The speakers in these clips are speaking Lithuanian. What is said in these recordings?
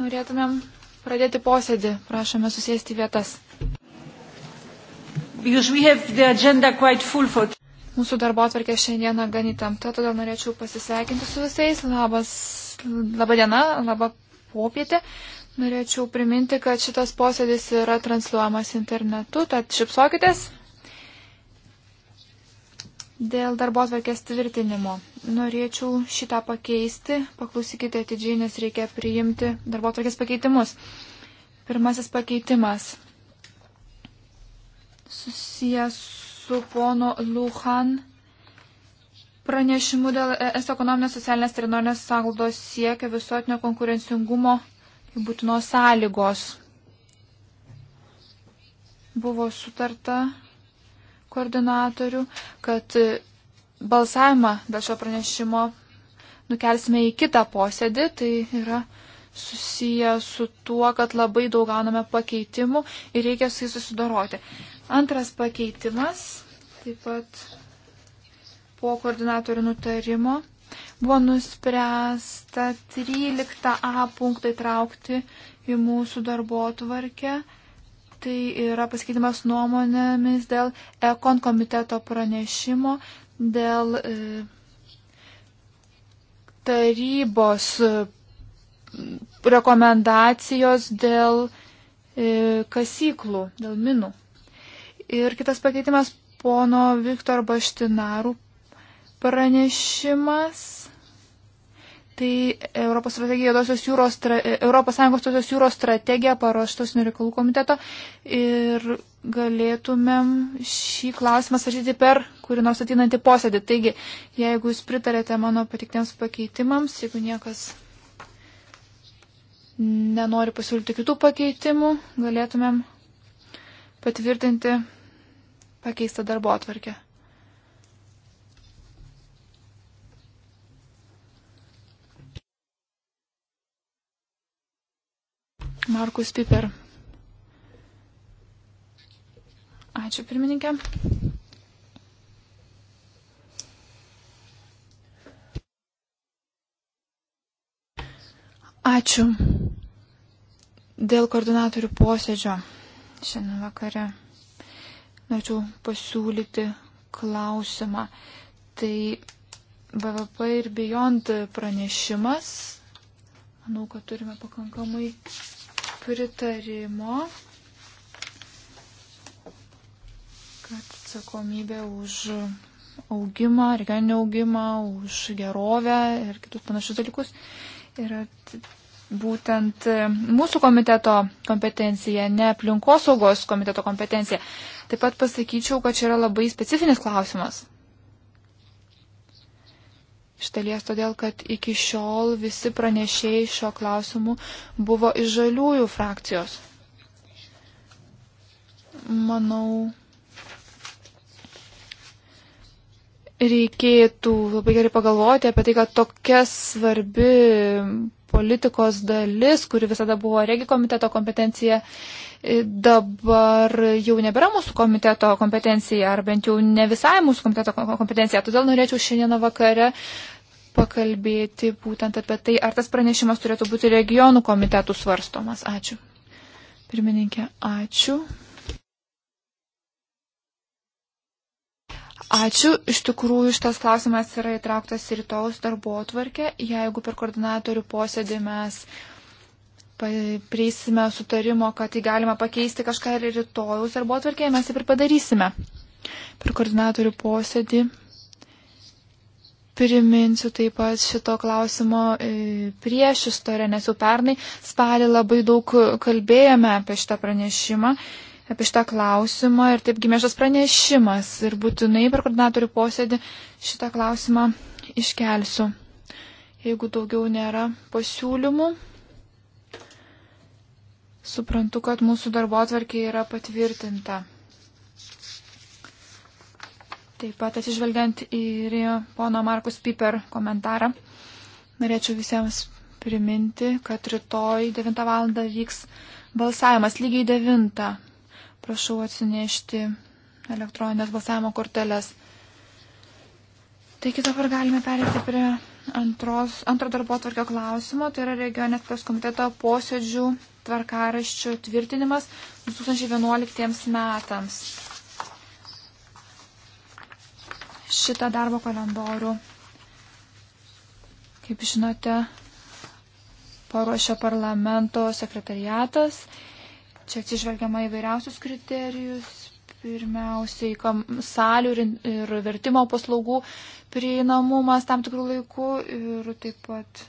Norėtumėm pradėti posėdį. Prašome susėsti vietas. For... Mūsų darbo atvarkė šiandieną gan įtempta, todėl norėčiau pasisveikinti su visais. Labas, laba diena, laba popietė. Norėčiau priminti, kad šitas posėdis yra transliuojamas internetu, tad šipsokitės. Dėl darbo atvarkės tvirtinimo. Norėčiau šitą pakeisti. Paklausykite atidžiai, nes reikia priimti darbo atvarkės pakeitimus. Pirmasis pakeitimas susijęs su pono Luhan pranešimu dėl ES ekonominės, socialinės ir norinės sąlygos siekia visuotinio konkurencingumo būtinos sąlygos. Buvo sutarta koordinatorių, kad balsavimą dėl šio pranešimo nukelsime į kitą posėdį. Tai yra susiję su tuo, kad labai daug gauname pakeitimų ir reikia su jais susidoroti. Antras pakeitimas, taip pat po koordinatorių nutarimo, buvo nuspręsta 13a punktą įtraukti į mūsų darbo tvarkę Tai yra pasikeitimas nuomonėmis dėl ekon komiteto pranešimo, dėl e, tarybos e, rekomendacijos dėl e, kasyklų, dėl minų. Ir kitas pakeitimas pono Viktor Baštinarų pranešimas Tai Europos strategija Jodosios jūros, Europos Sąjungos Jodosios jūros strategija paruoštos nereikalų komiteto ir galėtumėm šį klausimą svarstyti per kurį nors atinantį posėdį. Taigi, jeigu jūs pritarėte mano patiktiems pakeitimams, jeigu niekas nenori pasiūlyti kitų pakeitimų, galėtumėm patvirtinti pakeistą darbo atvarkę. Markus Piper. Ačiū pirmininkė. Ačiū dėl koordinatorių posėdžio šiandien vakare. Norėčiau pasiūlyti klausimą. Tai BVP ir Beyond pranešimas. Manau, kad turime pakankamai pritarimo, kad atsakomybė už augimą, regioninį augimą, už gerovę ir kitus panašius dalykus yra būtent e, mūsų komiteto kompetencija, ne aplinkosaugos komiteto kompetencija. Taip pat pasakyčiau, kad čia yra labai specifinis klausimas. Štalies todėl, kad iki šiol visi pranešėjai šio klausimu buvo iš žaliųjų frakcijos. Manau, reikėtų labai gerai pagalvoti apie tai, kad tokia svarbi politikos dalis, kuri visada buvo regi komiteto kompetencija, dabar jau nebėra mūsų komiteto kompetencija, ar bent jau ne visai mūsų komiteto kompetencija. Todėl norėčiau šiandieną vakare pakalbėti būtent apie tai, ar tas pranešimas turėtų būti regionų komitetų svarstomas. Ačiū. Pirmininkė, ačiū. Ačiū. Iš tikrųjų, šitas klausimas yra įtrauktas į rytojus darbo atvarkę. Jeigu per koordinatorių posėdį mes prieisime sutarimo, kad tai galima pakeisti kažką ir rytojus arba atvarkėje, mes taip ir padarysime. Per koordinatorių posėdį priminsiu taip pat šito klausimo e, prieš istoriją, nes jau pernai spalį labai daug kalbėjome apie šitą pranešimą, apie šitą klausimą ir taip gimė šis pranešimas ir būtinai per koordinatorių posėdį šitą klausimą iškelsiu. Jeigu daugiau nėra pasiūlymų. Suprantu, kad mūsų darbo atvarkė yra patvirtinta. Taip pat atsižvelgiant ir pono Markus Piper komentarą, norėčiau visiems priminti, kad rytoj 9 val. vyks balsavimas lygiai 9. Prašau atsinešti elektroninės balsavimo korteles. Taigi dabar galime perėti prie antros, antro darbo atvarkio klausimo, tai yra regionės komiteto posėdžių tvarkaraščių tvirtinimas 2011 metams. Šitą darbo kalendorių, kaip žinote, paruošia parlamento sekretariatas. Čia atsižvelgiama įvairiausius kriterijus, pirmiausiai salių ir, ir vertimo paslaugų prieinamumas tam tikrų laikų ir taip pat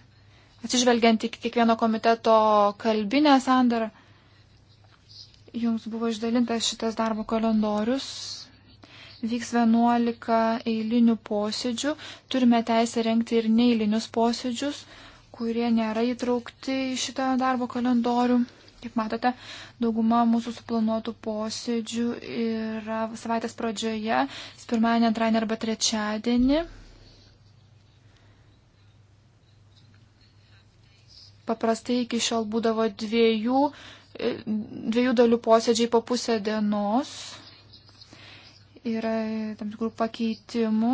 atsižvelgiant į kiekvieno komiteto kalbinę sandarą. Jums buvo išdalintas šitas darbo kalendorius. Vyks 11 eilinių posėdžių. Turime teisę renkti ir neeilinius posėdžius, kurie nėra įtraukti į šitą darbo kalendorių. Kaip matote, dauguma mūsų suplanuotų posėdžių yra savaitės pradžioje, pirmadienį, antradienį arba trečiadienį. Paprastai iki šiol būdavo dviejų, e, dviejų dalių posėdžiai po pusę dienos. Yra tam tikrų pakeitimų.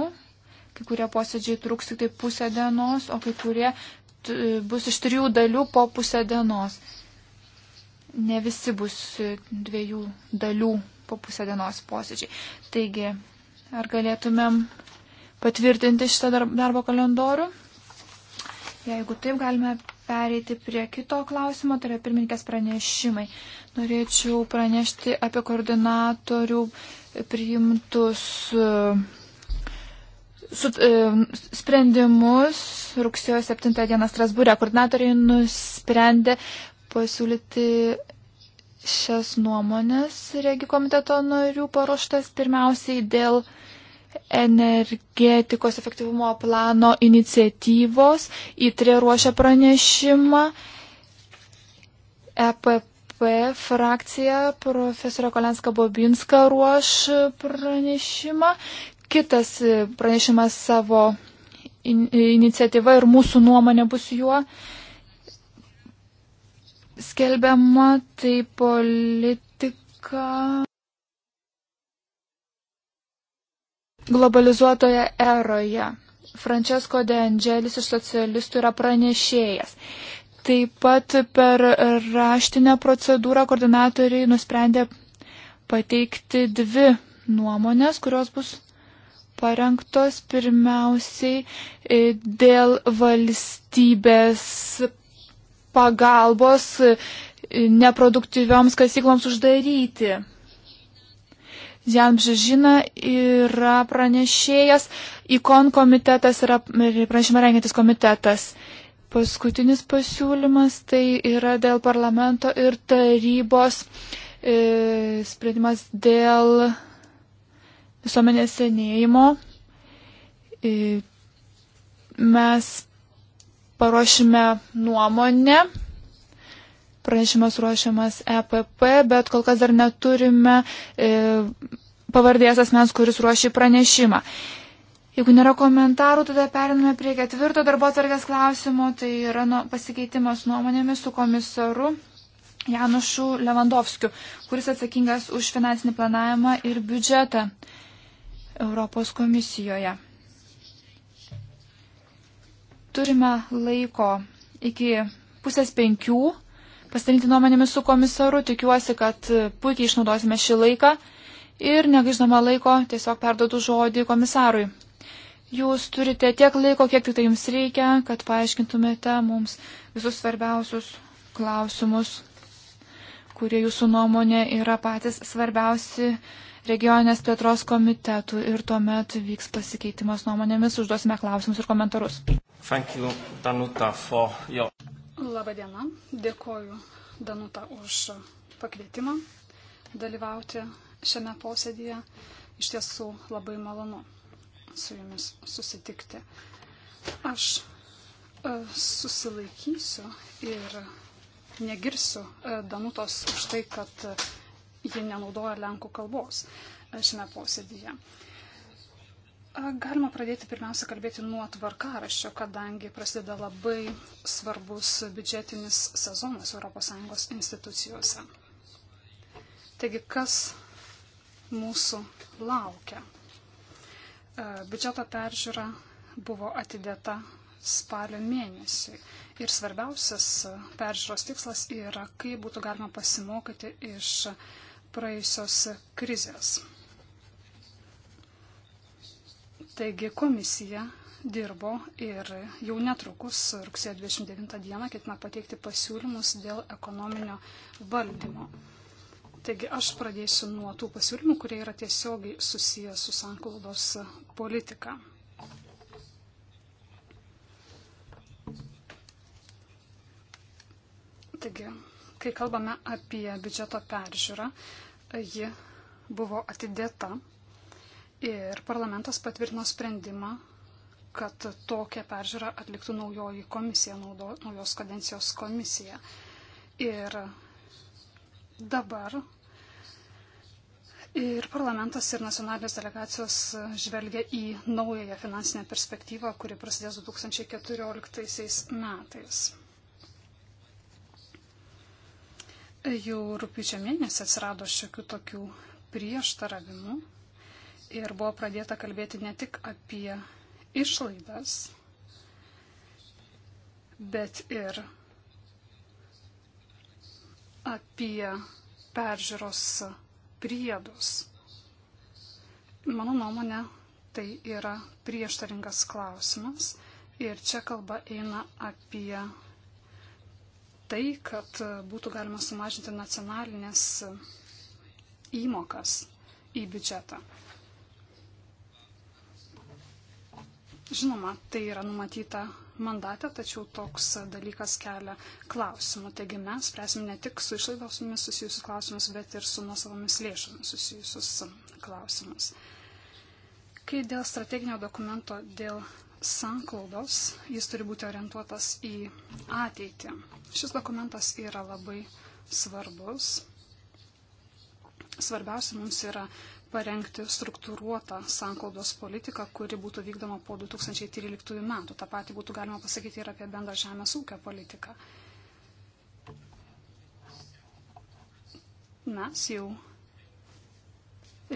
Kai kurie posėdžiai truks tik tai pusę dienos, o kai kurie bus iš trijų dalių po pusę dienos. Ne visi bus dviejų dalių po pusę dienos posėdžiai. Taigi, ar galėtumėm patvirtinti šitą darbo kalendorių? Jeigu taip, galime pereiti prie kito klausimo, tai yra pirmininkės pranešimai. Norėčiau pranešti apie koordinatorių priimtus su, e, sprendimus rugsėjo 7 dieną Strasbūrė. Koordinatoriai nusprendė pasiūlyti šias nuomonės regi komiteto narių paruoštas pirmiausiai dėl energetikos efektyvumo plano iniciatyvos, įtrė ruošia pranešimą, EPP frakcija, profesorė Kolenska Bobinska ruoš pranešimą, kitas pranešimas savo in iniciatyva ir mūsų nuomonė bus juo skelbiama, tai politika. globalizuotoje eroje. Francesco De Angelis iš socialistų yra pranešėjas. Taip pat per raštinę procedūrą koordinatoriai nusprendė pateikti dvi nuomonės, kurios bus parengtos pirmiausiai e, dėl valstybės pagalbos e, neproduktyvioms kasykloms uždaryti. Jan Bžežina yra pranešėjas, ikon komitetas yra pranešimą rengiantis komitetas. Paskutinis pasiūlymas tai yra dėl parlamento ir tarybos e, sprendimas dėl visuomenės senėjimo. E, mes paruošime nuomonę pranešimas ruošiamas EPP, bet kol kas dar neturime e, pavardės asmens, kuris ruošia pranešimą. Jeigu nėra komentarų, tada periname prie ketvirto darbo atvarkės klausimo, tai yra nu, pasikeitimas nuomonėmis su komisaru Janušu Levandovskiu, kuris atsakingas už finansinį planavimą ir biudžetą Europos komisijoje. Turime laiko iki pusės penkių pasidalinti nuomonėmis su komisaru. Tikiuosi, kad puikiai išnaudosime šį laiką ir negaiždama laiko tiesiog perduodu žodį komisarui. Jūs turite tiek laiko, kiek tik tai jums reikia, kad paaiškintumėte mums visus svarbiausius klausimus, kurie jūsų nuomonė yra patys svarbiausi regionės plėtros komitetų ir tuomet vyks pasikeitimas nuomonėmis, užduosime klausimus ir komentarus. Thank you, Danuta, for your... Labadiena, dėkoju Danuta už pakvietimą dalyvauti šiame posėdėje. Iš tiesų labai malonu su jumis susitikti. Aš e, susilaikysiu ir negirsiu e, Danutos už tai, kad e, ji nenaudoja lenkų kalbos šiame posėdėje. Galima pradėti pirmiausia kalbėti nuo tvarkaraščio, kadangi prasideda labai svarbus biudžetinis sezonas ES institucijose. Taigi, kas mūsų laukia? Biudžeto peržiūra buvo atidėta spalio mėnesiui. Ir svarbiausias peržiūros tikslas yra, kaip būtų galima pasimokyti iš praėjusios krizės Taigi komisija dirbo ir jau netrukus rugsėjo 29 dieną ketina pateikti pasiūlymus dėl ekonominio valdymo. Taigi aš pradėsiu nuo tų pasiūlymų, kurie yra tiesiogiai susiję su sanklaudos politika. Taigi, kai kalbame apie biudžeto peržiūrą, ji buvo atidėta Ir parlamentas patvirtino sprendimą, kad tokią peržiūrą atliktų naujoji komisija, naudo, naujos kadencijos komisija. Ir dabar ir parlamentas, ir nacionalinės delegacijos žvelgia į naująją finansinę perspektyvą, kuri prasidės 2014 metais. Jau rūpiučio mėnesį atsirado šiokių tokių prieštaravimų ir buvo pradėta kalbėti ne tik apie išlaidas, bet ir apie peržiūros priedus. Mano nuomonė, tai yra prieštaringas klausimas ir čia kalba eina apie tai, kad būtų galima sumažinti nacionalinės įmokas į biudžetą. Žinoma, tai yra numatyta mandate, tačiau toks dalykas kelia klausimų. Taigi mes spręsim ne tik su išlaidosomis susijusius klausimus, bet ir su nuosavomis lėšomis susijusius klausimus. Kai dėl strateginio dokumento dėl sanklaudos, jis turi būti orientuotas į ateitį. Šis dokumentas yra labai svarbus. Svarbiausia mums yra parengti struktūruotą sankaldos politiką, kuri būtų vykdoma po 2013 metų. Ta pati būtų galima pasakyti ir apie bendrą žemės ūkio politiką. Mes jau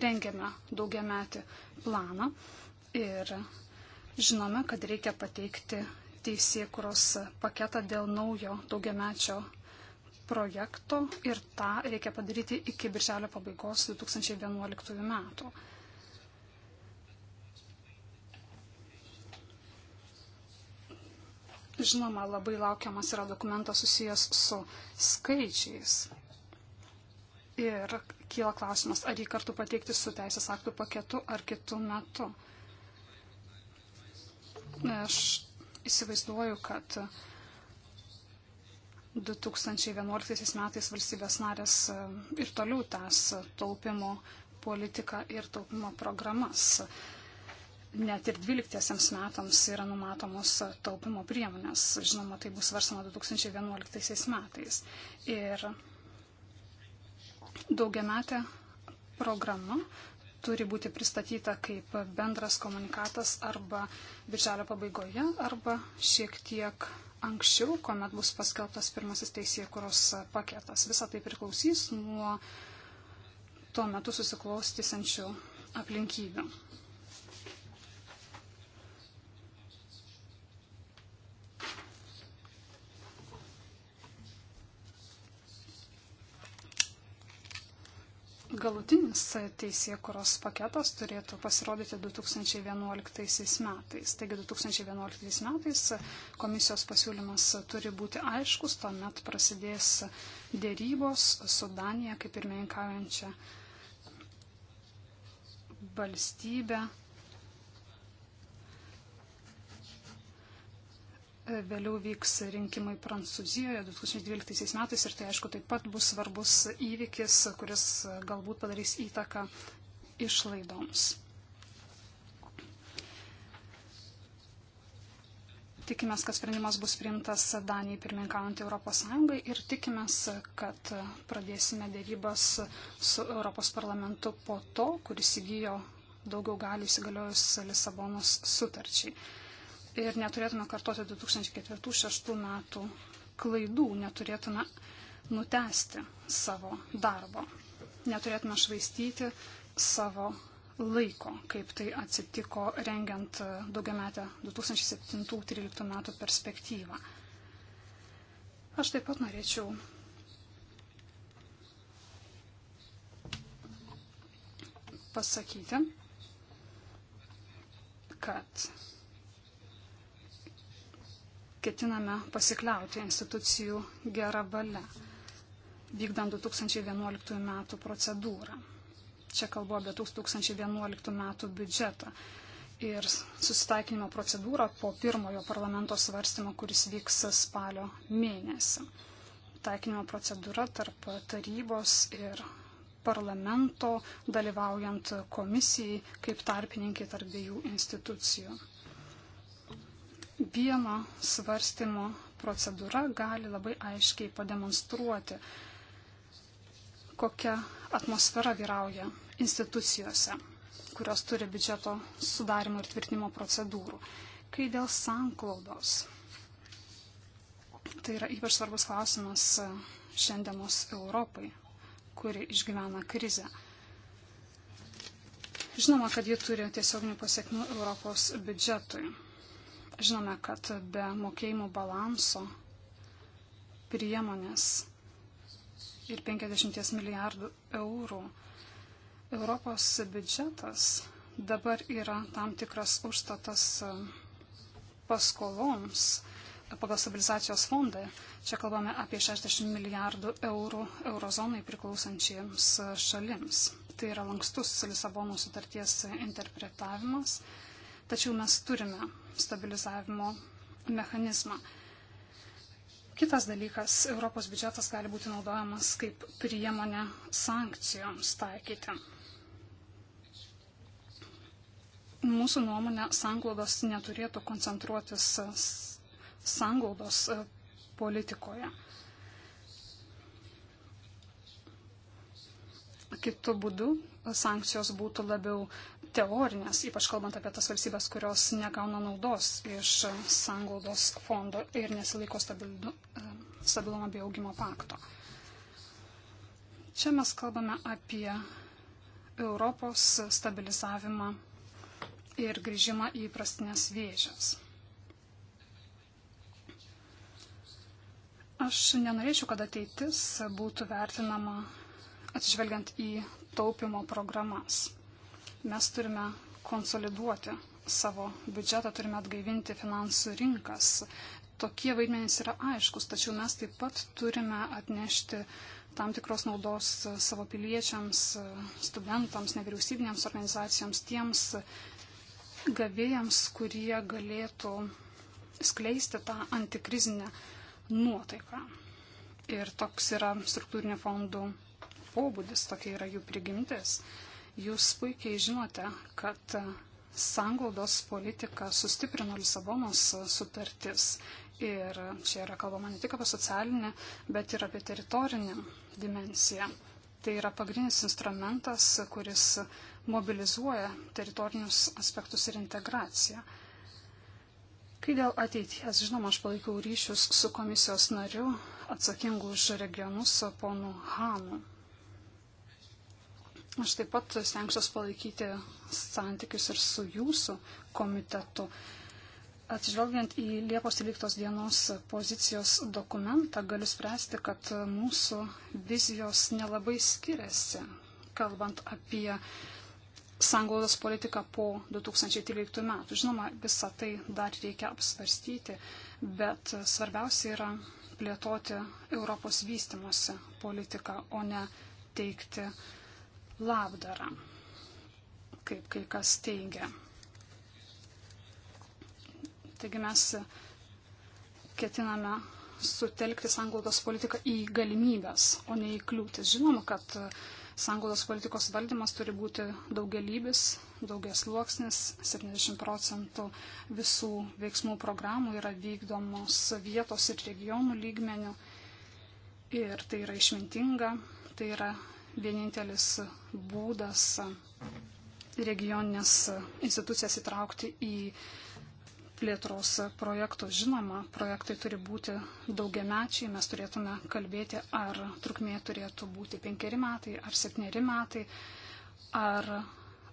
rengiame daugiametį planą ir žinome, kad reikia pateikti teisėkuros paketą dėl naujo daugiamečio projekto ir tą reikia padaryti iki birželio pabaigos 2011 metų. Žinoma, labai laukiamas yra dokumentas susijęs su skaičiais. Ir kyla klausimas, ar jį kartu pateikti su teisės aktų paketu ar kitu metu. Aš įsivaizduoju, kad uh, 2011 metais valstybės narės e, ir toliau tęs taupimo politiką ir taupimo programas. Net ir 12 metams yra numatomos taupimo priemonės. Žinoma, tai bus svarstama 2011 metais. Ir daugiametė programa turi būti pristatyta kaip bendras komunikatas arba birželio pabaigoje, arba šiek tiek anksčiau, kuomet bus paskelbtas pirmasis teisėkuros paketas. Visą tai priklausys nuo tuo metu susiklostysiančių aplinkybių. Galutinis teisėkuros paketas turėtų pasirodyti 2011 metais. Taigi 2011 metais komisijos pasiūlymas turi būti aiškus, tuomet prasidės dėrybos su Danija kaip pirmininkaujančia valstybė Vėliau vyks rinkimai Prancūzijoje 2012 metais ir tai aišku taip pat bus svarbus įvykis, kuris galbūt padarys įtaką išlaidoms. Tikimės, kad sprendimas bus priimtas Danijai pirmininkaujant Europos Sąjungai ir tikimės, kad pradėsime dėrybas su Europos parlamentu po to, kuris įgyjo daugiau galių įsigaliojus Lisabonos sutarčiai ir neturėtume kartoti 2004-2006 metų klaidų, neturėtume nutesti savo darbo, neturėtume švaistyti savo laiko, kaip tai atsitiko rengiant daugiametę 2007-2013 metų perspektyvą. Aš taip pat norėčiau pasakyti, kad ketiname pasikliauti institucijų gerą valią, vykdant 2011 metų procedūrą. Čia kalbu apie 2011 metų biudžetą ir susitaikinimo procedūrą po pirmojo parlamento svarstymo, kuris vyks spalio mėnesį. Taikinimo procedūra tarp tarybos ir parlamento, dalyvaujant komisijai kaip tarpininkai tarp dviejų institucijų vieno svarstymo procedūra gali labai aiškiai pademonstruoti, kokia atmosfera vyrauja institucijose, kurios turi biudžeto sudarimo ir tvirtinimo procedūrų. Kai dėl sanklaudos, tai yra ypač svarbus klausimas šiandienos Europai, kuri išgyvena krizę. Žinoma, kad ji turi tiesioginių pasiekmių Europos biudžetui. Žinome, kad be mokėjimų balanso priemonės ir 50 milijardų eurų Europos biudžetas dabar yra tam tikras užstatas paskoloms pagal stabilizacijos fondą. Čia kalbame apie 60 milijardų eurų eurozonai priklausančiems šalims. Tai yra lankstus Lisabono sutarties interpretavimas tačiau mes turime stabilizavimo mechanizmą. Kitas dalykas - Europos biudžetas gali būti naudojamas kaip priemonė sankcijoms taikyti. Mūsų nuomonė, sanglaudos neturėtų koncentruotis sanglaudos e, politikoje. Kitu būdu sankcijos būtų labiau teorinės, ypač kalbant apie tas valstybės, kurios negauna naudos iš sanglaudos fondo ir nesilaiko e, stabilumo bei augimo pakto. Čia mes kalbame apie Europos stabilizavimą ir grįžimą į prastinės vėžės. Aš nenorėčiau, kad ateitis būtų vertinama atsižvelgiant į taupimo programas. Mes turime konsoliduoti savo biudžetą, turime atgaivinti finansų rinkas. Tokie vaidmenys yra aiškus, tačiau mes taip pat turime atnešti tam tikros naudos savo piliečiams, studentams, nevyriausybinėms organizacijoms, tiems gavėjams, kurie galėtų skleisti tą antikrizinę nuotaiką. Ir toks yra struktūrinio fondų pobūdis, tokia yra jų prigimtis. Jūs puikiai žinote, kad sanglaudos politika sustiprino Lisabonos sutartis. Ir čia yra kalbama ne tik apie socialinę, bet ir apie teritorinę dimensiją. Tai yra pagrindinis instrumentas, kuris mobilizuoja teritorinius aspektus ir integraciją. Kai dėl ateities, žinoma, aš palaikiau ryšius su komisijos nariu atsakingu už regionus ponu Hanu. Aš taip pat stengsiuos palaikyti santykius ir su jūsų komitetu. Atsižvelgiant į Liepos 13 dienos pozicijos dokumentą, galiu spręsti, kad mūsų vizijos nelabai skiriasi, kalbant apie sanglaudos politiką po 2013 metų. Žinoma, visą tai dar reikia apsvarstyti, bet svarbiausia yra plėtoti Europos vystimosi politiką, o ne teikti uh, labdarą, kaip kai kas teigia. Taigi mes ketiname sutelkti sanglaudos politiką į galimybės, o ne į kliūtis. Žinoma, kad sanglaudos politikos valdymas turi būti daugelybis, daugias luoksnis, 70 procentų visų veiksmų programų yra vykdomos vietos ir regionų lygmenių. Ir tai yra išmintinga, tai yra vienintelis būdas regioninės institucijas įtraukti į plėtros projektus. Žinoma, projektai turi būti daugiamečiai, mes turėtume kalbėti, ar trukmė turėtų būti penkeri metai, ar septyneri metai, ar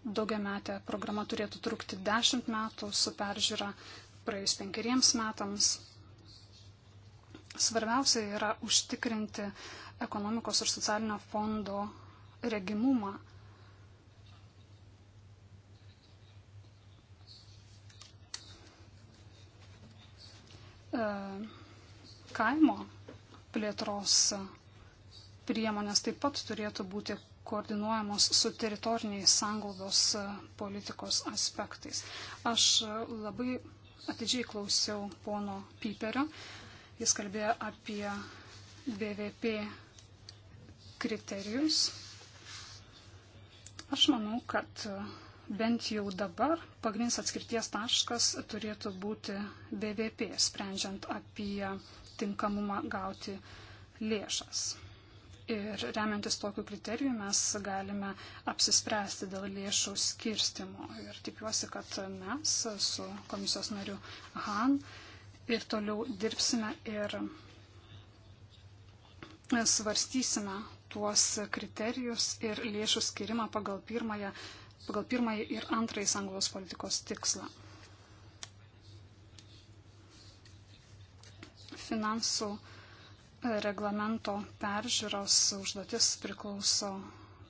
daugiametė programa turėtų trukti dešimt metų su peržiūra praėjus penkeriems metams. Svarbiausia yra užtikrinti ekonomikos ir socialinio fondo regimumą. E, kaimo plėtros priemonės taip pat turėtų būti koordinuojamos su teritoriniais sanglaudos politikos aspektais. Aš labai atidžiai klausiau pono Piperio. Jis kalbėjo apie BVP kriterijus. Aš manau, kad bent jau dabar pagrindinis atskirties taškas turėtų būti BVP, sprendžiant apie tinkamumą gauti lėšas. Ir remiantis tokiu kriteriju mes galime apsispręsti dėl lėšų skirstimo. Ir tikiuosi, kad mes su komisijos nariu Han ir toliau dirbsime ir svarstysime tuos kriterijus ir lėšų skirimą pagal pirmąją, pagal pirmąją ir antrąjį sanglos politikos tikslą. Finansų e, reglamento peržiūros užduotis priklauso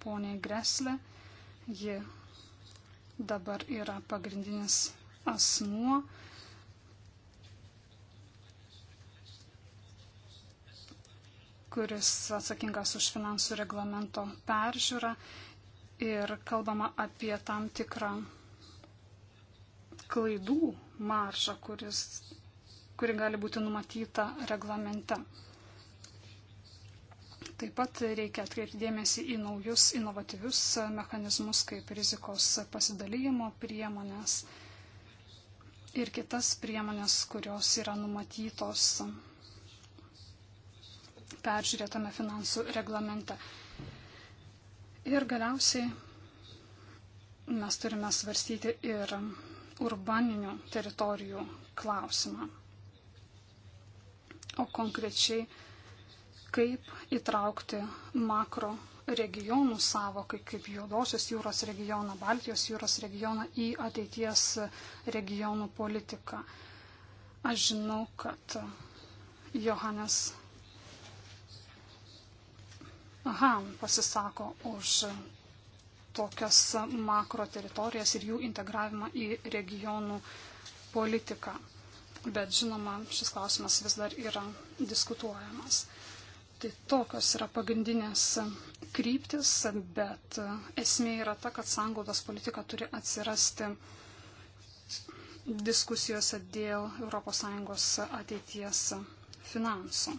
poniai Greslė. Ji dabar yra pagrindinis asmuo kuris atsakingas už finansų reglamento peržiūrą ir kalbama apie tam tikrą klaidų maržą, kuris, kuri gali būti numatyta reglamente. Taip pat reikia atkreipti dėmesį į naujus inovatyvius mechanizmus, kaip rizikos pasidalymo priemonės ir kitas priemonės, kurios yra numatytos peržiūrėtame finansų reglamente. Ir galiausiai mes turime svarstyti ir urbaninių teritorijų klausimą. O konkrečiai, kaip įtraukti makro regionų savokai, kaip Juodosios jūros regioną, Baltijos jūros regioną į ateities regionų politiką. Aš žinau, kad Johannes Han pasisako už tokias makro teritorijas ir jų integravimą į regionų politiką. Bet žinoma, šis klausimas vis dar yra diskutuojamas. Tai tokios yra pagrindinės kryptis, bet esmė yra ta, kad sanglaudos politika turi atsirasti diskusijose dėl ES ateities finansų.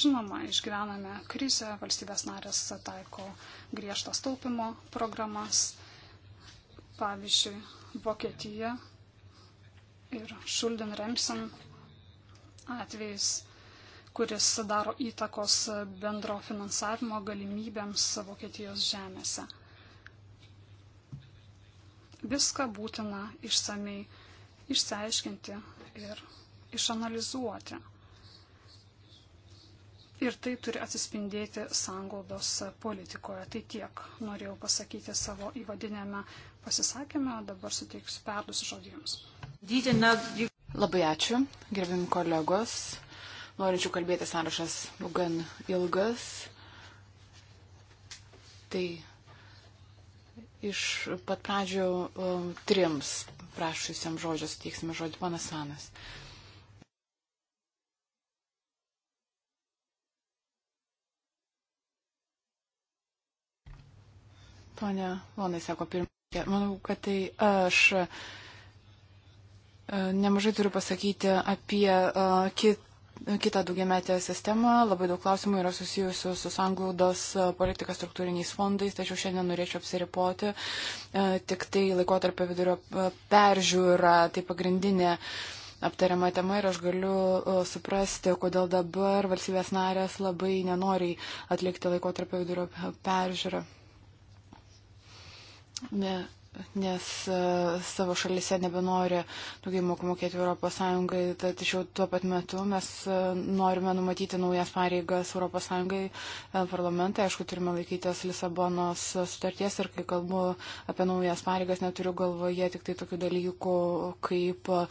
Žinoma, išgyvename krizę, valstybės narės taiko griežtas taupimo programas. Pavyzdžiui, Vokietija ir Šulden Remsen atvejais, kuris daro įtakos bendro finansavimo galimybėms Vokietijos žemėse. Viską būtina išsamei išsiaiškinti ir išanalizuoti ir tai turi atsispindėti sanglaudos politikoje. Tai tiek norėjau pasakyti savo įvadinėme pasisakymę, dabar suteiksiu perdus žodžiams. Labai ačiū, gerbim kolegos. Norinčių kalbėti sąrašas gan ilgas. Tai iš pat pradžių um, trims prašusiems žodžios teiksime žodį panas Sanas. Uh, Pone Lonai, sako pirmininkė, manau, kad tai aš e, nemažai turiu pasakyti apie e, kitą kitą daugiametę sistemą. Labai daug klausimų yra susijusių su sanglaudos e, politika struktūriniais fondais, tačiau šiandien norėčiau apsiripoti tik tai laikotarpio vidurio peržiūra, tai pagrindinė. Aptariama tema ir aš galiu suprasti, kodėl dabar valstybės narės labai nenoriai atlikti laikotarpio vidurio peržiūrą. Ne, nes e, savo šalise nebenori daugiau mokų mokėti ES, tačiau tuo pat metu mes e, norime numatyti naujas pareigas ES e, parlamentai, aišku, turime laikytis Lisabonos sutarties ir kai kalbu apie naujas pareigas, neturiu galvoje tik tai tokių dalykų kaip a,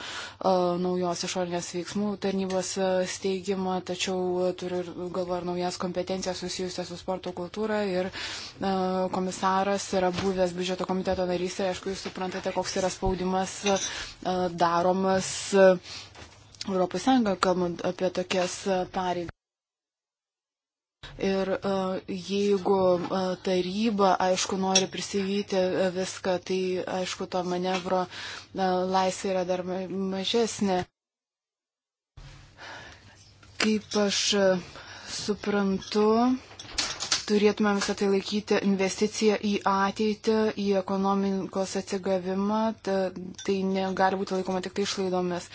naujos išorinės veiksmų tarnybos steigimą, tačiau turiu galvoje ir naujas kompetencijas susijusias su sporto kultūra ir a, komisaras yra buvęs biudžeto komiteto narys pusė, aišku, jūs suprantate, koks yra spaudimas e, daromas e, Europos Sąjunga, kalbant apie tokias e, pareigas. Ir jeigu taryba, aišku, nori prisivyti viską, tai, aišku, to manevro laisvė yra dar mažesnė. Kaip aš suprantu, turėtume visą tai laikyti investiciją į ateitį, į ekonomikos atsigavimą, tai negali būti laikoma tik tai išlaidomis.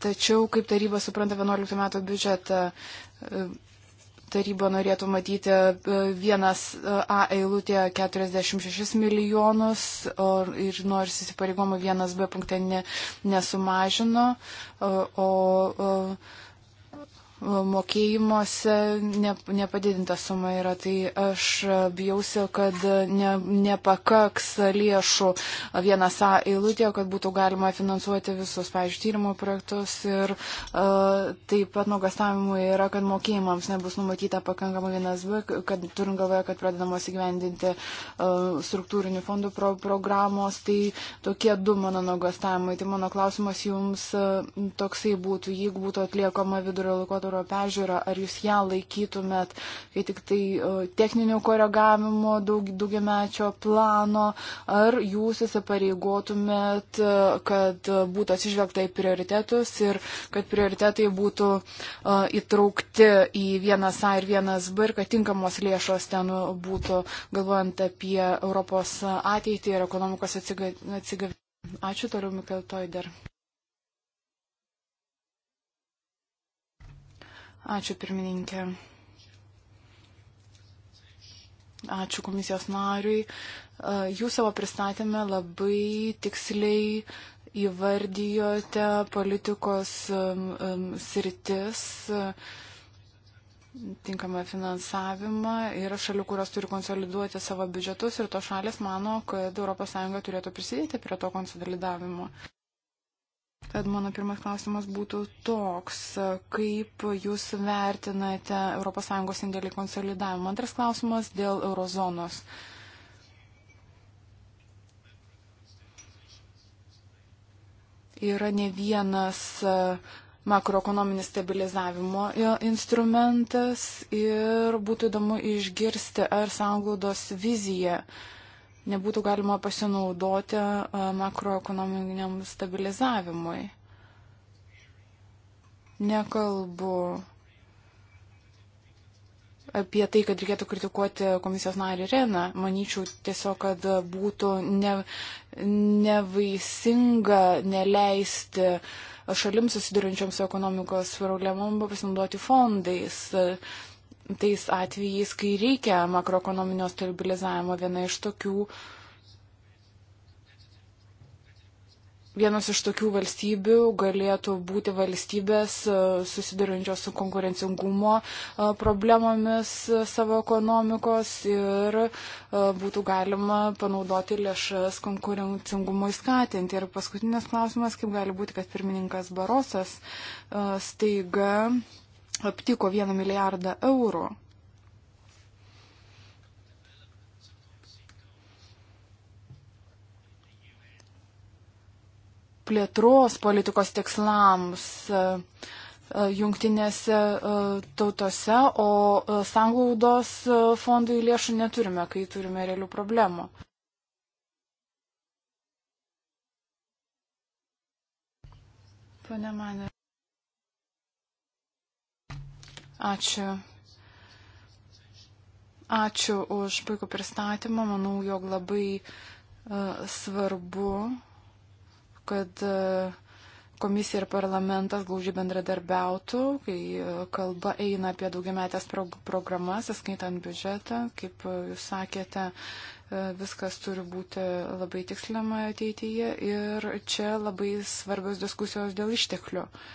Tačiau, kaip taryba supranta 11 metų biudžetą, taryba norėtų matyti e, vienas e, A eilutė 46 milijonus ir nors įsipareigomų vienas B punktė ne, nesumažino, o, o mokėjimuose ne, nepadidinta suma yra, tai aš bijausiu, kad ne, nepakaks lėšų vieną A eilutę, kad būtų galima finansuoti visus, pavyzdžiui, tyrimo projektus ir uh, taip pat nuogastavimų yra, kad mokėjimams nebus numatyta pakankamai vienas B, kad turim galvoje, kad pradedamos įgyvendinti uh, struktūrinių fondų pro, programos, tai tokie du mano nuogastavimai. Tai mano klausimas jums uh, toksai būtų, jeigu būtų atliekama vidurio laikotarpio agentūro pežiūrą, ar jūs ją laikytumėt, kai tik tai e, techninio koregavimo daug, daugiamečio plano, ar jūs įsipareigotumėt, e, kad būtų atsižvelgta į prioritetus ir kad prioritetai būtų e, įtraukti į vienas A ir vienas B ir kad tinkamos lėšos ten būtų, galvojant apie Europos ateitį ir ekonomikos atsigavimą. Ačiū toliau, Mikael Toider. Ačiū pirmininkė. Ačiū komisijos nariui. E, jūs savo pristatėme labai tiksliai įvardijote politikos sritis, tinkamą finansavimą. Yra šalių, kurios turi konsoliduoti savo biudžetus ir to šalis mano, kad ES turėtų prisidėti prie to konsolidavimo. Tad mano pirmas klausimas būtų toks, kaip Jūs vertinate ES indėlį konsolidavimą? Antras klausimas dėl eurozonos. Yra ne vienas e, makroekonominis stabilizavimo instrumentas ir būtų įdomu išgirsti, ar sanglaudos vizija uh, nebūtų galima pasinaudoti e, makroekonominiam stabilizavimui. Nekalbu apie tai, kad reikėtų kritikuoti komisijos narį Reną. Manyčiau tiesiog, kad būtų ne, nevaisinga neleisti šalims susidurinčiams su ekonomikos problemom pasinaudoti fondais tais atvejais, kai reikia makroekonominio stabilizavimo, viena iš tokių, vienas iš tokių valstybių galėtų būti valstybės e, susidurinčios su konkurencingumo e, problemomis e, savo ekonomikos ir būtų galima panaudoti lėšas konkurencingumui skatinti. Ir paskutinis klausimas, kaip gali būti, kad pirmininkas Barosas staiga aptiko 1 milijardą eurų. Plėtros politikos tikslams e, e, jungtinėse e, tautose, o sanglaudos fondui lėšų neturime, kai turime realių problemų. Pane Manė. Ačiū. Ačiū už puikų pristatymą. Manau, jog labai uh, svarbu, kad uh, komisija ir parlamentas glaužiai bendradarbiautų, kai uh, kalba eina apie daugiametės pro programas, skaitant biudžetą. Kaip uh, jūs sakėte, uh, viskas turi būti labai tiksliama ateityje ir čia labai svarbios diskusijos dėl išteklių. Uh,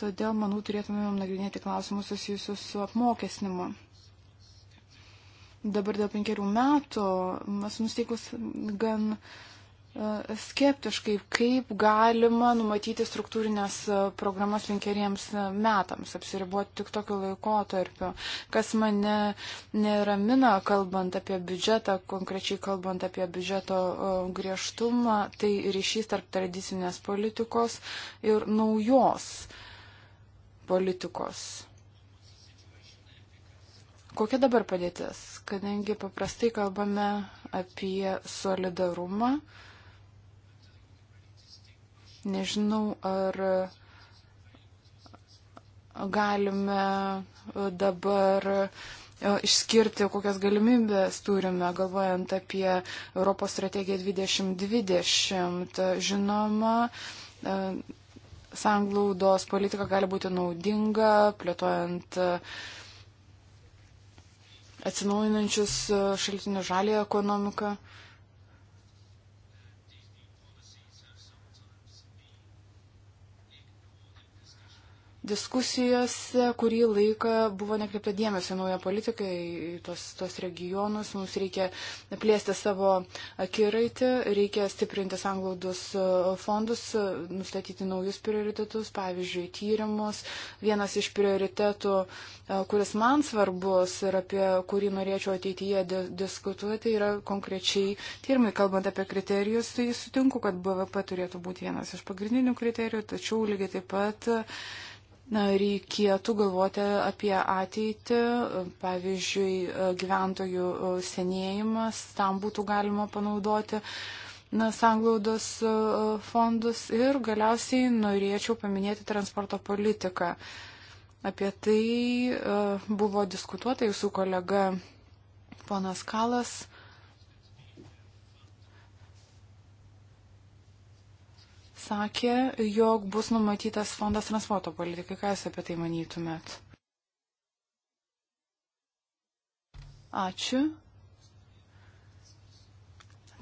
Todėl, manau, turėtumėm nagrinėti klausimus susijusius su apmokesnimu. Dabar dėl penkerių metų esu nusteikus gan e, skeptiškai, kaip galima numatyti struktūrinės e, programas penkeriems e, metams, apsiribuoti tik tokiu laikotarpiu. Kas mane neramina, kalbant apie biudžetą, konkrečiai kalbant apie biudžeto griežtumą, tai ryšys tarp tradicinės politikos ir naujos. Uh, politikos. Kokia dabar padėtis? Kadangi paprastai kalbame apie solidarumą, nežinau, ar galime dabar e, išskirti, kokias galimybės turime, galvojant apie Europos strategiją 2020. Žinoma, e, sanglaudos politika gali būti naudinga, plėtojant e, atsinaujinančius e, šaltinius žalį ekonomiką. diskusijose kurį laiką buvo nekreipta dėmesio naują politiką į tos, tos regionus. Mums reikia plėsti savo akiraitį, reikia stiprinti sanglaudos fondus, nustatyti naujus prioritetus, pavyzdžiui, tyrimus. Vienas iš prioritetų, kuris man svarbus ir apie kurį norėčiau ateityje di diskutuoti, yra konkrečiai tyrimai. Kalbant apie kriterijus, tai sutinku, kad BVP turėtų būti vienas iš pagrindinių kriterijų, tačiau lygiai taip pat Na, reikėtų galvoti apie ateitį, pavyzdžiui, gyventojų e, senėjimas, tam būtų galima panaudoti na, sanglaudos e, fondus ir galiausiai norėčiau paminėti transporto politiką. Apie tai e, buvo diskutuota jūsų kolega ponas Kalas sakė, jog bus numatytas fondas transporto politikai. Ką Jūs apie tai manytumėt? Ačiū.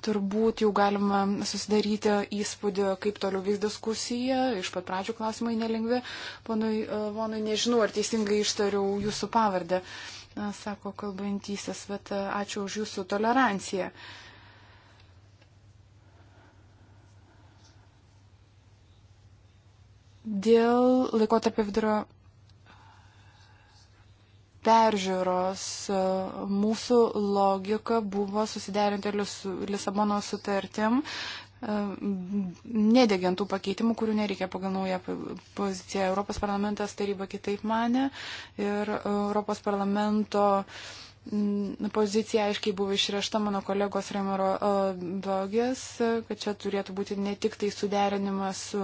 Turbūt jau galima susidaryti įspūdį, kaip toliau vyks diskusija. Iš pat pradžių klausimai nelengvi. Ponui e, Vonui, nežinau, ar teisingai ištariau jūsų pavardę, e, sako kalbantysis, bet e, ačiū už jūsų toleranciją. Uh, Dėl laikotarpio vidurio peržiūros e, mūsų logika buvo susiderinti su Lisabono sutartim, e, nedėgiant tų pakeitimų, kurių nereikia pagal naują poziciją. Europos parlamentas taryba kitaip mane ir Europos parlamento uh, Mm, pozicija aiškiai buvo išrešta mano kolegos Remaro e, Dogės, kad čia turėtų būti ne tik tai suderinimas su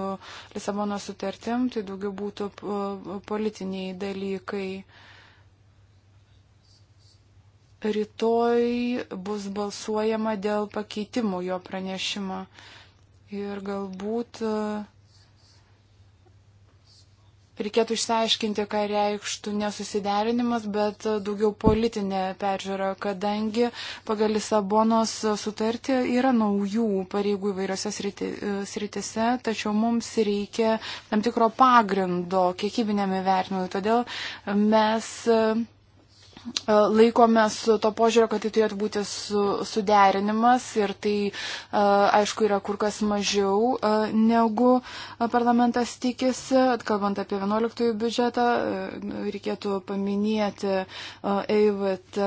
Lisabono sutartim, tai daugiau būtų e, politiniai dalykai. Rytoj bus balsuojama dėl pakeitimų jo pranešimo ir galbūt uh, reikėtų išsiaiškinti, ką reikštų nesusiderinimas, bet daugiau politinė peržiūra, kadangi pagal Lisabonos sutartį yra naujų pareigų įvairiose sritise, tačiau mums reikia tam tikro pagrindo kiekybiniam įvertinimui. Todėl mes E, laikomės to požiūrio, kad tai turėtų būti su, suderinimas ir tai, e, aišku, yra kur kas mažiau e, negu parlamentas tikisi. Kalbant apie 11 biudžetą, reikėtų paminėti EIVT.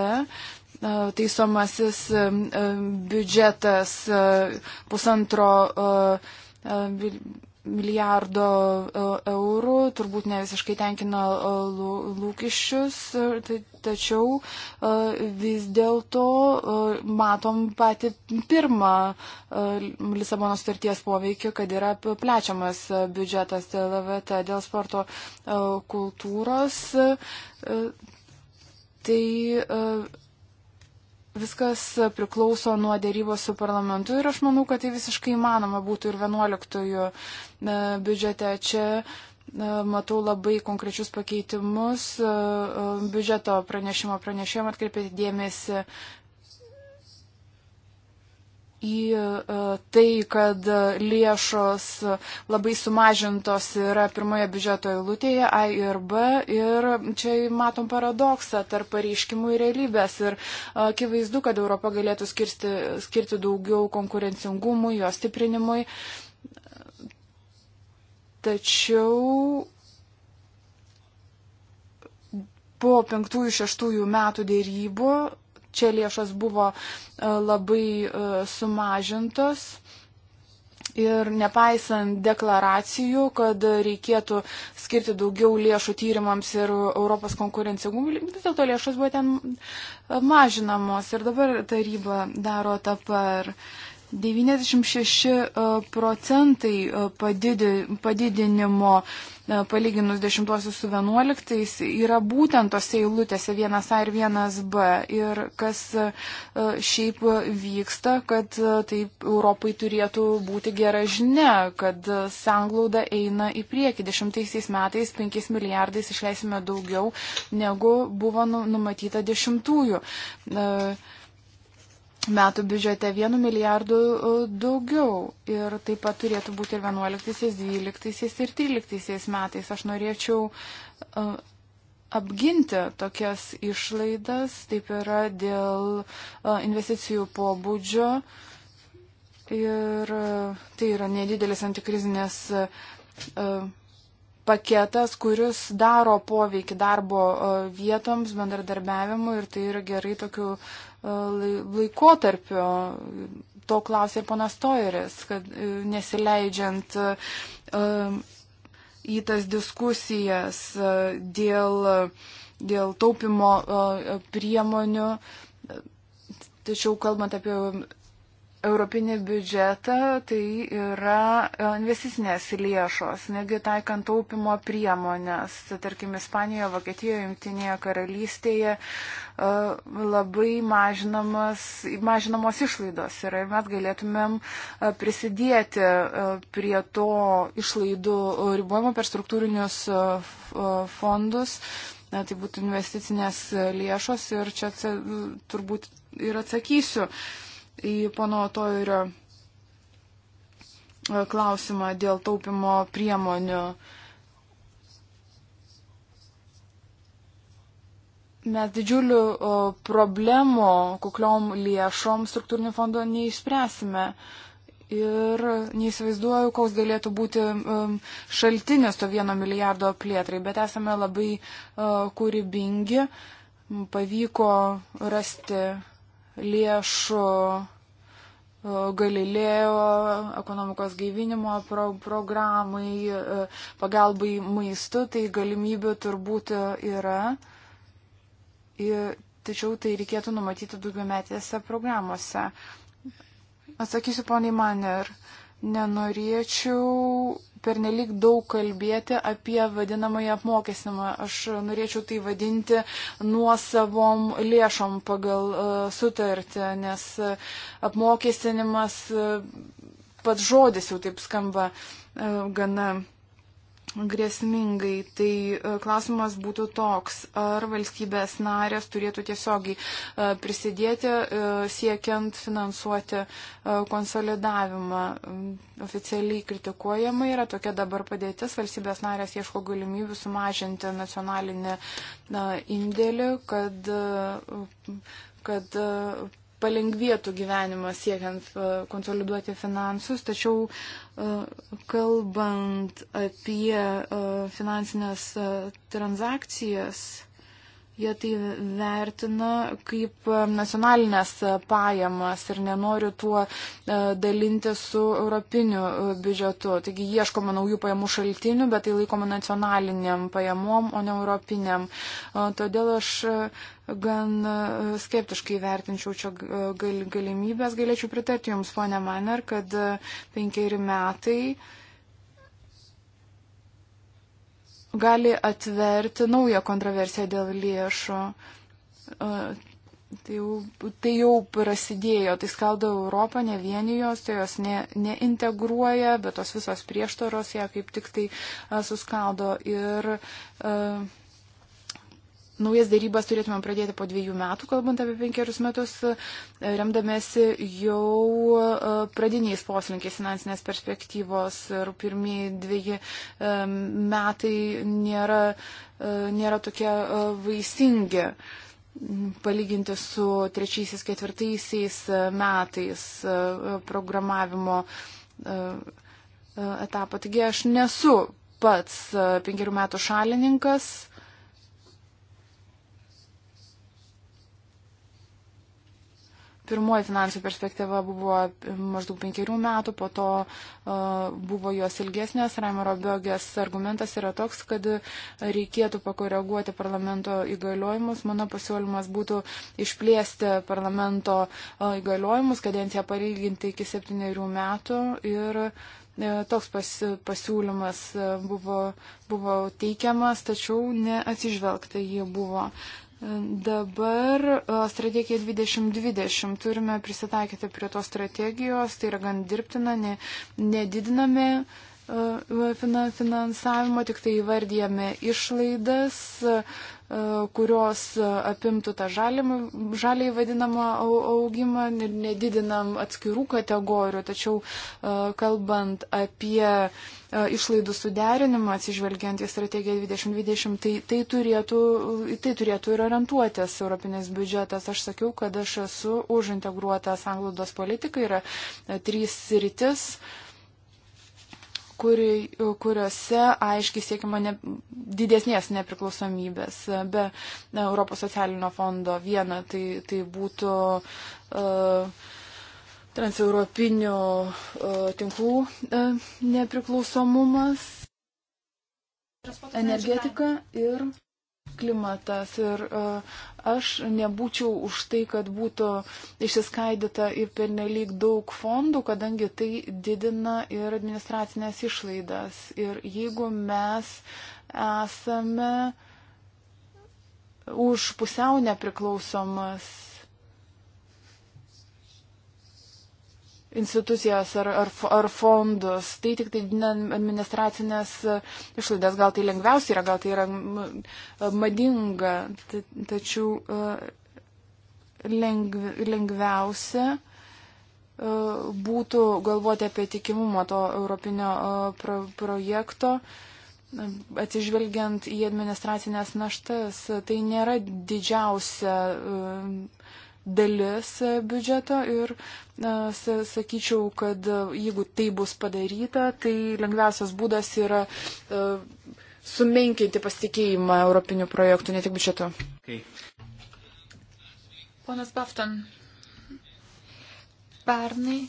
Teisomasis biudžetas pusantro milijardo e, eurų, turbūt ne visiškai tenkina e, lūkesčius, e, tai, tačiau vis dėlto matom patį pirmą Lisabono starties poveikį, kad yra plečiamas biudžetas LVT dėl sporto kultūros. Tai Viskas priklauso nuo dėrybos su parlamentu ir aš manau, kad tai visiškai įmanoma būtų ir 11 e, biudžete. Čia e, matau labai konkrečius pakeitimus. E, biudžeto pranešimo pranešėjom atkreipėti dėmesį į e, tai, kad lėšos labai sumažintos yra pirmoje biudžeto eilutėje A ir B ir čia matom paradoksą tarp pareiškimų ir realybės ir e, akivaizdu, kad Europa galėtų skirti, skirti daugiau konkurencingumui, jo stiprinimui. Tačiau po penktųjų šeštųjų metų dėrybų čia lėšos buvo e, labai e, sumažintos. Ir nepaisant deklaracijų, kad reikėtų skirti daugiau lėšų tyrimams ir Europos konkurencingumui, vis dėlto lėšos buvo ten mažinamos ir dabar taryba daro tą par. 96 e, procentai e, padidi, padidinimo e, palyginus 10 su 11 yra būtent tose eilutėse 1A ir 1B. Ir kas šiaip vyksta, kad taip Europai turėtų būti gera žinia, kad sanglauda eina į priekį. 10 metais 5 milijardais išleisime daugiau, negu buvo nu, numatyta 10. -ųjų metų biudžete 1 milijardų e, daugiau. Ir taip pat turėtų būti ir 11, 12 ir 13 metais. Aš norėčiau e, apginti tokias išlaidas, taip yra dėl e, investicijų pobūdžio. Ir tai yra nedidelis antikrizinės paketas, kuris daro poveikį darbo vietoms, bendradarbiavimui ir tai yra gerai tokiu E, laikotarpio. To klausė ir ponas Toeris, kad e, nesileidžiant e, į tas diskusijas dėl, dėl taupimo priemonių, tačiau kalbant apie europinį biudžetą, tai yra e, investicinės lėšos, negi taikant taupimo priemonės. Tarkim, Ispanijoje, Vokietijoje, Junktinėje karalystėje e, labai mažinamos išlaidos yra ir mes galėtumėm e, prisidėti prie to išlaidų ribojimo per struktūrinius fondus. Na, tai būtų investicinės lėšos ir čia turbūt ir atsakysiu. Uh, į pono Toirio e, klausimą dėl taupimo priemonių. Mes didžiulių e, problemų kukliom lėšom struktūrinių fondų neišspręsime. Ir neįsivaizduoju, koks galėtų būti e, šaltinis to vieno milijardo plėtrai, bet esame labai kūrybingi. Pavyko rasti lėšų e, Galilėjo ekonomikos gaivinimo pro programai, e, pagalbai maistu, tai galimybių turbūt yra. Ir, tačiau tai reikėtų numatyti daugiametėse programuose. Atsakysiu poniai man ir nenorėčiau pernelik daug kalbėti apie vadinamąjį apmokestinimą. Aš norėčiau tai vadinti nuosavom lėšom pagal e, sutartį, nes e, apmokestinimas e, pats žodis jau taip skamba gana grėsmingai, tai e, klausimas būtų toks, ar valstybės narės turėtų tiesiogiai e, prisidėti e, siekiant finansuoti konsolidavimą. Mm, oficialiai kritikuojama yra tokia dabar padėtis, valstybės narės ieško galimybių sumažinti nacionalinį indėlį, kad kad palengvėtų gyvenimas siekiant e, konsoliduoti finansus, tačiau e, kalbant apie e, finansinės transakcijas, Jie tai vertina kaip e, nacionalinės pajamas ir nenori tuo e, dalinti su europiniu e, biudžetu. Taigi ieškoma naujų pajamų šaltinių, bet tai laikoma nacionaliniam pajamom, o ne europiniam. Todėl aš gan skeptiškai vertinčiau čia galimybės. Galėčiau pritarti Jums, ponė Maner, kad penkeri metai gali atverti naują kontroversiją dėl lėšų. E, tai jau, tai jau prasidėjo, tai skaldo Europą, ne vienijos, tai jos ne, neintegruoja, bet tos visos prieštaros ją kaip tik tai e, suskaldo. Ir uh, Naujas darybas turėtumėm pradėti po dviejų metų, kalbant apie penkerius metus, e, remdamėsi jau e, pradiniais poslinkiais finansinės perspektyvos ir pirmieji dviejai e, metai nėra, nėra tokie vaisingi palyginti su trečiaisiais, ketvirtaisiais metais programavimo etapą. Taigi aš nesu pats penkerių metų šalininkas Pirmoji finansų perspektyva buvo maždaug penkerių metų, po to uh, buvo jos ilgesnės. Raimero Biogės argumentas yra toks, kad reikėtų pakoreguoti parlamento įgaliojimus. Mano pasiūlymas būtų išplėsti parlamento uh, įgaliojimus, kadenciją pareiginti iki septyniarių metų ir e, toks pas, pasiūlymas buvo, buvo teikiamas, tačiau neatsižvelgta jį buvo. Dabar e, strategija 2020 turime prisitaikyti prie tos strategijos, tai yra gan dirbtina, ne, nedidiname e, finansavimo, tik tai įvardyjame išlaidas, E, kurios apimtų tą žaliai vadinamą augimą, nedidinam atskirų kategorijų, tačiau e, kalbant apie e, išlaidų suderinimą, atsižvelgiant į strategiją 2020, tai, tai, turėtų, tai turėtų ir orientuotis Europinis biudžetas. Aš sakiau, kad aš esu už integruotą sanglaudos politiką, yra trys rytis. Uh, kuri, kuriuose aiškiai siekiama ne, didesnės nepriklausomybės be Europos socialinio fondo. Viena tai, tai būtų uh, transeuropinių uh, tinklų uh, nepriklausomumas, energetika ir klimatas. Ir e, aš nebūčiau už tai, kad būtų išsiskaidyta ir pernelyg daug fondų, kadangi tai didina ir administracinės išlaidas. Ir jeigu mes esame už pusiau nepriklausomas institucijas ar, ar, ar fondus, tai tik tai administracinės e, išlaidas, gal tai lengviausiai yra, gal tai yra e, madinga, tačiau e, lengv, lengviausia būtų galvoti apie tikimumą to europinio pro, projekto, atsižvelgiant į administracinės naštas. Tai nėra didžiausia dalis biudžeto ir na, sakyčiau, kad e, jeigu tai bus padaryta, tai lengviausias būdas yra uh, sumenkinti pasitikėjimą europinių projektų, ne tik biudžeto. Okay. Ponas Bafton, pernai,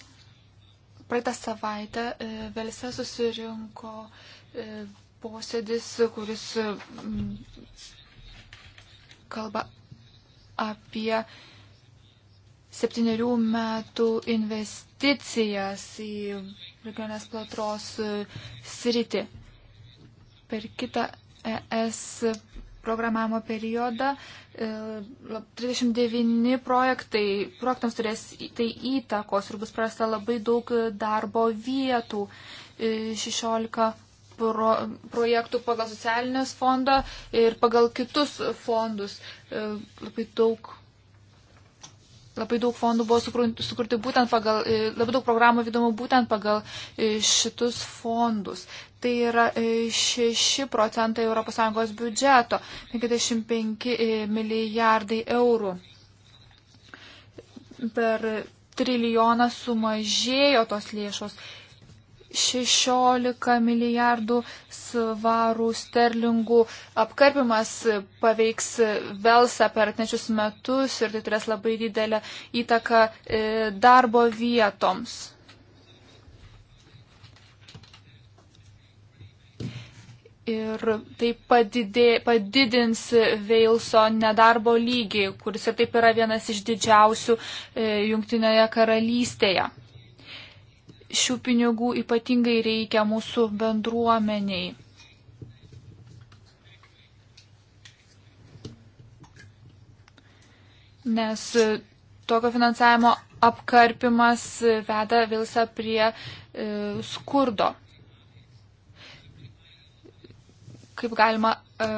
praeitą savaitę e, Velse susirinko posėdis, kuris kalba apie septyniarių metų investicijas į regionės plėtros e, sritį. Per kitą ES programavimo periodą 39 e, projektai, projektams turės tai įtakos ir bus prasta labai daug darbo vietų, 16 e, pro, projektų pagal socialinės fondą ir pagal kitus fondus, labai daug Labai daug fondų buvo sukurti būtent pagal, e, labai daug programų vykdomų būtent pagal e, šitus fondus. Tai yra 6 e, procentai ES biudžeto, 55 milijardai eurų. Per trilijoną sumažėjo tos lėšos 16 milijardų svarų sterlingų apkarpimas paveiks Velsą per atnečius metus ir tai turės labai didelę įtaką e, darbo vietoms. Ir tai padidė, padidins Veilso nedarbo lygį, kuris ir taip yra vienas iš didžiausių e, Junktinėje karalystėje šių pinigų ypatingai reikia mūsų bendruomeniai. Nes tokio finansavimo apkarpimas veda visą prie e, skurdo. Kaip galima, e,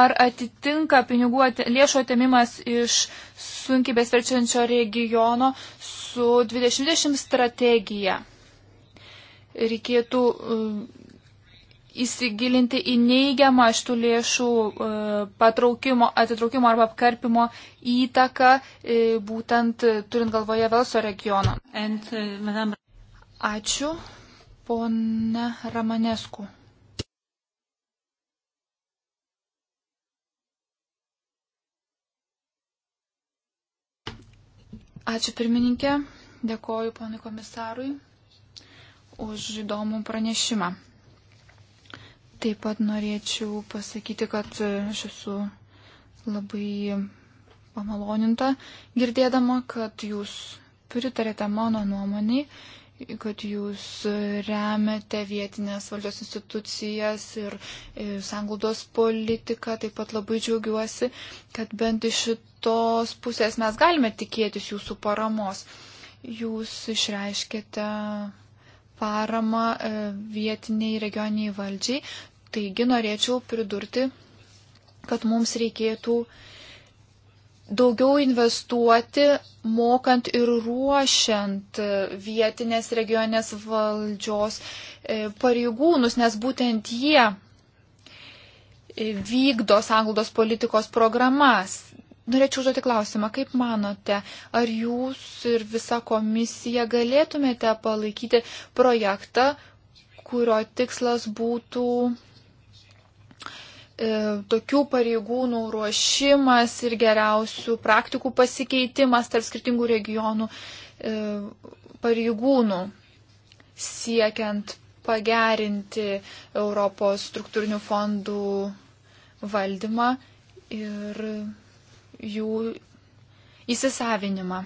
ar atitinka pinigų at, lėšų atėmimas iš sunkiai besverčiančio regiono su 2020 strategija. Reikėtų e, įsigilinti į neigiamą šitų lėšų e, patraukimo, atitraukimo arba apkarpimo įtaką, e, būtent turint galvoje Velso regioną. And, uh, Ačiū, pone Ramanesku. Ačiū pirmininkė, dėkoju ponui komisarui už įdomų pranešimą. Taip pat norėčiau pasakyti, kad aš esu labai pamaloninta girdėdama, kad jūs pritarėte mano nuomonį kad jūs remiate vietinės valdžios institucijas ir sanglaudos politiką. Taip pat labai džiaugiuosi, kad bent iš šitos pusės mes galime tikėtis jūsų paramos. Jūs išreiškėte paramą e, vietiniai regioniniai valdžiai. Taigi norėčiau pridurti, kad mums reikėtų daugiau investuoti, mokant ir ruošiant vietinės regionės valdžios e, pareigūnus, nes būtent jie e, vykdo sąnglaudos politikos programas. Norėčiau užduoti klausimą, kaip manote, ar jūs ir visa komisija galėtumėte palaikyti projektą, kurio tikslas būtų E, tokių pareigūnų ruošimas ir geriausių praktikų pasikeitimas tarp skirtingų regionų e, pareigūnų siekiant pagerinti Europos struktūrinių fondų valdymą ir jų įsisavinimą.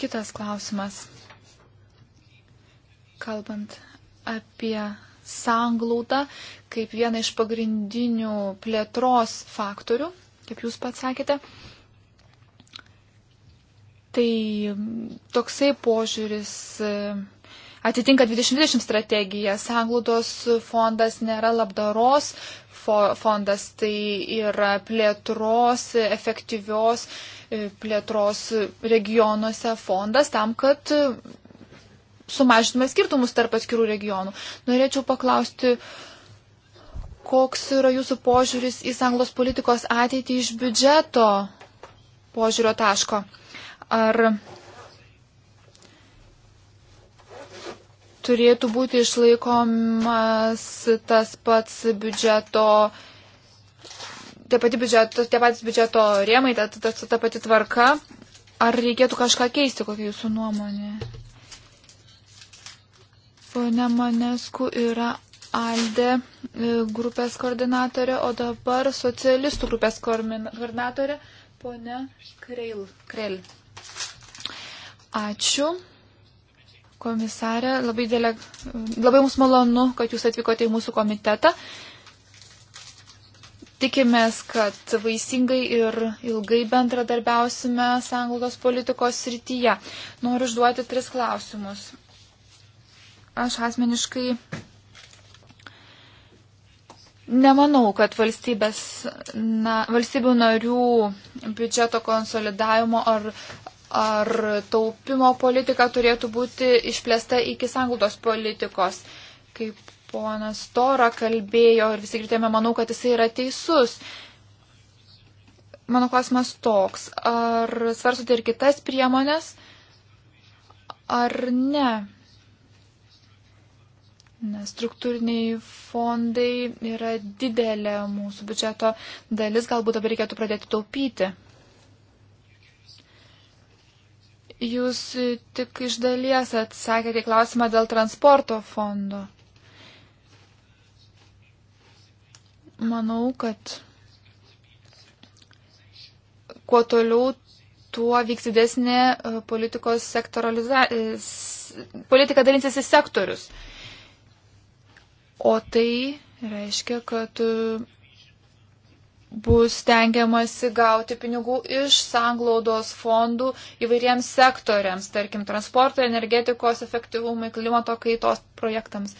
Kitas klausimas. Kalbant apie sanglaudą kaip vieną iš pagrindinių plėtros faktorių, kaip jūs pats sakėte, tai toksai požiūris e, atitinka 2020 strategiją. Sanglaudos fondas nėra labdaros fondas, tai yra plėtros, efektyvios e, plėtros regionuose fondas tam, kad sumažintume skirtumus tarp atskirų regionų. Norėčiau paklausti, koks yra jūsų požiūris į sanglos politikos ateitį iš biudžeto požiūrio taško. Ar turėtų būti išlaikomas tas pats biudžeto, tie, pati biudžeto, tie patys biudžeto rėmai, ta, ta, ta, ta pati tvarka. Ar reikėtų kažką keisti, kokia jūsų nuomonė? Pone Manesku yra Alde e, grupės koordinatorė, o dabar socialistų grupės koordinatorė, pone Kreil. Kreil. Ačiū komisarė. Labai, dėlė, labai mums malonu, kad jūs atvykote į mūsų komitetą. Tikimės, kad vaisingai ir ilgai bendradarbiausime sąnglaudos politikos srityje. Noriu užduoti tris klausimus. Aš asmeniškai Nemanau, kad valstybės, na, valstybių narių biudžeto konsolidavimo ar ar taupimo politika turėtų būti išplėsta iki sanglaudos politikos. Kaip ponas Tora kalbėjo ir visi girdėjome, manau, kad jisai yra teisus. Mano klausimas toks, ar svarstote ir kitas priemonės, ar ne? Nes struktūriniai fondai yra didelė mūsų biudžeto dalis, galbūt dabar reikėtų pradėti taupyti. Jūs tik iš dalies atsakėte į klausimą dėl transporto fondo. Manau, kad kuo toliau, tuo vyks didesnė e, politikos sektoralizacija, e, politika dalinsis į sektorius. O tai reiškia, kad e, bus tengiamasi gauti pinigų iš sanglaudos fondų įvairiems sektoriams, tarkim, transporto, energetikos efektyvumui, klimato kaitos projektams.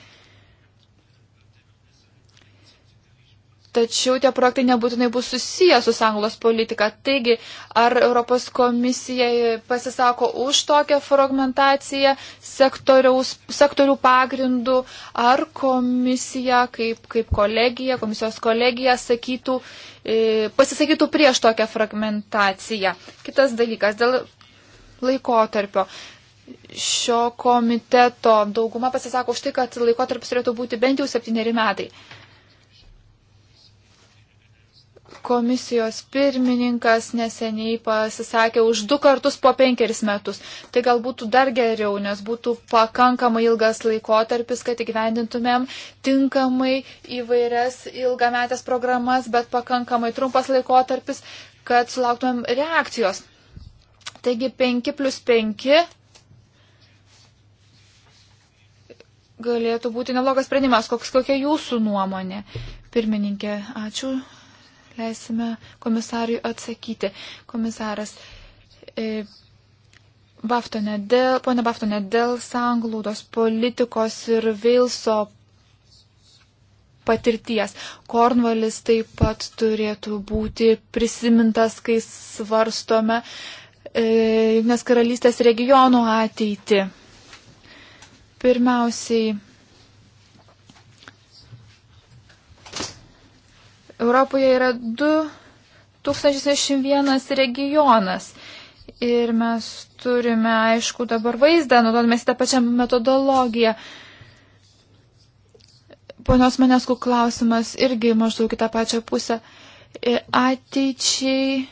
Tačiau tie projektai nebūtinai bus susiję su sanglos politika. Taigi, ar Europos komisija pasisako už tokią fragmentaciją sektorių pagrindų, ar komisija kaip, kaip kolegija, komisijos kolegija sakytų, e, pasisakytų prieš tokią fragmentaciją. Kitas dalykas dėl laikotarpio šio komiteto dauguma pasisako už tai, kad laikotarpis turėtų būti bent jau septyneri metai komisijos pirmininkas neseniai pasisakė už du kartus po penkeris metus. Tai gal būtų dar geriau, nes būtų pakankamai ilgas laikotarpis, kad įgyvendintumėm tinkamai įvairias ilgametės programas, bet pakankamai trumpas laikotarpis, kad sulauktumėm reakcijos. Taigi 5 plus 5 galėtų būti neblogas sprendimas. Koks, kokia jūsų nuomonė? Pirmininkė, ačiū leisime komisariui atsakyti. Komisaras. E, Baftone dėl, ponė Baftone, dėl sanglūdos politikos ir Vilso patirties. Kornvalis taip pat turėtų būti prisimintas, kai svarstome e, Nes karalystės regionų ateitį. Pirmiausiai Europoje yra 2071 regionas. Ir mes turime, aišku, dabar vaizdą, naudodamės tą pačią metodologiją. Ponios Maneskų klausimas irgi maždaug į tą pačią pusę. E, ateičiai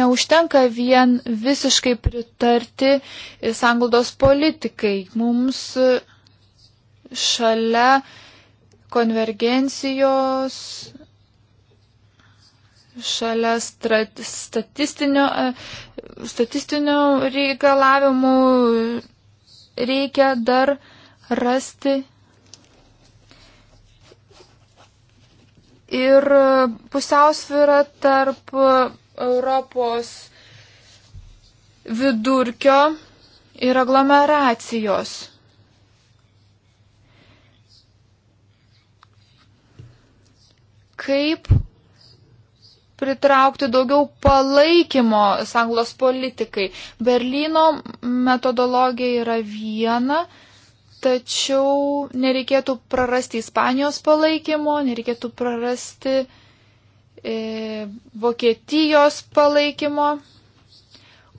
neužtenka vien visiškai pritarti sanglaudos politikai. Mums šalia konvergencijos šalia strat, statistinio, e, statistinio reikalavimų reikia dar rasti ir pusiausvyrą tarp Europos vidurkio ir aglomeracijos. Kaip pritraukti daugiau palaikymo sanglos politikai. Berlyno metodologija yra viena, tačiau nereikėtų prarasti Ispanijos palaikymo, nereikėtų prarasti e, Vokietijos palaikymo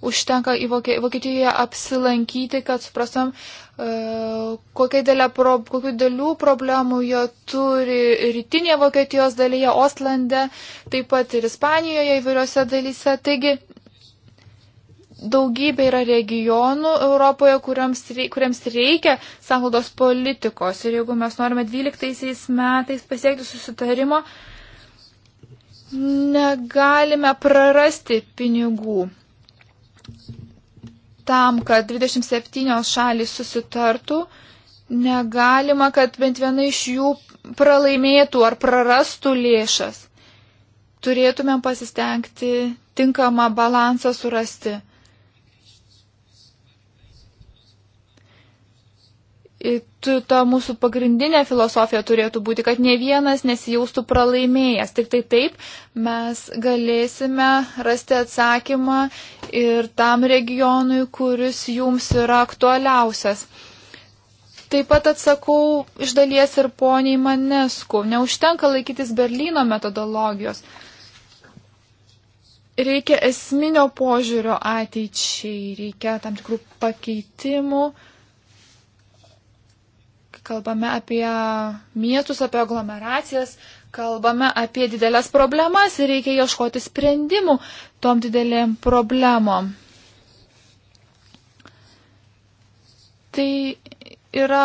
užtenka į Vokietiją apsilankyti, kad suprastam, e, kokių dėlių pro, problemų jie turi rytinėje Vokietijos dalyje, Ostlande, taip pat ir Ispanijoje įvairiose dalyse. Taigi daugybė yra regionų Europoje, kuriams, kuriems reikia sanglaudos politikos. Ir jeigu mes norime 12 metais pasiekti susitarimo, negalime prarasti pinigų tam, kad 27 šalis susitartų, negalima, kad bent viena iš jų pralaimėtų ar prarastų lėšas. Turėtumėm pasistengti tinkamą balansą surasti. ta mūsų pagrindinė filosofija turėtų būti, kad ne vienas nesijaustų pralaimėjęs. Tik tai taip mes galėsime rasti atsakymą ir tam regionui, kuris jums yra aktualiausias. Taip pat atsakau iš dalies ir poniai Manesku. Neužtenka laikytis Berlyno metodologijos. Reikia esminio požiūrio ateičiai, reikia tam tikrų pakeitimų kalbame apie miestus, apie aglomeracijas, kalbame apie didelės problemas ir reikia ieškoti sprendimų tom didelėm problemom. Tai yra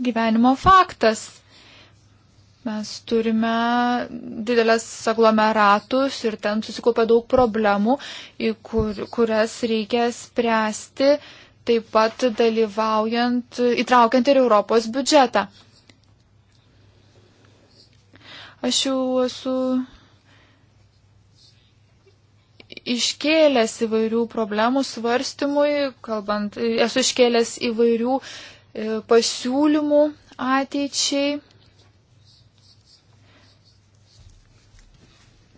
gyvenimo faktas. Mes turime didelės aglomeratus ir ten susikaupia daug problemų, kur, kurias reikia spręsti taip pat dalyvaujant, įtraukiant ir Europos biudžetą. Aš jau esu iškėlęs įvairių problemų svarstymui, kalbant, esu iškėlęs įvairių e, pasiūlymų ateičiai.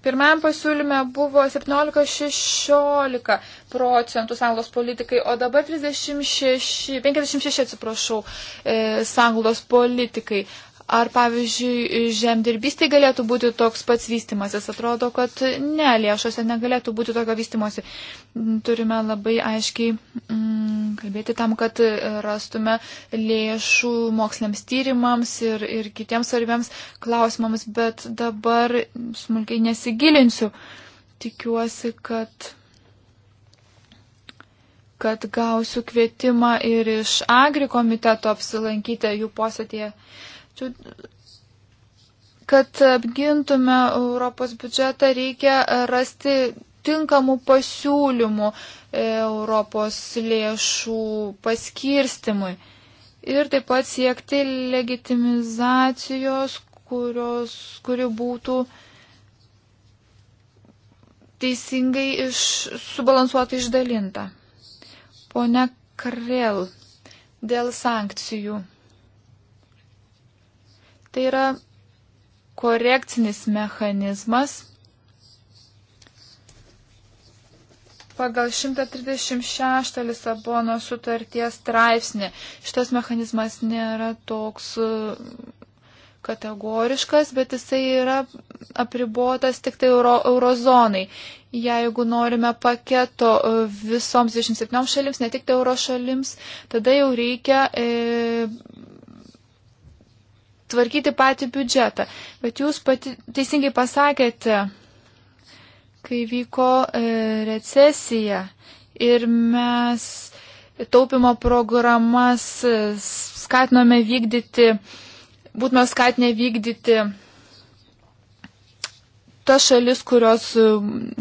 Pirmam pasiūlyme buvo 17-16 procentų sąnaudos politikai, o dabar 36, 56 atsiprašau, e, sąnaudos politikai. Ar, pavyzdžiui, žemdirbystė galėtų būti toks pats vystimasis? Atrodo, kad ne, lėšose negalėtų būti tokio vystimosi. Turime labai aiškiai mm, kalbėti tam, kad rastume lėšų moksliniams tyrimams ir, ir kitiems svarbiams klausimams, bet dabar smulkiai nesigilinsiu. Tikiuosi, kad kad gausiu kvietimą ir iš Agri komiteto apsilankyti jų posėdėje kad apgintume Europos biudžetą, reikia rasti tinkamų pasiūlymų Europos lėšų paskirstimui. Ir taip pat siekti legitimizacijos, kurios, kuri būtų teisingai iš, subalansuotai išdalinta. Pone Krell, dėl sankcijų. Tai yra korekcinis mechanizmas pagal 136 Lisabono sutarties straipsnį. Šitas mechanizmas nėra toks uh, kategoriškas, bet jisai yra apribotas tik tai euro, eurozonai. Jeigu norime paketo uh, visoms 27 šalims, ne tik tai euro šalims, tada jau reikia e, tvarkyti patį biudžetą. Bet jūs pati, teisingai pasakėte, kai vyko e, recesija ir mes taupimo programas e, skatinome vykdyti, būtume skatinę vykdyti tas šalis, kurios,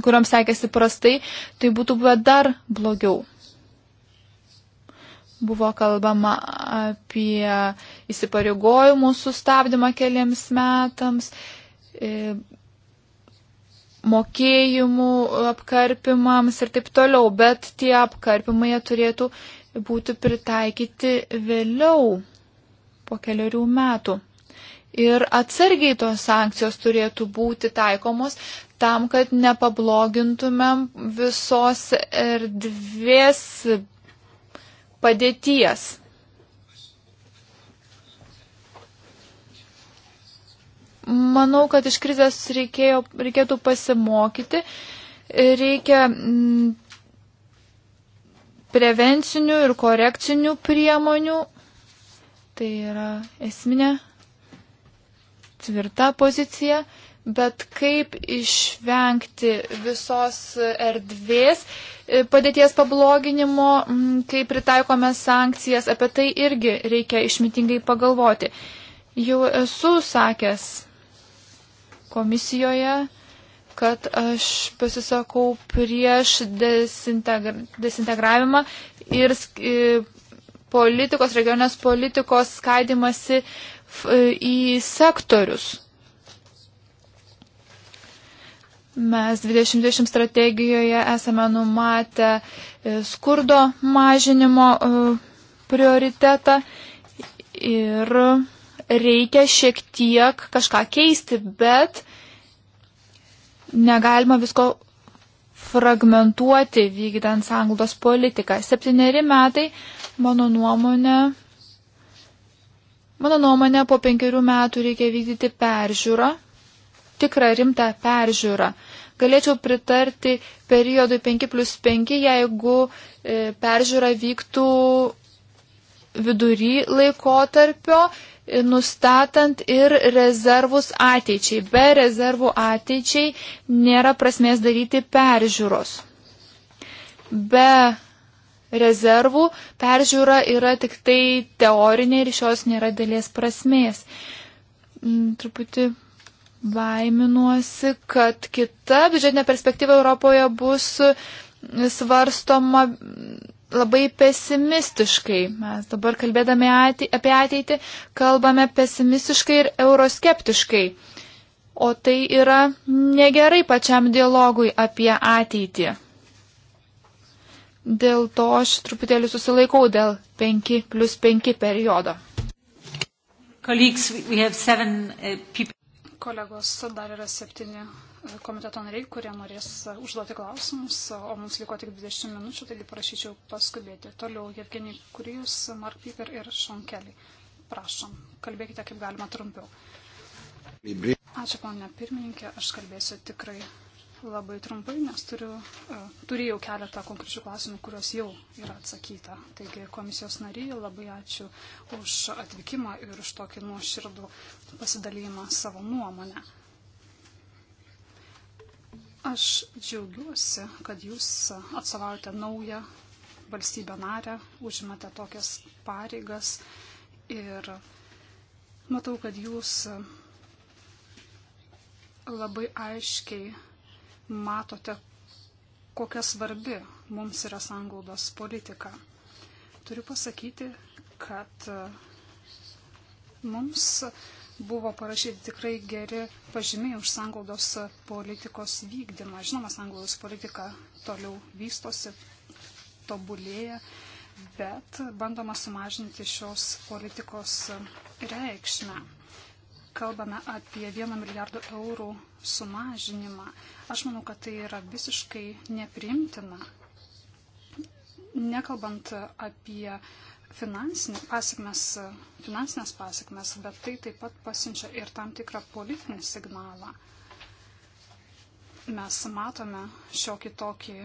kuriuoms sekėsi prastai, tai būtų buvę dar blogiau. Buvo kalbama apie įsipareigojimų sustabdymą keliams metams, e, mokėjimų apkarpimams ir taip toliau, bet tie apkarpimai turėtų būti pritaikyti vėliau, po keliarių metų. Ir atsargiai tos sankcijos turėtų būti taikomos tam, kad nepablogintumėm visos erdvės padėties. Manau, kad iš krizės reikėjo, reikėtų pasimokyti. Reikia mm, prevencinių ir korekcinių priemonių. Tai yra esminė tvirta pozicija, bet kaip išvengti visos erdvės padėties pabloginimo, kai pritaikome sankcijas, apie tai irgi reikia išmitingai pagalvoti. Jau esu sakęs komisijoje, kad aš pasisakau prieš desintegra desintegravimą ir politikos, regionės politikos skaidimasi į sektorius. Mes 2020 strategijoje esame numatę e, skurdo mažinimo e, prioritetą ir reikia šiek tiek kažką keisti, bet negalima visko fragmentuoti vykdant sanglaudos politiką. Septyneri metai, mano nuomonė, mano nuomonė, po penkerių metų reikia vykdyti peržiūrą, tikrą rimtą peržiūrą. Galėčiau pritarti periodui 5 plus 5, jeigu e, peržiūra vyktų vidury laikotarpio, e, nustatant ir rezervus ateičiai. Be rezervų ateičiai nėra prasmės daryti peržiūros. Be rezervų peržiūra yra tik tai teorinė ir iš jos nėra dėlės prasmės. Mm, truputį Baiminuosi, kad kita biudžetinė perspektyva Europoje bus svarstoma labai pesimistiškai. Mes dabar kalbėdami apie ateitį kalbame pesimistiškai ir euroskeptiškai. O tai yra negerai pačiam dialogui apie ateitį. Dėl to aš truputėlį susilaikau dėl 5 plus 5 periodo. Colleagues, we have seven uh, people. Kolegos, dar yra septyni e, komiteto nariai, kurie norės e, užduoti klausimus, o mums liko tik 20 minučių, taigi prašyčiau paskubėti. Toliau Jevgenij Kurijus, Mark Piper ir Sean Kelly. Prašom, kalbėkite kaip galima trumpiau. Ačiū, ponia pirmininkė, aš kalbėsiu tikrai labai trumpai, nes turiu, e, turėjau keletą konkrečių klausimų, kuriuos jau yra atsakyta. Taigi komisijos nariai, labai ačiū už atvykimą ir už tokį nuoširdų pasidalymą savo nuomonę. Aš džiaugiuosi, kad jūs atstovaujate naują valstybę narę, užimate tokias pareigas ir matau, kad jūs labai aiškiai matote, kokia svarbi mums yra sanglaudos politika. Turiu pasakyti, kad e, mums buvo parašyti tikrai geri pažymiai už sanglaudos politikos vykdymą. Žinoma, sanglaudos politika toliau vystosi, tobulėja, bet bandoma sumažinti šios politikos reikšmę kalbame apie 1 milijardo eurų sumažinimą. Aš manau, kad tai yra visiškai neprimtina. Nekalbant apie pasikmes, finansinės pasiekmes, bet tai taip pat pasiunčia ir tam tikrą politinį signalą. Mes matome šiokį tokį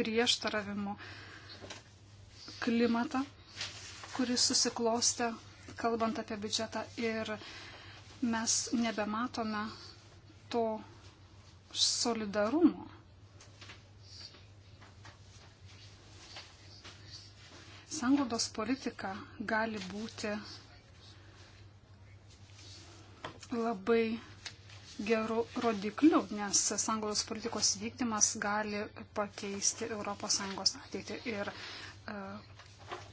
prieštaravimų klimatą, kuris susiklostė kalbant apie biudžetą ir mes nebematome to solidarumo. Sanglaudos politika gali būti labai geru rodikliu, nes sanglaudos politikos vykdymas gali pakeisti ES ateitį. Ir e,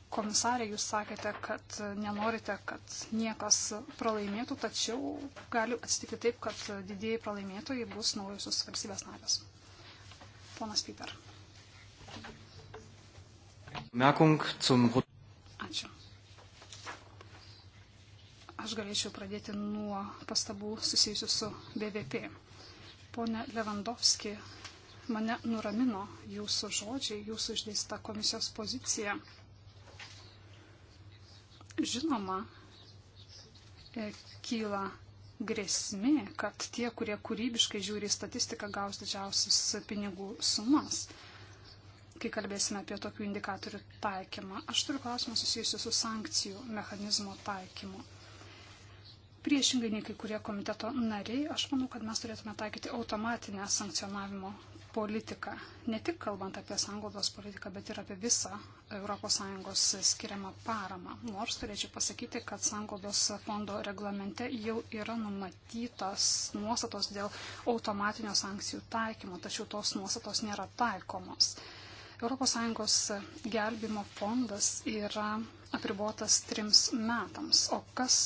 Komisarė, jūs sakėte, kad nenorite, kad niekas pralaimėtų, tačiau gali atsitikti taip, kad didieji pralaimėtojai bus naujosios valstybės narės. Ponas Piper. Ačiū. Aš galėčiau pradėti nuo pastabų susijusių su BVP. Pone Levandovski, mane nuramino jūsų žodžiai, jūsų išdėsta komisijos pozicija Žinoma, e, kyla grėsmė, kad tie, kurie kūrybiškai žiūri į statistiką, gaus didžiausias pinigų sumas, kai kalbėsime apie tokių indikatorių taikymą. Aš turiu klausimą susijusiu su sankcijų mechanizmo taikymu. Priešingai nei kai kurie komiteto nariai, aš manau, kad mes turėtume taikyti automatinę sankcionavimo politiką. Ne tik kalbant apie sanglaudos politiką, bet ir apie visą ES skiriamą paramą. Nors turėčiau pasakyti, kad sanglaudos fondo reglamente jau yra numatytas nuostatos dėl automatinio sankcijų taikymo, tačiau tos nuostatos nėra taikomos. ES gelbimo fondas yra apribotas trims metams. O kas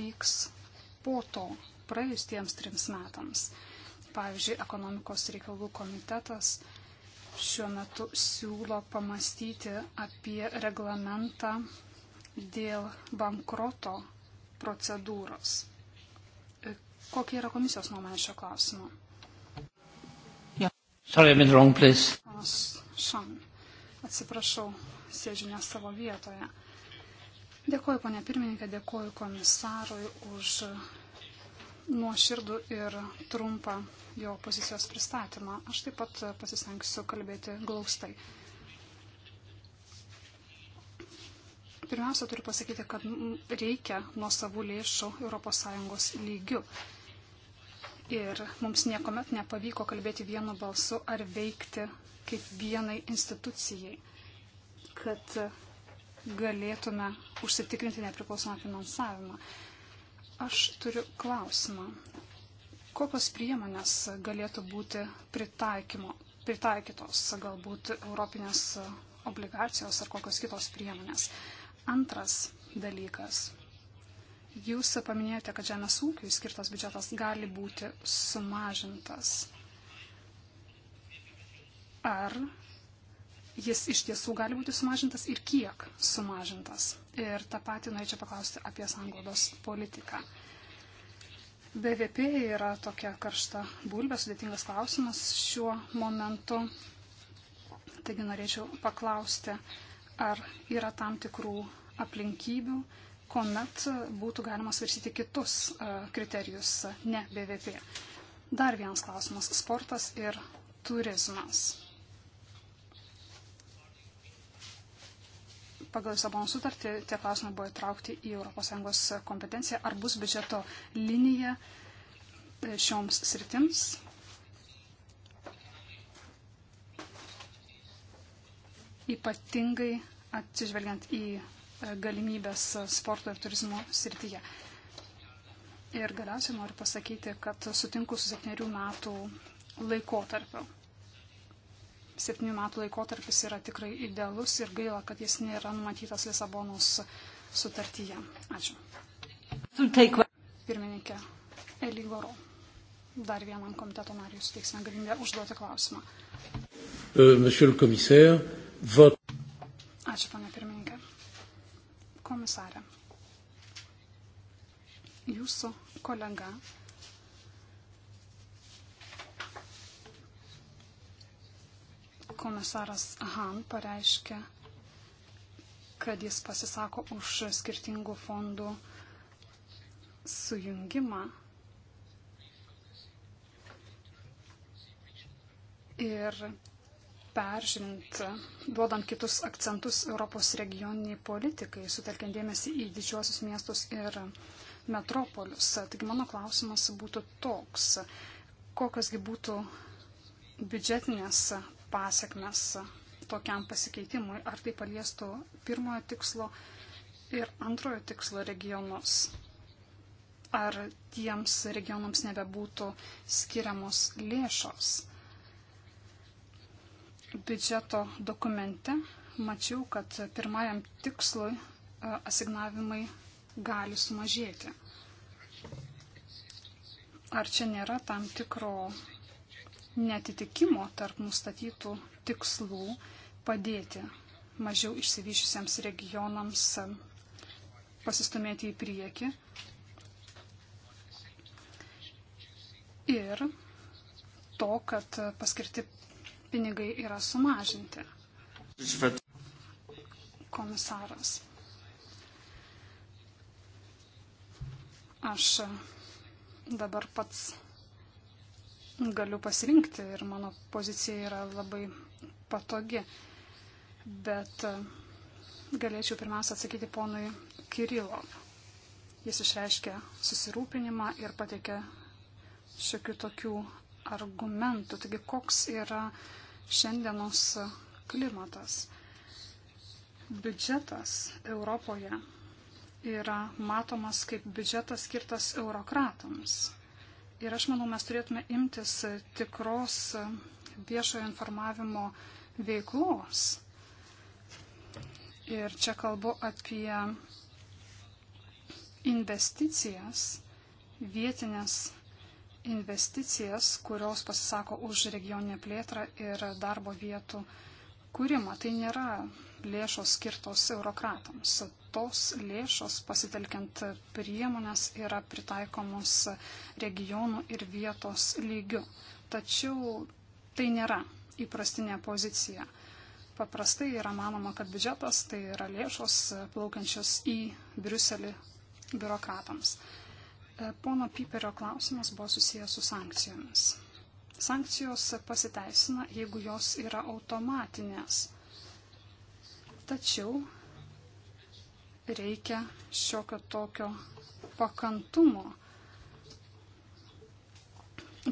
vyks po to, praėjus tiems trims metams? Pavyzdžiui, ekonomikos reikalų komitetas šiuo metu siūlo pamastyti apie reglamentą dėl bankroto procedūros. Kokia yra komisijos nuomonė šio klausimo? Yeah. Sorry, I've been wrong place. Šan. Atsiprašau, sėdžiu ne savo vietoje. Dėkuoju, ponė pirmininkė, dėkuoju komisarui už nuoširdų ir trumpą jo pozicijos pristatymą. Aš taip pat pasisengsiu kalbėti glaustai. Pirmiausia, turiu pasakyti, kad reikia nuo savų lėšų ES lygių. Ir mums niekuomet nepavyko kalbėti vienu balsu ar veikti kaip vienai institucijai, kad galėtume užsitikrinti nepriklausomą finansavimą. Aš turiu klausimą. Kokios priemonės galėtų būti pritaikytos, galbūt europinės obligacijos ar kokios kitos priemonės? Antras dalykas. Jūs paminėjote, kad žemės ūkiui skirtas biudžetas gali būti sumažintas. Ar jis iš tiesų gali būti sumažintas ir kiek sumažintas. Ir tą patį norėčiau paklausti apie sanglaudos politiką. BVP yra tokia karšta bulvė, sudėtingas klausimas šiuo momentu. Taigi norėčiau paklausti, ar yra tam tikrų aplinkybių, kuomet būtų galima svarsyti kitus e, kriterijus, ne BVP. Dar vienas klausimas - sportas ir turizmas pagal Lisabono sutartį tie klausimai buvo įtraukti į ES kompetenciją. Ar bus biudžeto linija e, šioms sritims? Ypatingai atsižvelgiant į e, galimybės sporto ir turizmo srityje. Ir galiausiai noriu pasakyti, kad sutinku su septyniarių metų laikotarpiu septynių metų laikotarpis yra tikrai idealus ir gaila, kad jis nėra numatytas Lisabonos sutartyje. Ačiū. Pirmininkė Eligoro. Dar vienam komiteto nariui suteiksime galimybę užduoti klausimą. Euh, Ačiū, pane pirmininkė. Komisarė. Jūsų kolega komisaras Han pareiškė, kad jis pasisako už skirtingų fondų sujungimą ir peržiūrint, duodant kitus akcentus Europos regioniniai politikai, sutelkiant dėmesį į didžiuosius miestus ir metropolius. Taigi mano klausimas būtų toks, kokiasgi būtų biudžetinės pasiekmes tokiam pasikeitimui, ar tai paliestų pirmojo tikslo ir antrojo tikslo regionus, ar tiems regionams nebebūtų skiriamos lėšos. Biudžeto dokumente mačiau, kad pirmajam tikslui e, asignavimai gali sumažėti. Ar čia nėra tam tikro netitikimo tarp nustatytų tikslų padėti mažiau išsivyšusiems regionams pasistumėti į priekį. Ir to, kad paskirti pinigai yra sumažinti. Komisaras. Aš dabar pats galiu pasirinkti ir mano pozicija yra labai patogi. Bet e, galėčiau pirmiausia atsakyti ponui Kirilov. Jis išreiškė susirūpinimą ir pateikė šiokių tokių argumentų. Taigi, koks yra šiandienos klimatas? Biudžetas Europoje yra matomas kaip biudžetas skirtas eurokratams Ir aš manau, mes turėtume imtis tikros viešojo informavimo veiklos. Ir čia kalbu apie investicijas, vietinės investicijas, kurios pasisako už regioninę plėtrą ir darbo vietų kūrimą. Tai nėra lėšos skirtos eurokratams. Tos lėšos, pasitelkiant priemonės, yra pritaikomos regionų ir vietos lygių. Tačiau tai nėra įprastinė pozicija. Paprastai yra manoma, kad biudžetas tai yra lėšos plaukiančios į Briuselį biurokratams. Pono Piperio klausimas buvo susijęs su sankcijomis. Sankcijos pasiteisina, jeigu jos yra automatinės. Tačiau reikia šiokio tokio pakantumo,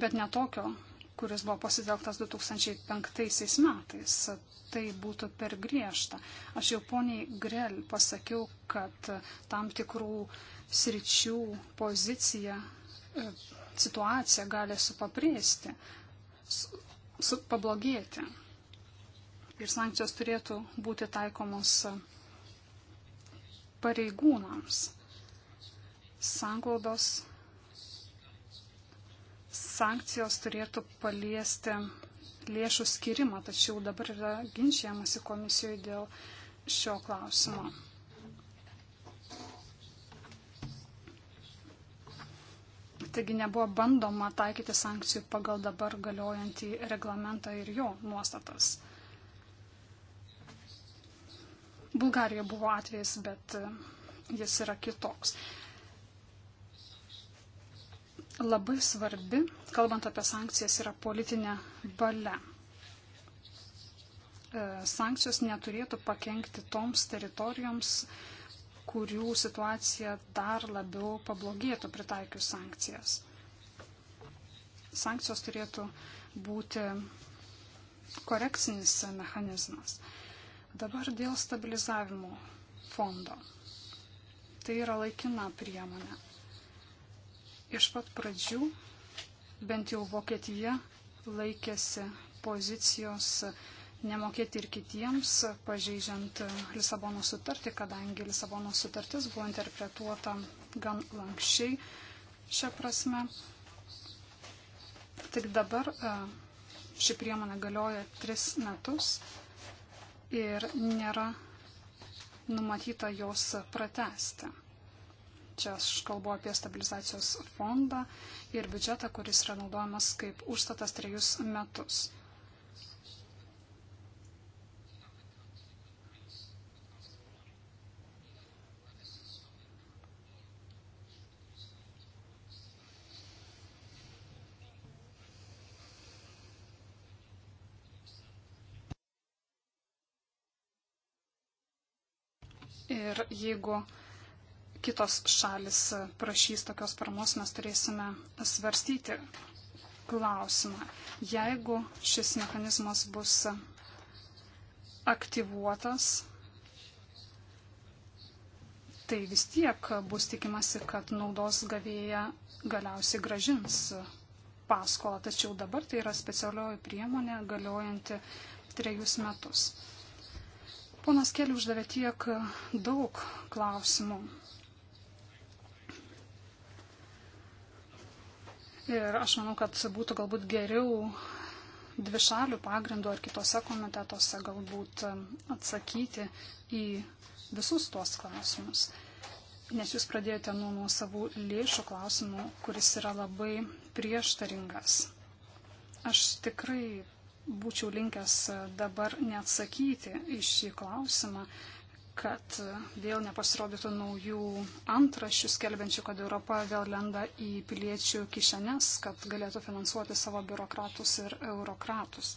bet ne tokio, kuris buvo pasitelktas 2005 metais. Tai būtų per griežta. Aš jau poniai Grel pasakiau, kad tam tikrų sričių pozicija, e, situacija gali supaprėsti, su, su, pablogėti ir sankcijos turėtų būti taikomos pareigūnams. Sanglaudos sankcijos turėtų paliesti lėšų skirimą, tačiau dabar yra ginčiamasi komisijoje dėl šio klausimo. Taigi nebuvo bandoma taikyti sankcijų pagal dabar galiojantį reglamentą ir jo nuostatas. Bulgarijoje buvo atvejis, bet e, jis yra kitoks. Labai svarbi, kalbant apie sankcijas, yra politinė valia. E, sankcijos neturėtų pakengti toms teritorijoms, kurių situacija dar labiau pablogėtų pritaikius sankcijas. Sankcijos turėtų būti korekcinis mechanizmas. Dabar dėl stabilizavimo fondo. Tai yra laikina priemonė. Iš pat pradžių bent jau Vokietija laikėsi pozicijos nemokėti ir kitiems, pažeidžiant Lisabono sutartį, kadangi Lisabono sutartis buvo interpretuota gan lankščiai šią prasme. Tik dabar e, ši priemonė galioja tris metus ir nėra numatyta jos pratesti. Čia aš kalbu apie stabilizacijos fondą ir biudžetą, kuris yra naudojamas kaip užstatas trejus metus. ir jeigu kitos šalis prašys tokios paramos, mes turėsime svarstyti klausimą. Jeigu šis mechanizmas bus aktyvuotas, tai vis tiek bus tikimasi, kad naudos gavėja galiausiai gražins paskolą. Tačiau dabar tai yra specialioji priemonė galiojanti trejus metus. Ponas Keli uždavė tiek e, daug klausimų. Ir aš manau, kad būtų galbūt geriau dvi šalių pagrindų ar kitose komitetuose galbūt e, atsakyti į visus tuos klausimus. Nes jūs pradėjote nuo nuosavų lėšų klausimų, kuris yra labai prieštaringas. Aš tikrai būčiau linkęs dabar neatsakyti iš šį klausimą, kad vėl nepasirodytų naujų antrašių skelbiančių, kad Europa vėl lenda į piliečių kišenes, kad galėtų finansuoti savo biurokratus ir eurokratus.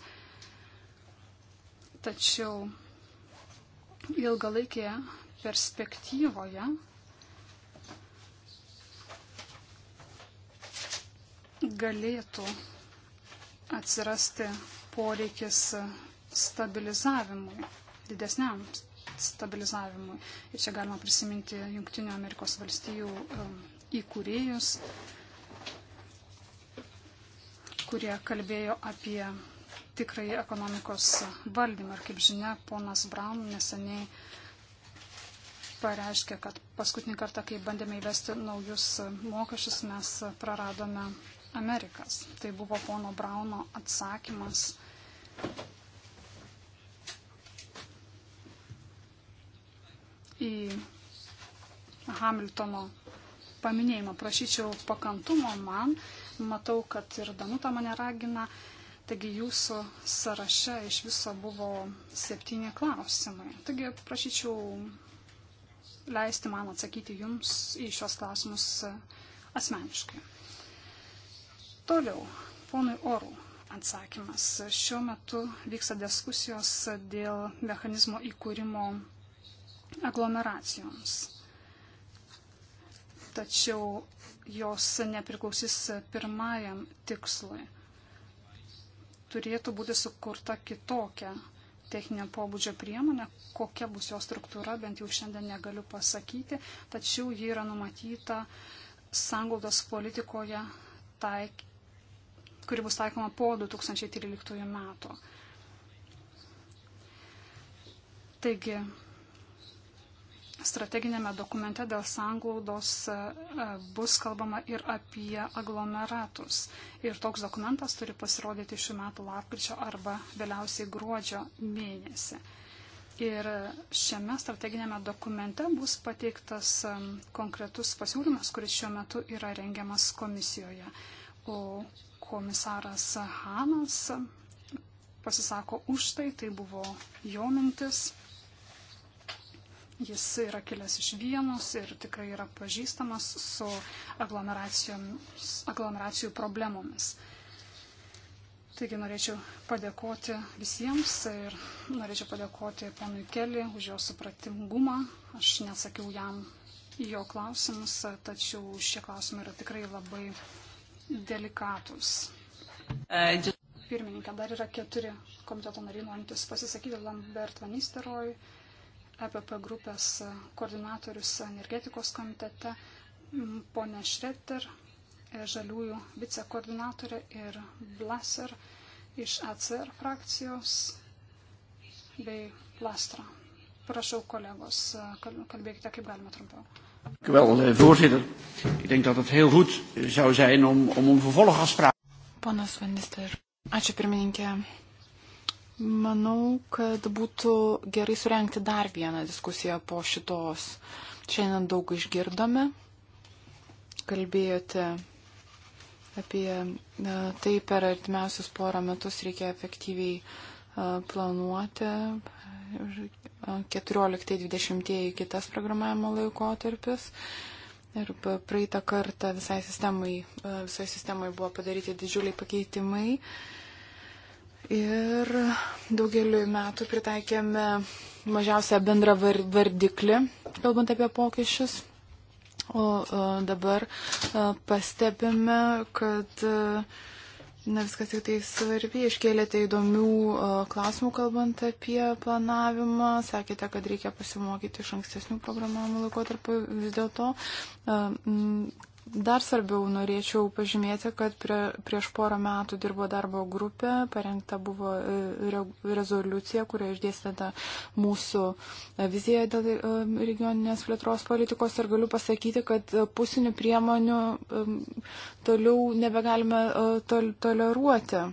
Tačiau ilgalaikėje perspektyvoje galėtų atsirasti poreikis stabilizavimui, didesniam stabilizavimui. Ir čia galima prisiminti Junktinio Amerikos valstijų um, įkūrėjus, kurie kalbėjo apie tikrai ekonomikos valdymą. Ir kaip žinia, ponas Braun neseniai pareiškė, kad paskutinį kartą, kai bandėme įvesti naujus mokesčius, mes praradome Amerikas. Tai buvo pono Brauno atsakymas į Hamiltono paminėjimą. Prašyčiau pakantumo man, matau, kad ir Danuta mane ragina. Taigi jūsų sąraše iš viso buvo septyni klausimai. Taigi prašyčiau leisti man atsakyti jums į šios klausimus asmeniškai. Toliau, ponui Orų atsakymas. Šiuo metu vyksta diskusijos dėl mechanizmo įkūrimo aglomeracijoms. Tačiau jos nepriklausys pirmajam tikslui. Turėtų būti sukurta kitokia techninio pobūdžio priemonė, kokia bus jo struktūra, bent jau šiandien negaliu pasakyti, tačiau ji yra numatyta sanglaudos politikoje taik, kuri bus taikoma po 2013 metų. Taigi, strateginėme dokumente dėl sanglaudos e, bus kalbama ir apie aglomeratus. Ir toks dokumentas turi pasirodyti šių metų lapkričio arba vėliausiai gruodžio mėnesį. Ir šiame strateginėme dokumente bus pateiktas e, konkretus pasiūlymas, kuris šiuo metu yra rengiamas komisijoje. O komisaras Hanas pasisako už tai, tai buvo jo mintis. Jis yra kilęs iš Vienos ir tikrai yra pažįstamas su aglomeracijų problemomis. Taigi norėčiau padėkoti visiems ir norėčiau padėkoti ponui Kelį už jo supratingumą. Aš nesakiau jam į jo klausimus, tačiau šie klausimai yra tikrai labai delikatus. Pirmininkė, dar yra keturi komiteto nariai norintis pasisakyti Lambert Vanisteroj, EPP grupės koordinatorius energetikos komitete, ponė Šretter, žaliųjų vicekoordinatorė ir Blaser iš ACR frakcijos bei Plastra. Prašau kolegos, kalbėkite kaip galima trumpiau. Wel, eh, voorzitter. Ik denk dat het heel goed eh, zou zijn om, om een vervolgafspraak. Panas Vanister. Ačiū pirmininkė. Manau, kad būtų gerai surenkti dar vieną diskusiją po šitos. Šiandien daug išgirdome. Kalbėjote apie e, tai per artimiausius porą metus reikia efektyviai e, planuoti, 14-20 kitas programavimo laikotarpis. Ir praeitą kartą visai sistemai, visai sistemai buvo padaryti didžiuliai pakeitimai. Ir daugeliu metų pritaikėme mažiausią bendrą vardiklį, kalbant apie pokyčius. O, o dabar pastebime, kad o, Na, viskas tik tai svarbi, iškėlėte įdomių klausimų kalbant apie planavimą, sakėte, kad reikia pasimokyti iš ankstesnių programavimo laikotarpių, vis dėlto Dar svarbiau norėčiau pažymėti, kad prie, prieš porą metų dirbo darbo grupė, parengta buvo e, re, rezoliucija, kurioje išdėstėta mūsų e, vizija dėl e, regioninės plėtros politikos ir galiu pasakyti, kad pusinių priemonių toliau nebegalime tol, toleruoti.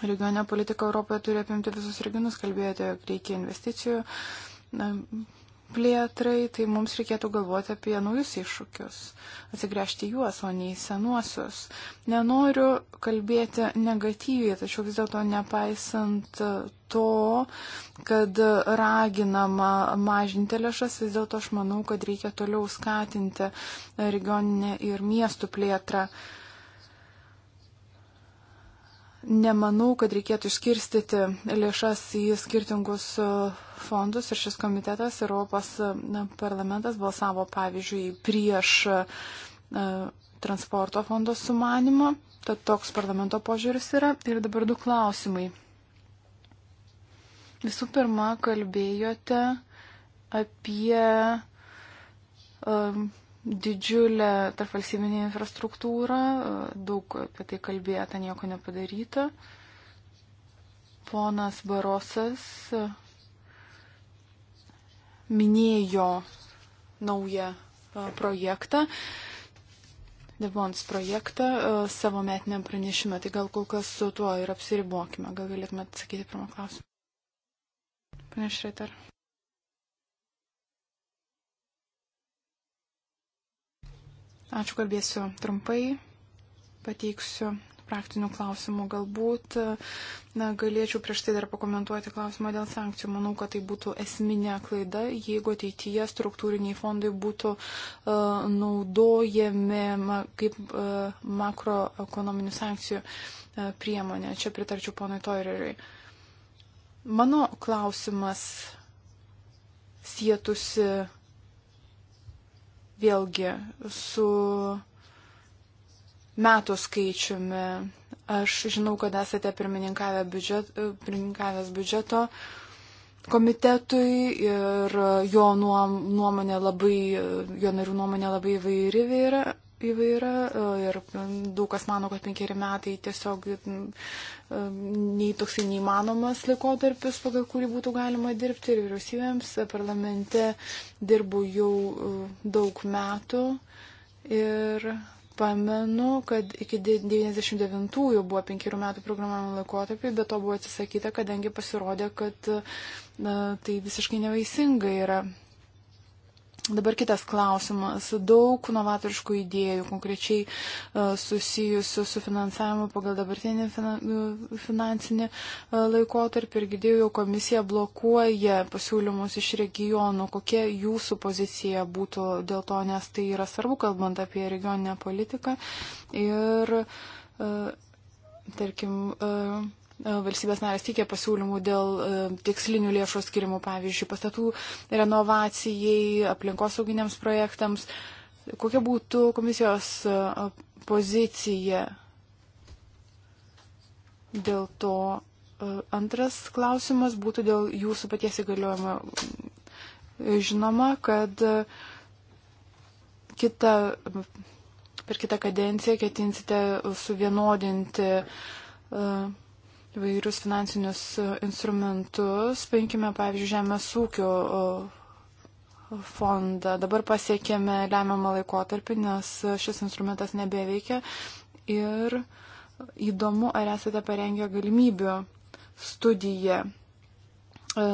Regioninė politika Europoje turi apimti visus regionus, kalbėjote, jog reikia investicijų plėtrai, tai mums reikėtų galvoti apie naujus iššūkius, atsigręžti juos, o ne į senuosius. Nenoriu kalbėti negatyviai, tačiau vis dėlto nepaisant to, kad raginama mažinti lėšas, vis dėlto aš manau, kad reikia toliau skatinti regioninę ir miestų plėtrą. Uh, Nemanau, kad reikėtų išskirstyti lėšas į skirtingus e, fondus ir šis komitetas Europos e, parlamentas balsavo, pavyzdžiui, prieš e, transporto fondo sumanimą. Tad toks parlamento požiūris yra. Ir dabar du klausimai. Visų pirma, kalbėjote apie um, didžiulę tarpvalstybinę infrastruktūrą, daug apie tai kalbėta, nieko nepadaryta. Ponas Barosas minėjo naują projektą, Devons projektą savo metiniam pranešimą. Tai gal kol kas su tuo ir apsiribokime. Gal galėtume atsakyti pirmą klausimą. Pane Šreiter. Ačiū, kalbėsiu trumpai, pateiksiu praktinių klausimų. Galbūt na, galėčiau prieš tai dar pakomentuoti klausimą dėl sankcijų. Manau, kad tai būtų esminė klaida, jeigu ateityje struktūriniai fondai būtų uh, naudojami ma, kaip uh, makroekonominių sankcijų uh, priemonė. Čia pritarčiau ponui Toireriui. Mano klausimas sėtusi vėlgi su metų skaičiumi. Aš žinau, kad esate pirmininkavę biudžet, pirmininkavęs biudžeto komitetui ir jo nuomonė labai, jo narių nuomonė labai įvairi yra įvairia e, ir daug kas mano, kad penkeri metai tiesiog e, nei toksai neįmanomas laikotarpis, pagal kurį būtų galima dirbti ir vyriausybėms. Parlamente dirbu jau e, daug metų ir pamenu, kad iki 99-ųjų buvo penkerių metų programavimo laikotarpiai, bet to buvo atsisakyta, kadangi pasirodė, kad na, tai visiškai nevaisinga yra. Dabar kitas klausimas. Daug novatoriškų idėjų, konkrečiai e, susijusių su finansavimu pagal dabartinį e, finansinį e, laikotarpį ir girdėjau, jau komisija blokuoja pasiūlymus iš regionų. Kokia jūsų pozicija būtų dėl to, nes tai yra svarbu, kalbant apie regioninę politiką. Ir, tarkim, E, valstybės narės teikia pasiūlymų dėl e, tikslinių lėšų skirimų, pavyzdžiui, pastatų renovacijai, aplinkosauginiams projektams. Kokia būtų komisijos e, pozicija dėl to? Antras klausimas būtų dėl jūsų paties įgaliojimo. Žinoma, kad kita, per kitą kadenciją ketinsite suvienodinti uh, įvairius finansinius e, instrumentus, paimkime, pavyzdžiui, žemės ūkio e, fondą. Dabar pasiekėme lemiamą laikotarpį, nes e, šis instrumentas nebeveikia. Ir įdomu, ar esate parengę galimybių studiją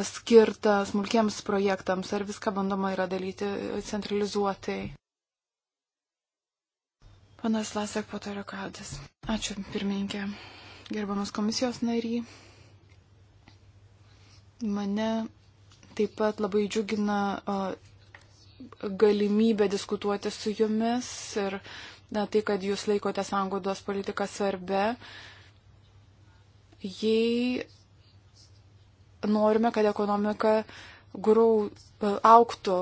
skirtą smulkiems projektams, ar viską bandoma yra dalyti centralizuotai. Panas Lasek Potoriokadas. Ačiū, pirmininkė gerbamas komisijos nary. Mane taip pat labai džiugina galimybė diskutuoti su jumis ir na, tai, kad jūs laikote sangodos politiką svarbę. Jei norime, kad ekonomika grau, auktų,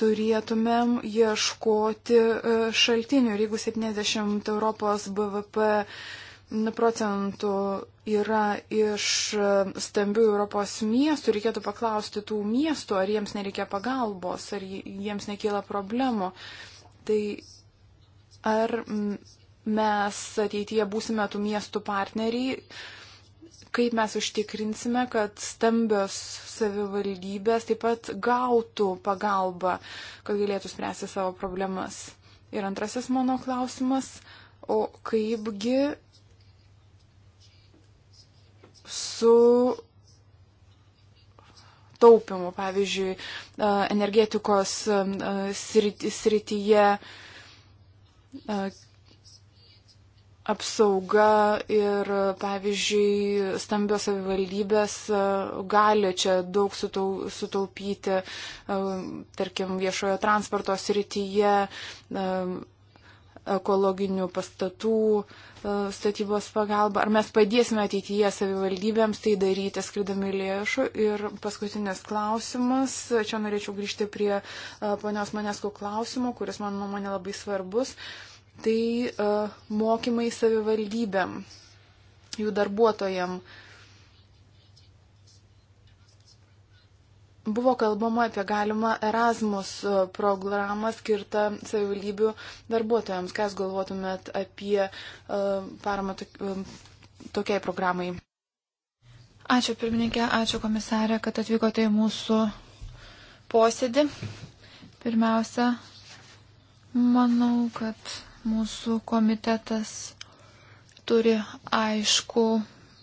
turėtumėm ieškoti šaltinių. Ir jeigu 70 Europos BVP procentų yra iš e, stambių Europos miestų, reikėtų paklausti tų miestų, ar jiems nereikia pagalbos, ar jiems nekyla problemų. Tai ar mes ateityje būsime tų miestų partneriai, kaip mes užtikrinsime, kad stambios savivaldybės taip pat gautų pagalbą, kad galėtų spręsti savo problemas. Ir antrasis mano klausimas, o kaipgi su taupimu, pavyzdžiui, energetikos srityje apsauga ir, pavyzdžiui, stambios savivaldybės gali čia daug sutaupyti, tarkim, viešojo transporto srityje ekologinių pastatų e, statybos pagalba, ar mes padėsime ateityje savivaldybėms tai daryti, skridami lėšų. Ir paskutinis klausimas, čia norėčiau grįžti prie e, ponios Manesko klausimo, kuris mano nuomonė labai svarbus, tai e, mokymai savivaldybėm, jų darbuotojams Buvo kalbama apie galimą Erasmus programą skirtą savivalybių darbuotojams. Kas galvotumėt apie uh, paramą tok, uh, tokiai programai? Ačiū pirmininkė, ačiū komisarė, kad atvykote į mūsų posėdį. Pirmiausia, manau, kad mūsų komitetas turi aišku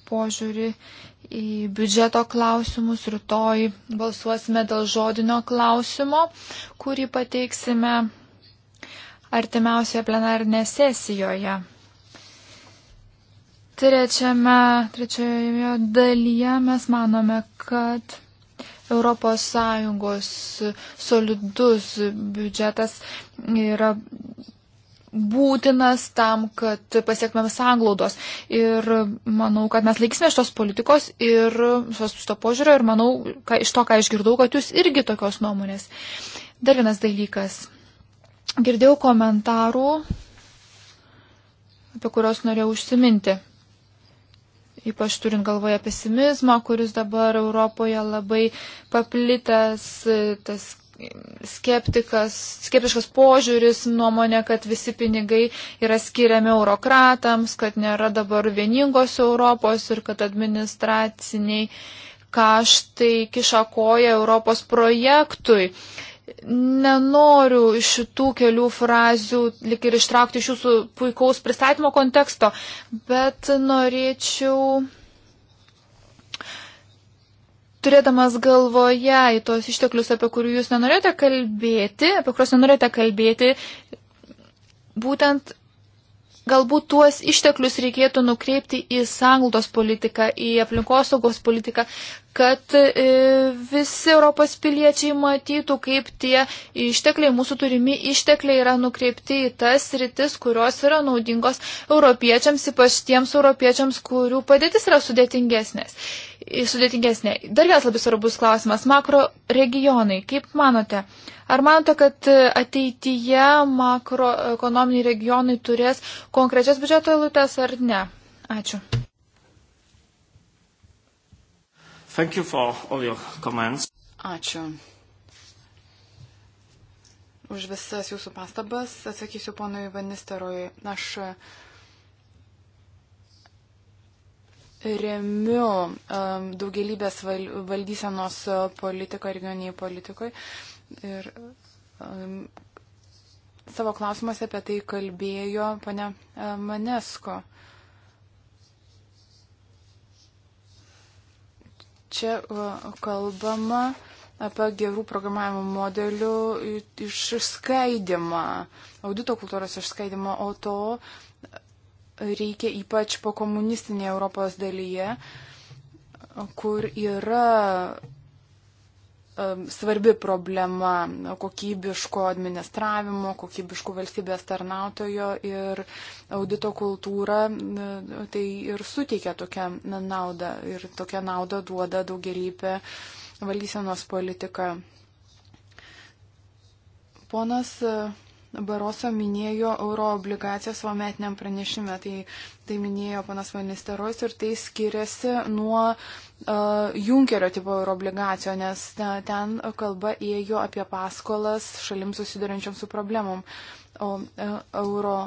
požiūrį į biudžeto klausimus. Rytoj balsuosime dėl žodinio klausimo, kurį pateiksime artimiausioje plenarinėje sesijoje. Trečiame, trečioje dalyje mes manome, kad ES solidus biudžetas yra būtinas tam, kad pasiekmėm sąnglaudos. Ir manau, kad mes laikysime šios politikos ir šios šito požiūrio ir manau, ka, iš to, ką išgirdau, kad jūs irgi tokios nuomonės. Dar vienas dalykas. Girdėjau komentarų, apie kuriuos norėjau užsiminti. Ypač turint galvoje pesimizmą, kuris dabar Europoje labai paplitęs, tas skeptikas, skeptiškas požiūris, nuomonė, kad visi pinigai yra skiriami eurokratams, kad nėra dabar vieningos Europos ir kad administraciniai kaštai kiša koją Europos projektui. Nenoriu šitų kelių frazių lik ir ištraukti iš jūsų puikaus pristatymo konteksto, bet norėčiau turėdamas galvoje į tos išteklius, apie kurių jūs nenorėjote kalbėti, apie kuriuos nenorėjote kalbėti, būtent galbūt tuos išteklius reikėtų nukreipti į sanglaudos politiką, į aplinkosaugos politiką, kad e, visi Europos piliečiai matytų, kaip tie ištekliai, mūsų turimi ištekliai yra nukreipti į tas rytis, kurios yra naudingos europiečiams, ypač tiems europiečiams, kurių padėtis yra sudėtingesnės. Sudėtingesnė. Dar vienas labai svarbus klausimas - makro regionai. Kaip manote, Ar manote, kad ateityje makroekonominiai regionai turės konkrečias biudžeto eilutės ar ne? Ačiū. Thank you for all your comments. Ačiū. Už visas jūsų pastabas atsakysiu ponui Vanisteroj. Aš remiu um, daugelybės val, valdysenos politiką regioniai politikoje. Ir um, savo klausimuose apie tai kalbėjo pane uh, Manesko. Um, Čia kalbama apie gerų programavimo modelių išskaidimą, audito kultūros išskaidimą, o to reikia ypač po komunistinėje Europos dalyje, kur yra Um, svarbi problema kokybiško administravimo, kokybiško valstybės tarnautojo ir audito kultūra tai ir suteikia tokią naudą ir tokią naudą duoda daugelįpę valdysenos politiką. Ponas Baroso minėjo euroobligacijas savo metiniam pranešime, tai, tai minėjo panas Vanisterojus ir tai skiriasi nuo uh, Junkerio tipo euroobligacijo, nes na, ten kalba ėjo apie paskolas šalims susidurinčiam su problemom. O uh, euro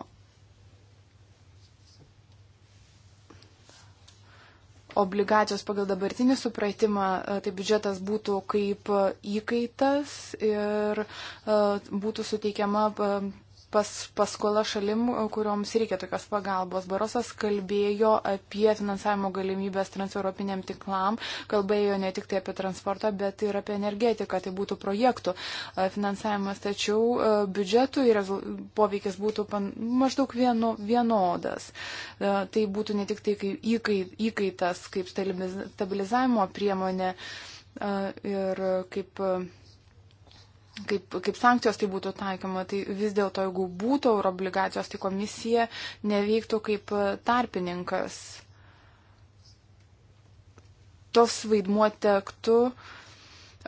obligacijos pagal dabartinį supratimą, e, tai biudžetas būtų kaip įkaitas ir e, būtų suteikiama e, pas, paskola šalim, kurioms reikia tokios pagalbos. Barosas kalbėjo apie finansavimo galimybės transeuropiniam tiklam, kalbėjo ne tik tai apie transportą, bet ir apie energetiką, tai būtų projektų e, finansavimas, tačiau e, biudžetų poveikis būtų pan, maždaug vieno, vienodas. E, tai būtų ne tik tai kaip įkait, įkaitas, kaip stabilizavimo priemonė ir kaip kaip, kaip sankcijos tai būtų taikoma, tai vis dėlto, jeigu būtų euroobligacijos, tai komisija neveiktų kaip e, tarpininkas. Tos vaidmuo tektų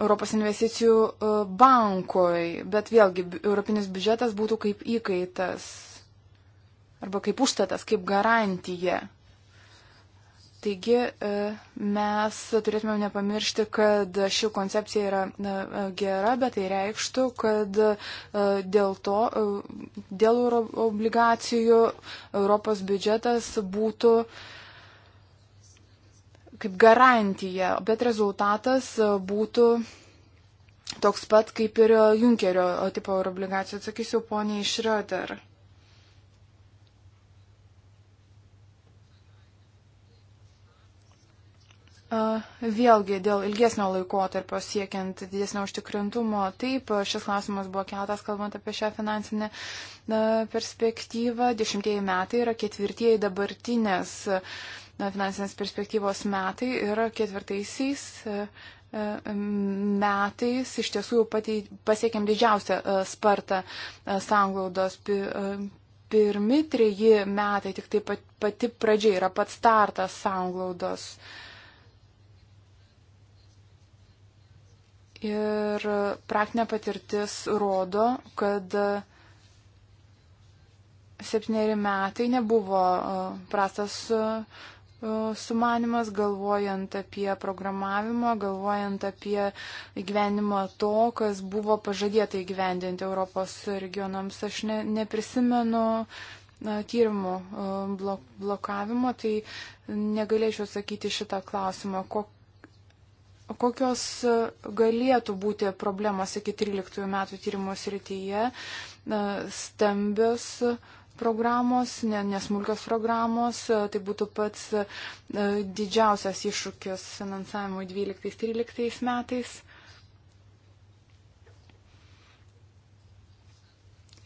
Europos investicijų e, bankoj, bet vėlgi europinis biudžetas būtų kaip įkaitas arba kaip užtatas, kaip garantija. Taigi e, mes turėtume nepamiršti, kad ši koncepcija yra e, gera, bet tai reikštų, kad e, dėl to, dėl obligacijų Europos biudžetas būtų kaip garantija, bet rezultatas būtų toks pat kaip ir Junkerio tipo obligacijų. Atsakysiu poniai Šrioder. Vėlgi, dėl ilgesnio laikotarpio siekiant didesnio užtikrintumo, taip, šis klausimas buvo keltas, kalbant apie šią finansinę perspektyvą. Dešimtieji metai yra ketvirtieji dabartinės finansinės perspektyvos metai ir ketvirtaisiais e, e, metais iš tiesų jau pasiekėm didžiausią e, spartą sanglaudos pirmi treji metai, tik tai pati pradžia yra pats startas sanglaudos. Uh, Ir praktinė patirtis rodo, kad septyneri metai nebuvo e, prastas e, e, sumanimas, galvojant apie programavimą, galvojant apie gyvenimą to, kas buvo pažadėta įgyvendinti Europos regionams. Aš ne, neprisimenu tyrimų blokavimo, tai negalėčiau atsakyti šitą klausimą, kok, kokios e, galėtų būti problemos iki 13 metų tyrimo srityje, stambios programos, nesmulkios programos, e, tai būtų pats e, didžiausias iššūkis finansavimui 12-13 metais.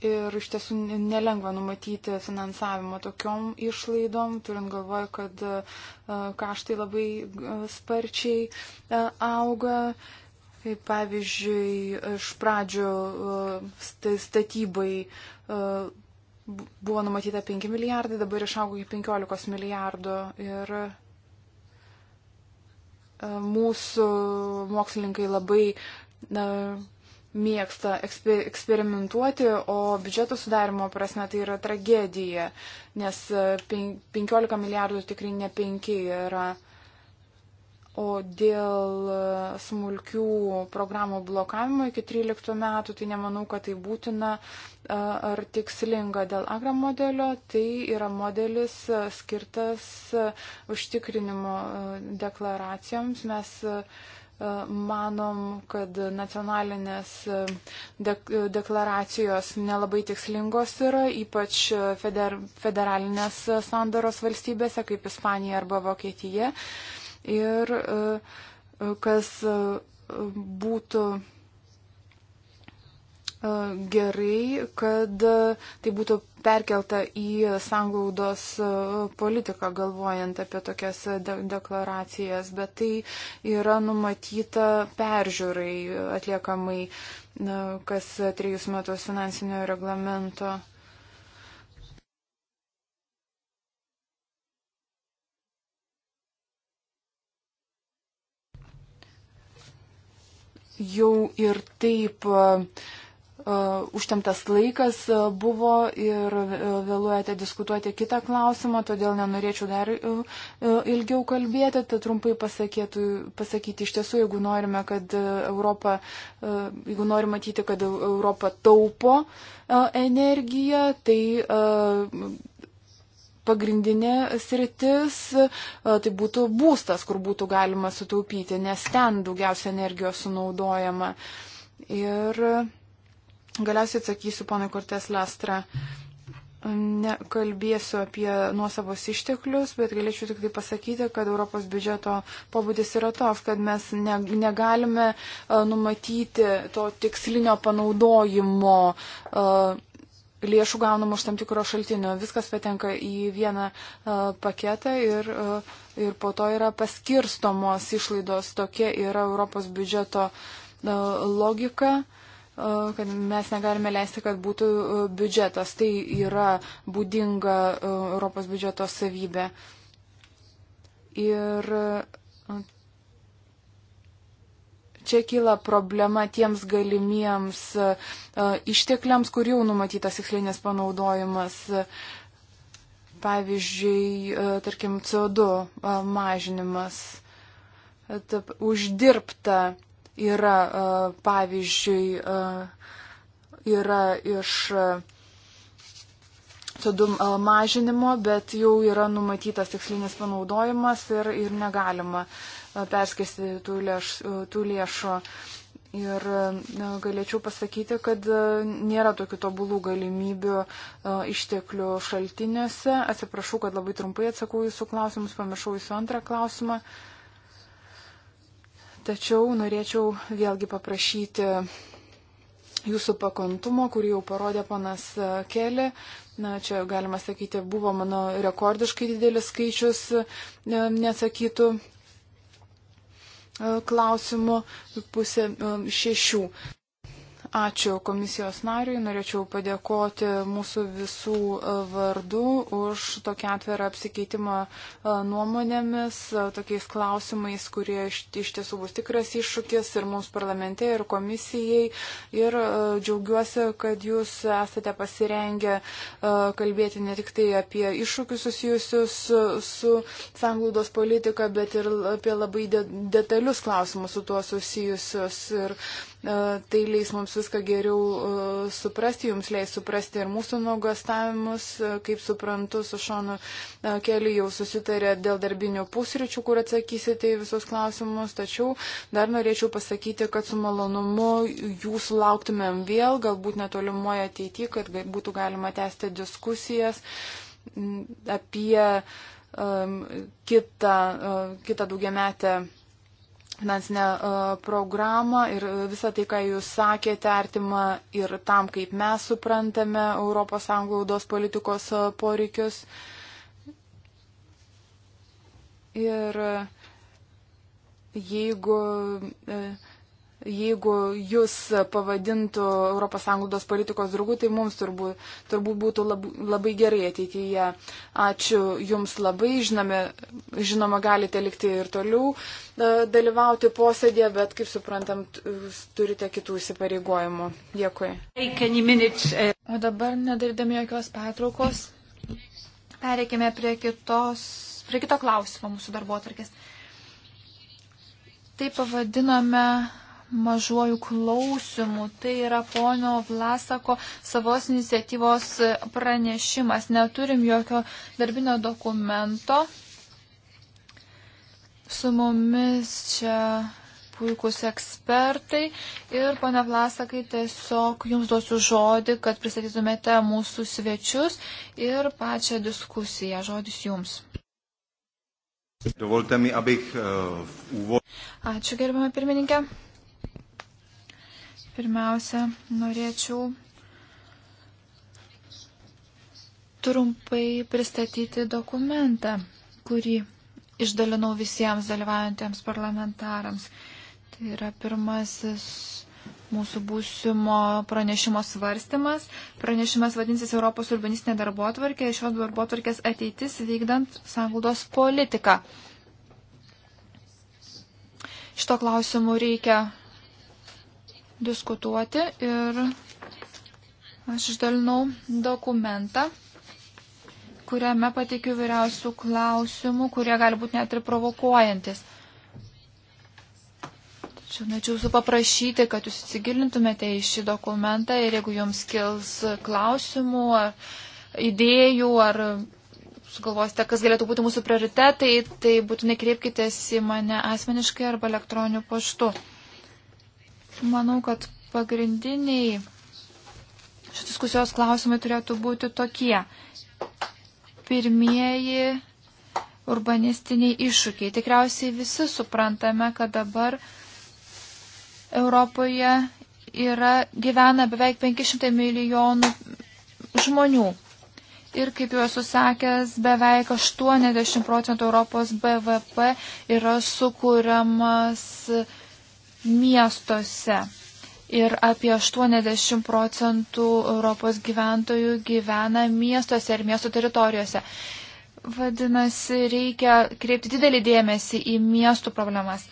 Ir iš tiesų nelengva numatyti finansavimą tokiom išlaidom, turint galvoje, kad kaštai labai sparčiai auga. Kaip pavyzdžiui, iš pradžio statybai buvo numatyta 5 milijardai, dabar išaugo iki 15 milijardo. Ir mūsų mokslininkai labai na, mėgsta eksper eksperimentuoti, o biudžeto sudarimo prasme tai yra tragedija, nes 15 e, milijardų tikrai ne 5 yra. O dėl e, smulkių programų blokavimo iki 13 metų, tai nemanau, kad tai būtina e, ar tikslinga. Dėl agra modelio, tai yra modelis skirtas užtikrinimo deklaracijoms. Mes E, manom, kad nacionalinės e, e, deklaracijos nelabai tikslingos yra, ypač feder, federalinės sandaros valstybėse kaip Ispanija arba Vokietija. Ir kas būtų gerai, kad tai būtų perkelta į sanglaudos politiką, galvojant apie tokias de deklaracijas, bet tai yra numatyta peržiūrai atliekamai kas trejus metus finansinio reglamento. jau ir taip uh, E, užtemtas laikas e, buvo ir e, vėluojate diskutuoti kitą klausimą, todėl nenorėčiau dar ilgiau kalbėti. Tad trumpai pasakėtų, pasakyti iš tiesų, jeigu norime, kad Europa, jeigu norime matyti, kad Europa taupo energiją, tai pagrindinė sritis, tai būtų būstas, kur būtų galima sutaupyti, nes ten daugiausia energijos sunaudojama. Ir uh... Galiausiai atsakysiu ponui Kortes Lastra. Nekalbėsiu apie nuosavos išteklius, bet galėčiau tik tai pasakyti, kad Europos biudžeto pobūdis yra toks, kad mes ne, negalime e, numatyti to tikslinio panaudojimo e, lėšų gaunama už tam tikro šaltinio. Viskas patenka į vieną e, paketą ir, ir po to yra paskirstomos išlaidos. Tokia yra Europos biudžeto logika. Uh, kad mes negalime leisti, kad būtų biudžetas. Tai yra būdinga Europos biudžeto savybė. Ir čia kyla problema tiems galimiems ištekliams, kur jau numatytas tikslinės panaudojimas. Pavyzdžiui, tarkim, CO2 mažinimas, uždirbta yra, e, pavyzdžiui, e, yra iš CO2 e, mažinimo, bet jau yra numatytas tikslinis panaudojimas ir, ir negalima perskesti tų, lėš, tų lėšų. Ir galėčiau pasakyti, kad nėra tokių tobulų galimybių išteklių šaltiniuose. Atsiprašau, kad labai trumpai atsakau jūsų klausimus, pamiršau jūsų antrą klausimą. Uh, Tačiau norėčiau vėlgi paprašyti jūsų pakantumo, kurį jau parodė panas e, Kelė. Na, čia galima sakyti, buvo mano rekordiškai didelis skaičius e, neatsakytų e, klausimų pusė šešių. Ačiū komisijos nariui. Norėčiau padėkoti mūsų visų e, vardu už tokį atvirą apsikeitimą e, nuomonėmis, e, tokiais klausimais, kurie iš tiesų bus tikras iššūkis ir mums parlamente, ir komisijai. Ir džiaugiuosi, kad jūs esate pasirengę kalbėti ne tik tai apie iššūkius susijusius su sanglaudos politika, bet ir apie labai detalius klausimus su tuo susijusius. Ir, uh, E, tai leis mums viską geriau e, suprasti, jums leis suprasti ir mūsų nuogastavimus. E, kaip suprantu, su Šonu Keliu jau susitarė dėl darbinio pusryčių, kur atsakysite į visus klausimus. Tačiau dar norėčiau pasakyti, kad su malonumu jūsų lauktumėm vėl, galbūt netolimuoja ateityje, kad būtų galima tęsti diskusijas apie um, kitą, uh, kitą daugiametę finansinę e, programą ir visą tai, ką jūs sakėte, artima ir tam, kaip mes suprantame Europos anglaudos politikos e, poreikius. Ir jeigu. E, jeigu jūs pavadintų ES politikos draugų, tai mums turbūt, turbūt būtų lab, labai gerai ateityje. Ačiū Jums labai, žinome, žinoma, galite likti ir toliau e, dalyvauti posėdėje, bet, kaip suprantam, turite kitų įsipareigojimų. Dėkui. Uh, o dabar, nedarydami jokios pertraukos, pereikime prie, kitos, prie kito klausimo mūsų darbo atvarkės. Tai pavadinome mažuoju klausimu. Tai yra pono Vlasako savos iniciatyvos pranešimas. Neturim jokio darbinio dokumento. Su mumis čia puikūs ekspertai ir pane Vlasakai tiesiog jums duosiu žodį, kad pristatytumėte mūsų svečius ir pačią diskusiją. Žodis jums. Dovolte mi, abych uh, úvod. Ačiū, gerbama pirmininkė. Pirmiausia, norėčiau trumpai pristatyti dokumentą, kurį išdalinau visiems dalyvaujantiems parlamentarams. Tai yra pirmasis mūsų būsimo pranešimo svarstymas. Pranešimas vadinsis Europos urbanistinė darbotvarkė ir šios darbotvarkės ateitis vykdant sanglaudos politiką. Šito klausimu reikia diskutuoti ir aš išdalinau dokumentą, kuriame pateikiu vyriausių klausimų, kurie gali būti net ir provokuojantis. Tačiau norėčiau jūsų paprašyti, kad jūs įsigilintumėte į šį dokumentą ir jeigu jums kils klausimų ar idėjų ar sugalvosite, kas galėtų būti mūsų prioritetai, tai būtinai kreipkitės į mane asmeniškai arba elektroniniu paštu. Manau, kad pagrindiniai šios diskusijos klausimai turėtų būti tokie. Pirmieji urbanistiniai iššūkiai. Tikriausiai visi suprantame, kad dabar Europoje yra, gyvena beveik 500 milijonų žmonių. Ir kaip jau esu sakęs, beveik 80 procentų Europos BVP yra sukūriamas miestuose. Ir apie 80 procentų Europos gyventojų gyvena miestuose ir miesto teritorijose. Vadinasi, reikia kreipti didelį dėmesį į miestų problemas.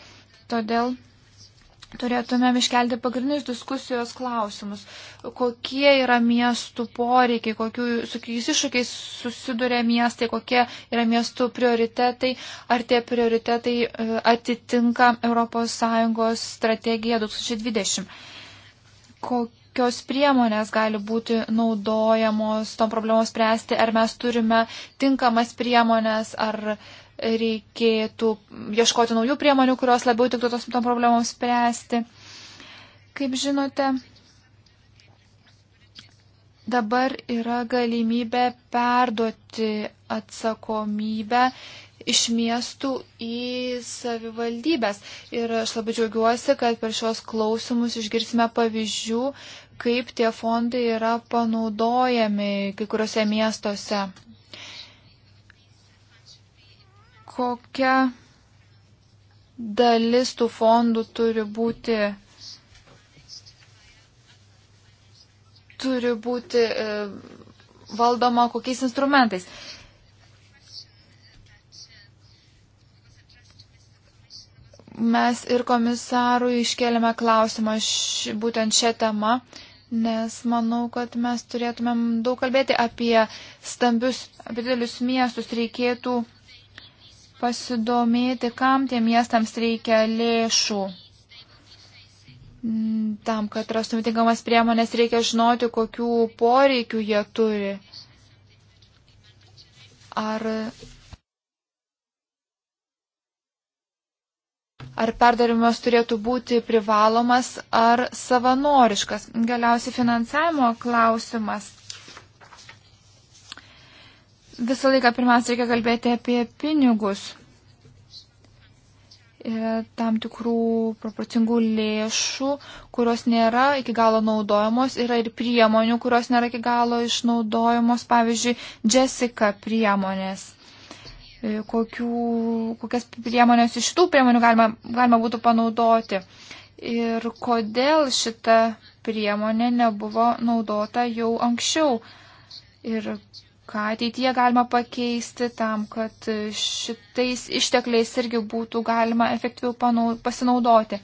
Todėl turėtumėm iškelti pagrindinius diskusijos klausimus. Kokie yra miestų poreikiai, kokiu, su kokiais iššūkiais susiduria miestai, kokie yra miestų prioritetai, ar tie prioritetai e, atitinka ES strategiją 2020. Kokios priemonės gali būti naudojamos tom problemos spręsti, ar mes turime tinkamas priemonės, ar uh, reikėtų ieškoti naujų priemonių, kurios labiau tiktų tos tom problemams spręsti. Kaip žinote, dabar yra galimybė perduoti atsakomybę iš miestų į savivaldybės. Ir aš labai džiaugiuosi, kad per šios klausimus išgirsime pavyzdžių, kaip tie fondai yra panaudojami kai kuriuose miestuose kokia dalis tų fondų turi būti, turi būti e, valdoma kokiais instrumentais. Mes ir komisarui iškėlėme klausimą š, būtent šią temą, nes manau, kad mes turėtumėm daug kalbėti apie stambius, apie didelius miestus. Reikėtų pasidomėti, kam tie miestams reikia lėšų. Tam, kad rastum tinkamas priemonės, reikia žinoti, kokių poreikių jie turi. Ar, ar perdarimas turėtų būti privalomas ar savanoriškas. Galiausiai finansavimo klausimas visą laiką pirmiausia reikia kalbėti apie pinigus. Ir tam tikrų proporcingų lėšų, kurios nėra iki galo naudojamos, yra ir priemonių, kurios nėra iki galo išnaudojamos, pavyzdžiui, Jessica priemonės. E, kokių, kokias priemonės iš tų priemonių galima, galima būtų panaudoti. Ir kodėl šita priemonė nebuvo naudota jau anksčiau. Ir ką ateityje galima pakeisti tam, kad šitais ištekliais irgi būtų galima efektyviau pasinaudoti.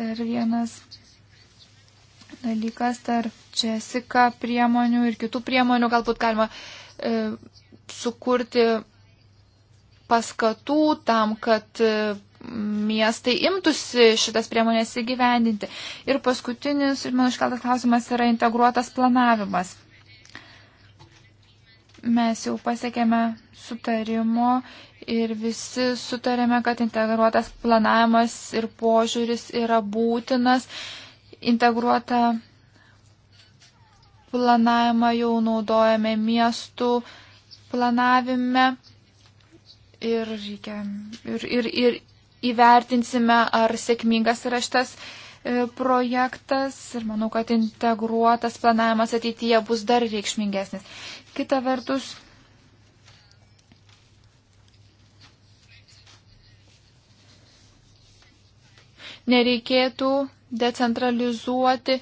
Dar vienas dalykas, dar Jessica priemonių ir kitų priemonių galbūt galima e, sukurti paskatų tam, kad e, miestai imtųsi šitas priemonės įgyvendinti. Ir paskutinis, ir man iškeltas klausimas, yra integruotas planavimas mes jau pasiekėme sutarimo ir visi sutarėme, kad integruotas planavimas ir požiūris yra būtinas. Integruotą planavimą jau naudojame miestų planavime ir, reikia, ir, ir, ir įvertinsime, ar sėkmingas yra šitas E, projektas ir manau, kad integruotas planavimas ateityje bus dar reikšmingesnis. Kita vertus, nereikėtų decentralizuoti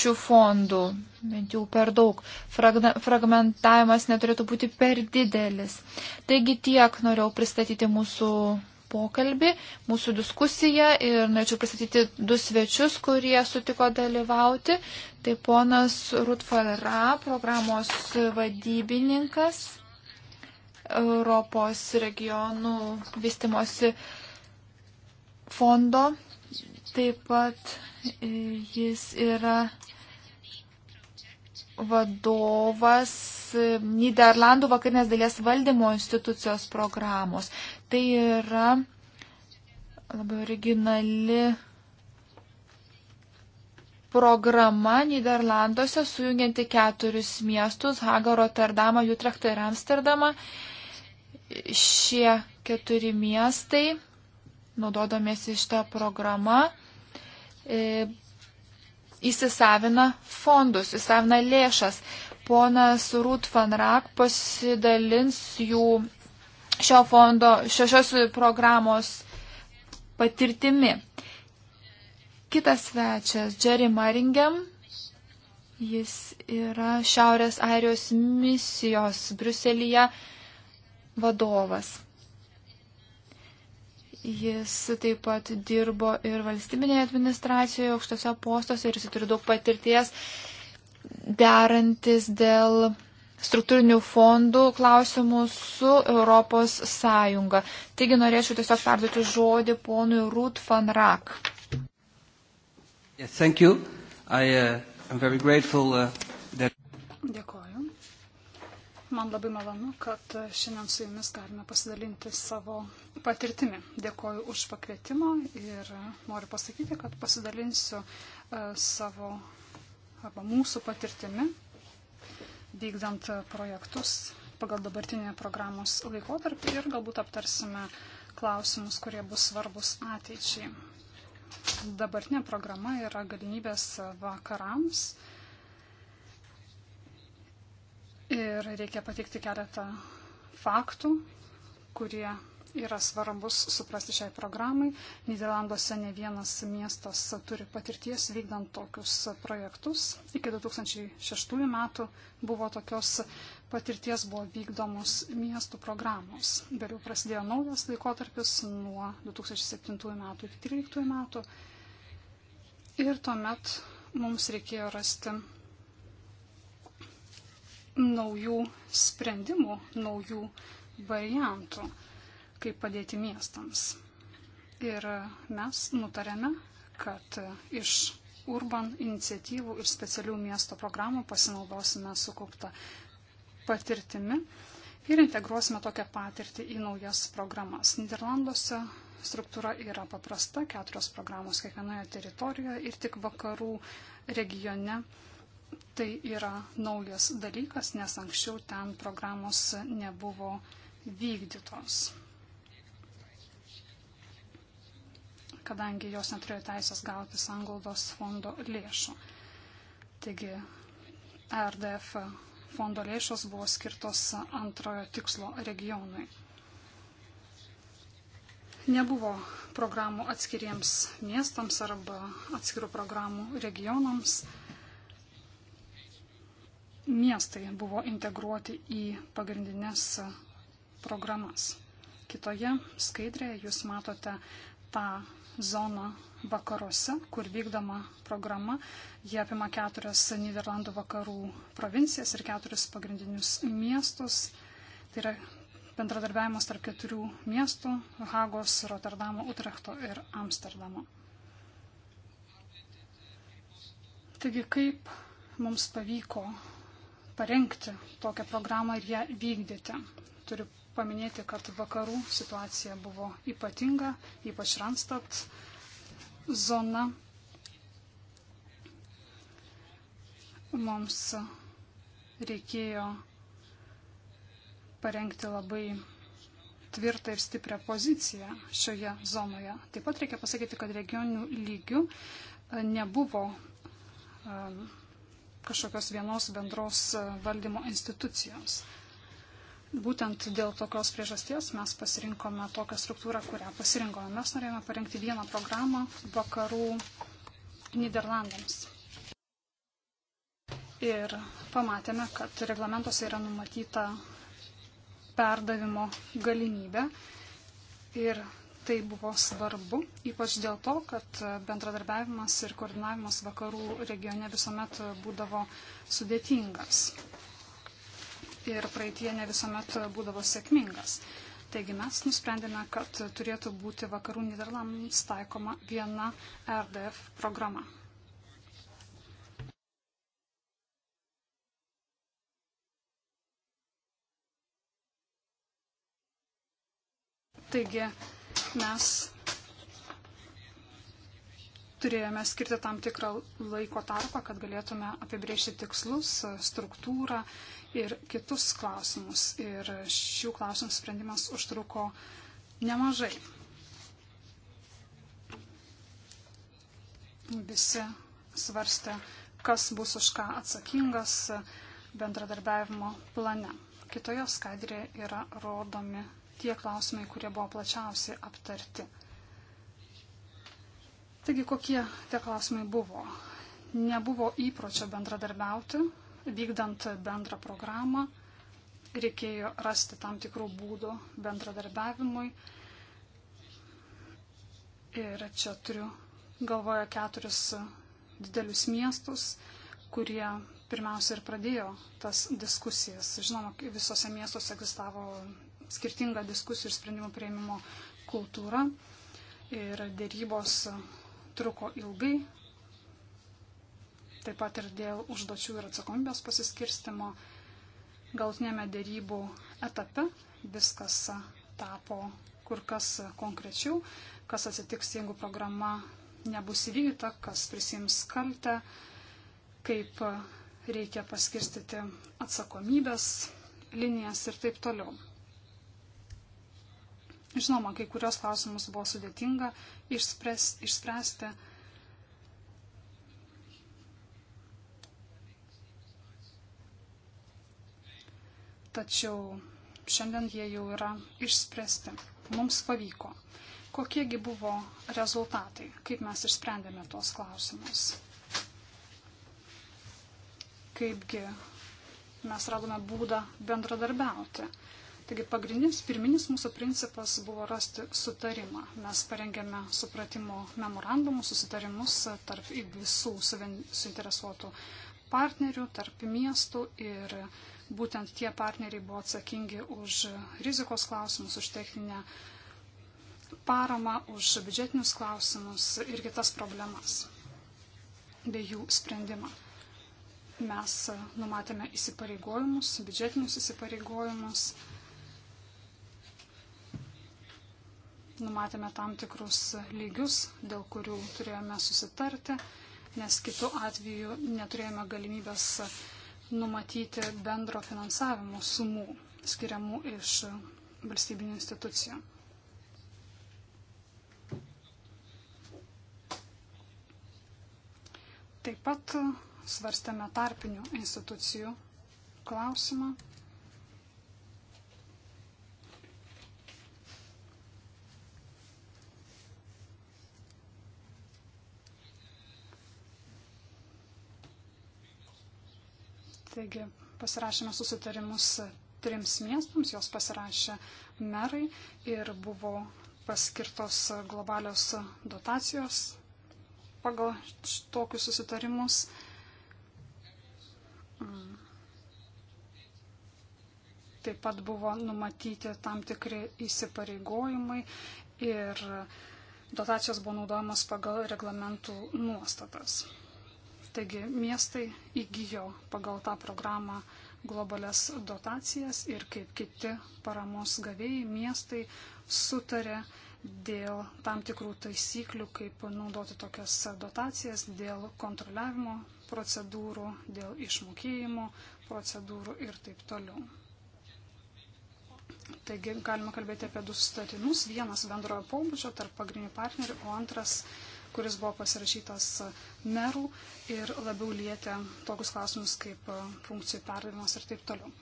šių fondų, bent jau per daug. Fragna, fragmentavimas neturėtų būti per didelis. Taigi tiek norėjau pristatyti mūsų pokalbį, mūsų diskusiją ir norėčiau pristatyti du svečius, kurie sutiko dalyvauti. Tai ponas Rutfalra, programos vadybininkas, Europos regionų vystimosi fondo. Taip pat jis yra vadovas Niderlandų vakarinės dalies valdymo institucijos programos. Tai yra labai originali programa Niderlanduose sujungianti keturis miestus - Hagą, Rotterdamą, Jutrechtą ir Amsterdamą. Šie keturi miestai, naudodamiesi šitą programą, e, įsisavina fondus, įsisavina lėšas. Ponas Rūt van Rak pasidalins jų šio fondo, šešios programos patirtimi. Kitas svečias, Jerry Maringem, jis yra Šiaurės Airijos misijos Bruselėje vadovas. Jis taip pat dirbo ir valstybinėje administracijoje, aukštose postose ir jis turi daug patirties derantis dėl struktūrinių fondų klausimų su Europos Sąjunga. Taigi norėčiau tiesiog perduoti žodį ponui Ruth van Rak. Yes, I, uh, grateful, uh, that... Dėkuoju. Man labai malonu, kad šiandien su jumis galime pasidalinti savo patirtimi. Dėkoju už pakvietimą ir noriu pasakyti, kad pasidalinsiu e, savo arba mūsų patirtimi vykdant projektus pagal dabartinį programos laikotarpį ir galbūt aptarsime klausimus, kurie bus svarbus ateičiai. Dabartinė programa yra galimybės vakarams Ir reikia pateikti keletą faktų, kurie yra svarbus suprasti šiai programai. Niderlanduose ne vienas miestas turi patirties vykdant tokius projektus. Iki 2006 metų buvo tokios patirties buvo vykdomos miestų programos. Vėliau prasidėjo naujas laikotarpis nuo 2007 metų iki 2013 metų. Ir tuomet mums reikėjo rasti naujų sprendimų, naujų variantų, kaip padėti miestams. Ir mes nutarėme, kad iš urban iniciatyvų ir specialių miesto programų pasinaudosime sukauptą patirtimi ir integruosime tokią patirtį į naujas programas. Niderlanduose struktūra yra paprasta, keturios programos kiekvienoje teritorijoje ir tik vakarų regione Tai yra naujas dalykas, nes anksčiau ten programos nebuvo vykdytos. kadangi jos neturėjo teisės gauti sanglaudos fondo lėšų. Taigi RDF fondo lėšos buvo skirtos antrojo tikslo regionui. Nebuvo programų atskiriems miestams arba atskirų programų regionams miestai buvo integruoti į pagrindinės programas. Kitoje skaidrėje jūs matote tą zoną vakaruose, kur vykdoma programa. Jie apima keturias Niderlandų vakarų provincijas ir keturis pagrindinius miestus. Tai yra bendradarbiavimas tarp keturių miestų - Hagos, Rotterdamo, Utrechto ir Amsterdamo. Taigi kaip mums pavyko parengti tokią programą ir ją vykdyti. Turiu paminėti, kad vakarų situacija buvo ypatinga, ypač Ranstat zona. Mums reikėjo parengti labai tvirtą ir stiprią poziciją šioje zonoje. Taip pat reikia pasakyti, kad regioninių lygių e, nebuvo um, kažkokios vienos bendros e, valdymo institucijos. Būtent dėl tokios priežasties mes pasirinkome tokią struktūrą, kurią pasirinkome. Mes norėjome parengti vieną programą vakarų Niderlandams. Ir pamatėme, kad reglamentuose yra numatyta perdavimo galimybė ir tai buvo svarbu, ypač dėl to, kad bendradarbiavimas ir koordinavimas vakarų regione visuomet būdavo sudėtingas. Ir praeitie ne visuomet būdavo sėkmingas. Taigi mes nusprendėme, kad turėtų būti vakarų Niderlandams taikoma viena RDF programa. Taigi, mes turėjome skirti tam tikrą laiko tarpą, kad galėtume apibrėžti tikslus, struktūrą ir kitus klausimus. Ir šių klausimų sprendimas užtruko nemažai. Visi svarstė, kas bus už ką atsakingas bendradarbiavimo plane. Kitoje skaidrėje yra rodomi tie klausimai, kurie buvo plačiausiai aptarti. Taigi, kokie tie klausimai buvo? Nebuvo įpročio bendradarbiauti, vykdant bendrą programą, reikėjo rasti tam tikrų būdų bendradarbiavimui. Ir čia turiu galvoje keturis didelius miestus, kurie pirmiausia ir pradėjo tas diskusijas. Žinoma, visose miestuose egzistavo skirtinga diskusijų ir sprendimų prieimimo kultūra ir dėrybos truko ilgai, taip pat ir dėl užduočių ir atsakomybės pasiskirstimo. Galtinėme dėrybų etape viskas tapo kur kas konkrečiau, kas atsitiks, jeigu programa nebus įvykdyta, kas prisims kaltę, kaip reikia paskirstyti atsakomybės linijas ir taip toliau. Žinoma, kai kurios klausimus buvo sudėtinga išspres, išspręsti. Tačiau šiandien jie jau yra išspręsti. Mums pavyko. Kokiegi buvo rezultatai, kaip mes išsprendėme tuos klausimus. Kaipgi mes radome būdą bendradarbiauti Taigi pagrindinis pirminis mūsų principas buvo rasti sutarimą. Mes parengėme supratimo memorandumus, susitarimus tarp visų suinteresuotų partnerių, tarp miestų ir būtent tie partneriai buvo atsakingi už rizikos klausimus, už techninę paramą, už biudžetinius klausimus ir kitas problemas bei jų sprendimą. Mes numatėme įsipareigojimus, biudžetinius įsipareigojimus numatėme tam tikrus lygius, dėl kurių turėjome susitarti, nes kitų atveju neturėjome galimybės numatyti bendro finansavimo sumų skiriamų iš valstybinių institucijų. Taip pat svarstėme tarpinių institucijų klausimą. Taigi pasirašėme susitarimus trims miestams, jos pasirašė merai ir buvo paskirtos globalios dotacijos pagal tokius susitarimus. Taip pat buvo numatyti tam tikri įsipareigojimai ir dotacijos buvo naudojamos pagal reglamentų nuostatas. Taigi miestai įgyjo pagal tą programą globales dotacijas ir kaip kiti paramos gavėjai miestai sutarė dėl tam tikrų taisyklių, kaip naudoti tokias dotacijas, dėl kontroliavimo procedūrų, dėl išmokėjimo procedūrų ir taip toliau. Taigi galima kalbėti apie du sustatinus, vienas bendrojo pobūdžio tarp pagrindinių partnerių, o antras kuris buvo pasirašytas merų ir labiau lietė tokius klausimus kaip e, funkcijų perdavimas ir taip toliau.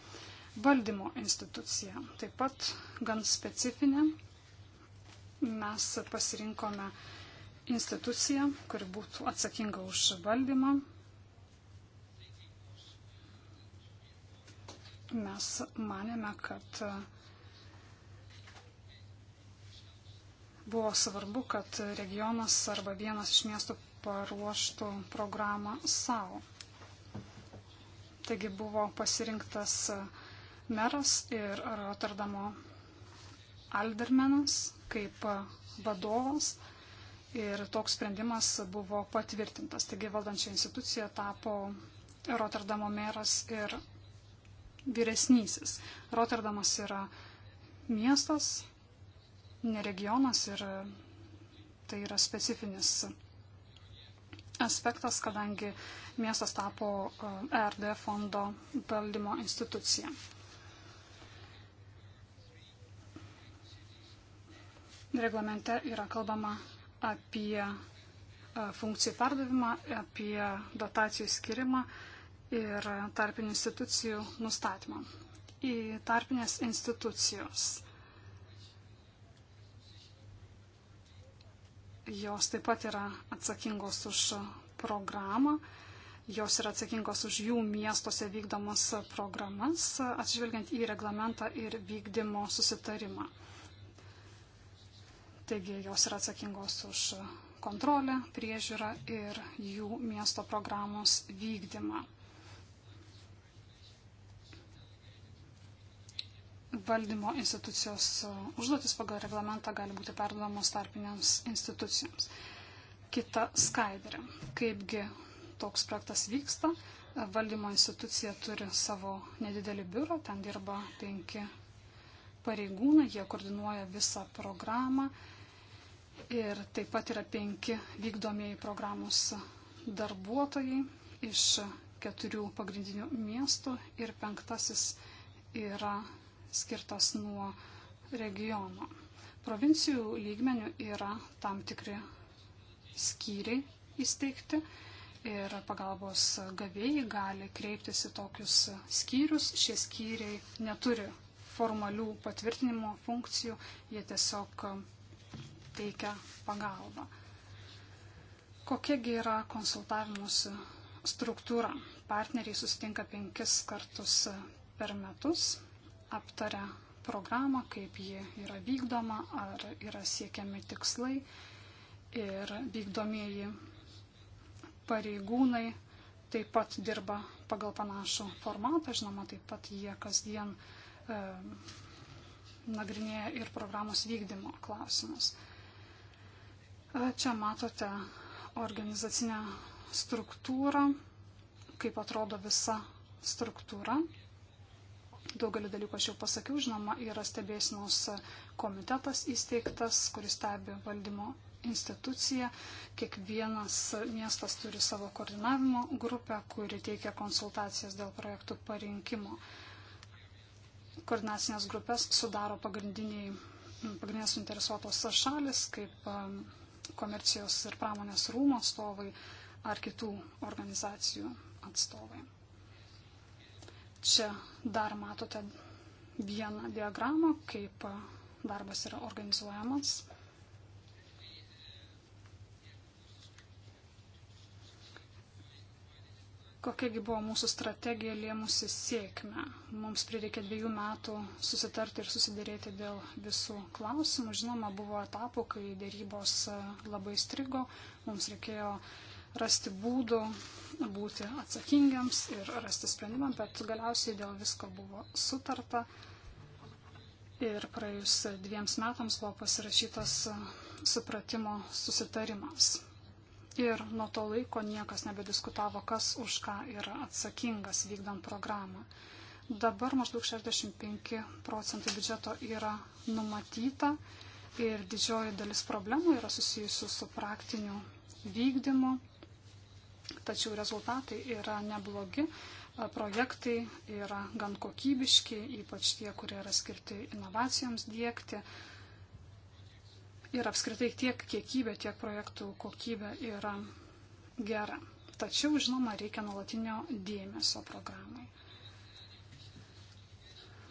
Valdymo institucija taip pat gan specifinė. Mes pasirinkome instituciją, kuri būtų atsakinga už valdymą. Mes manėme, kad e, buvo svarbu, kad regionas arba vienas iš miestų paruoštų programą savo. Taigi buvo pasirinktas meras ir Rotterdamo Aldermenas kaip vadovas ir toks sprendimas buvo patvirtintas. Taigi valdančia institucija tapo Rotterdamo meras ir vyresnysis. Rotterdamas yra miestas, ne regionas ir e, tai yra specifinis aspektas, kadangi miestas tapo ERD e fondo valdymo institucija. Reglamente yra kalbama apie e, funkcijų perdavimą, apie dotacijų skirimą ir tarpinių institucijų nustatymą. Į tarpinės institucijos jos taip pat yra atsakingos už programą, jos yra atsakingos už jų miestuose vykdomas programas, atsižvelgiant į reglamentą ir vykdymo susitarimą. Taigi jos yra atsakingos už kontrolę, priežiūrą ir jų miesto programos vykdymą. valdymo institucijos e, užduotis pagal reglamentą gali būti perduodamos tarpinėms institucijoms. Kita skaidrė. Kaipgi toks projektas vyksta, e, valdymo institucija turi savo nedidelį biurą, ten dirba penki pareigūnai, jie koordinuoja visą programą ir taip pat yra penki vykdomieji programos darbuotojai iš keturių pagrindinių miestų ir penktasis yra skirtas nuo regiono. Provincijų lygmenių yra tam tikri skyriai įsteigti ir pagalbos gavėjai gali kreiptis į tokius skyrius. Šie skyriai neturi formalių patvirtinimo funkcijų, jie tiesiog teikia pagalbą. Kokiagi yra konsultavimuose struktūra? Partneriai susitinka penkis kartus per metus aptarė programą, kaip ji yra vykdoma, ar yra siekiami tikslai ir vykdomieji pareigūnai taip pat dirba pagal panašų formatą, žinoma, taip pat jie kasdien e, nagrinėja ir programos vykdymo klausimus. E, čia matote organizacinę struktūrą, kaip atrodo visa struktūra. Daugelį dalykų aš jau pasakiau, žinoma, yra stebėsinos komitetas įsteigtas, kuris stebi valdymo instituciją. Kiekvienas miestas turi savo koordinavimo grupę, kuri teikia konsultacijas dėl projektų parinkimo. Koordinacinės grupės sudaro pagrindinės suinteresuotos šalis, kaip um, komercijos ir pramonės rūmų atstovai ar kitų organizacijų atstovai. Čia dar matote vieną diagramą, kaip darbas yra organizuojamas. Kokiagi buvo mūsų strategija lėmusi sėkmę? Mums prireikė dviejų metų susitarti ir susidėrėti dėl visų klausimų. Žinoma, buvo etapų, kai dėrybos e, labai strigo, mums reikėjo uh, rasti būdų būti atsakingiams ir rasti sprendimą, bet galiausiai dėl visko buvo sutarta. Ir praėjus dviems metams buvo pasirašytas supratimo susitarimas. Ir nuo to laiko niekas nebediskutavo, kas už ką yra atsakingas vykdant programą. Dabar maždaug 65 procentai biudžeto yra numatyta ir didžioji dalis problemų yra susijusių su praktiniu vykdymu tačiau rezultatai yra neblogi, e, projektai yra gan kokybiški, ypač tie, kurie yra skirti inovacijoms dėkti. Ir apskritai tiek kiekybė, tiek projektų kokybė yra gera. Tačiau, žinoma, reikia nuolatinio dėmesio programai.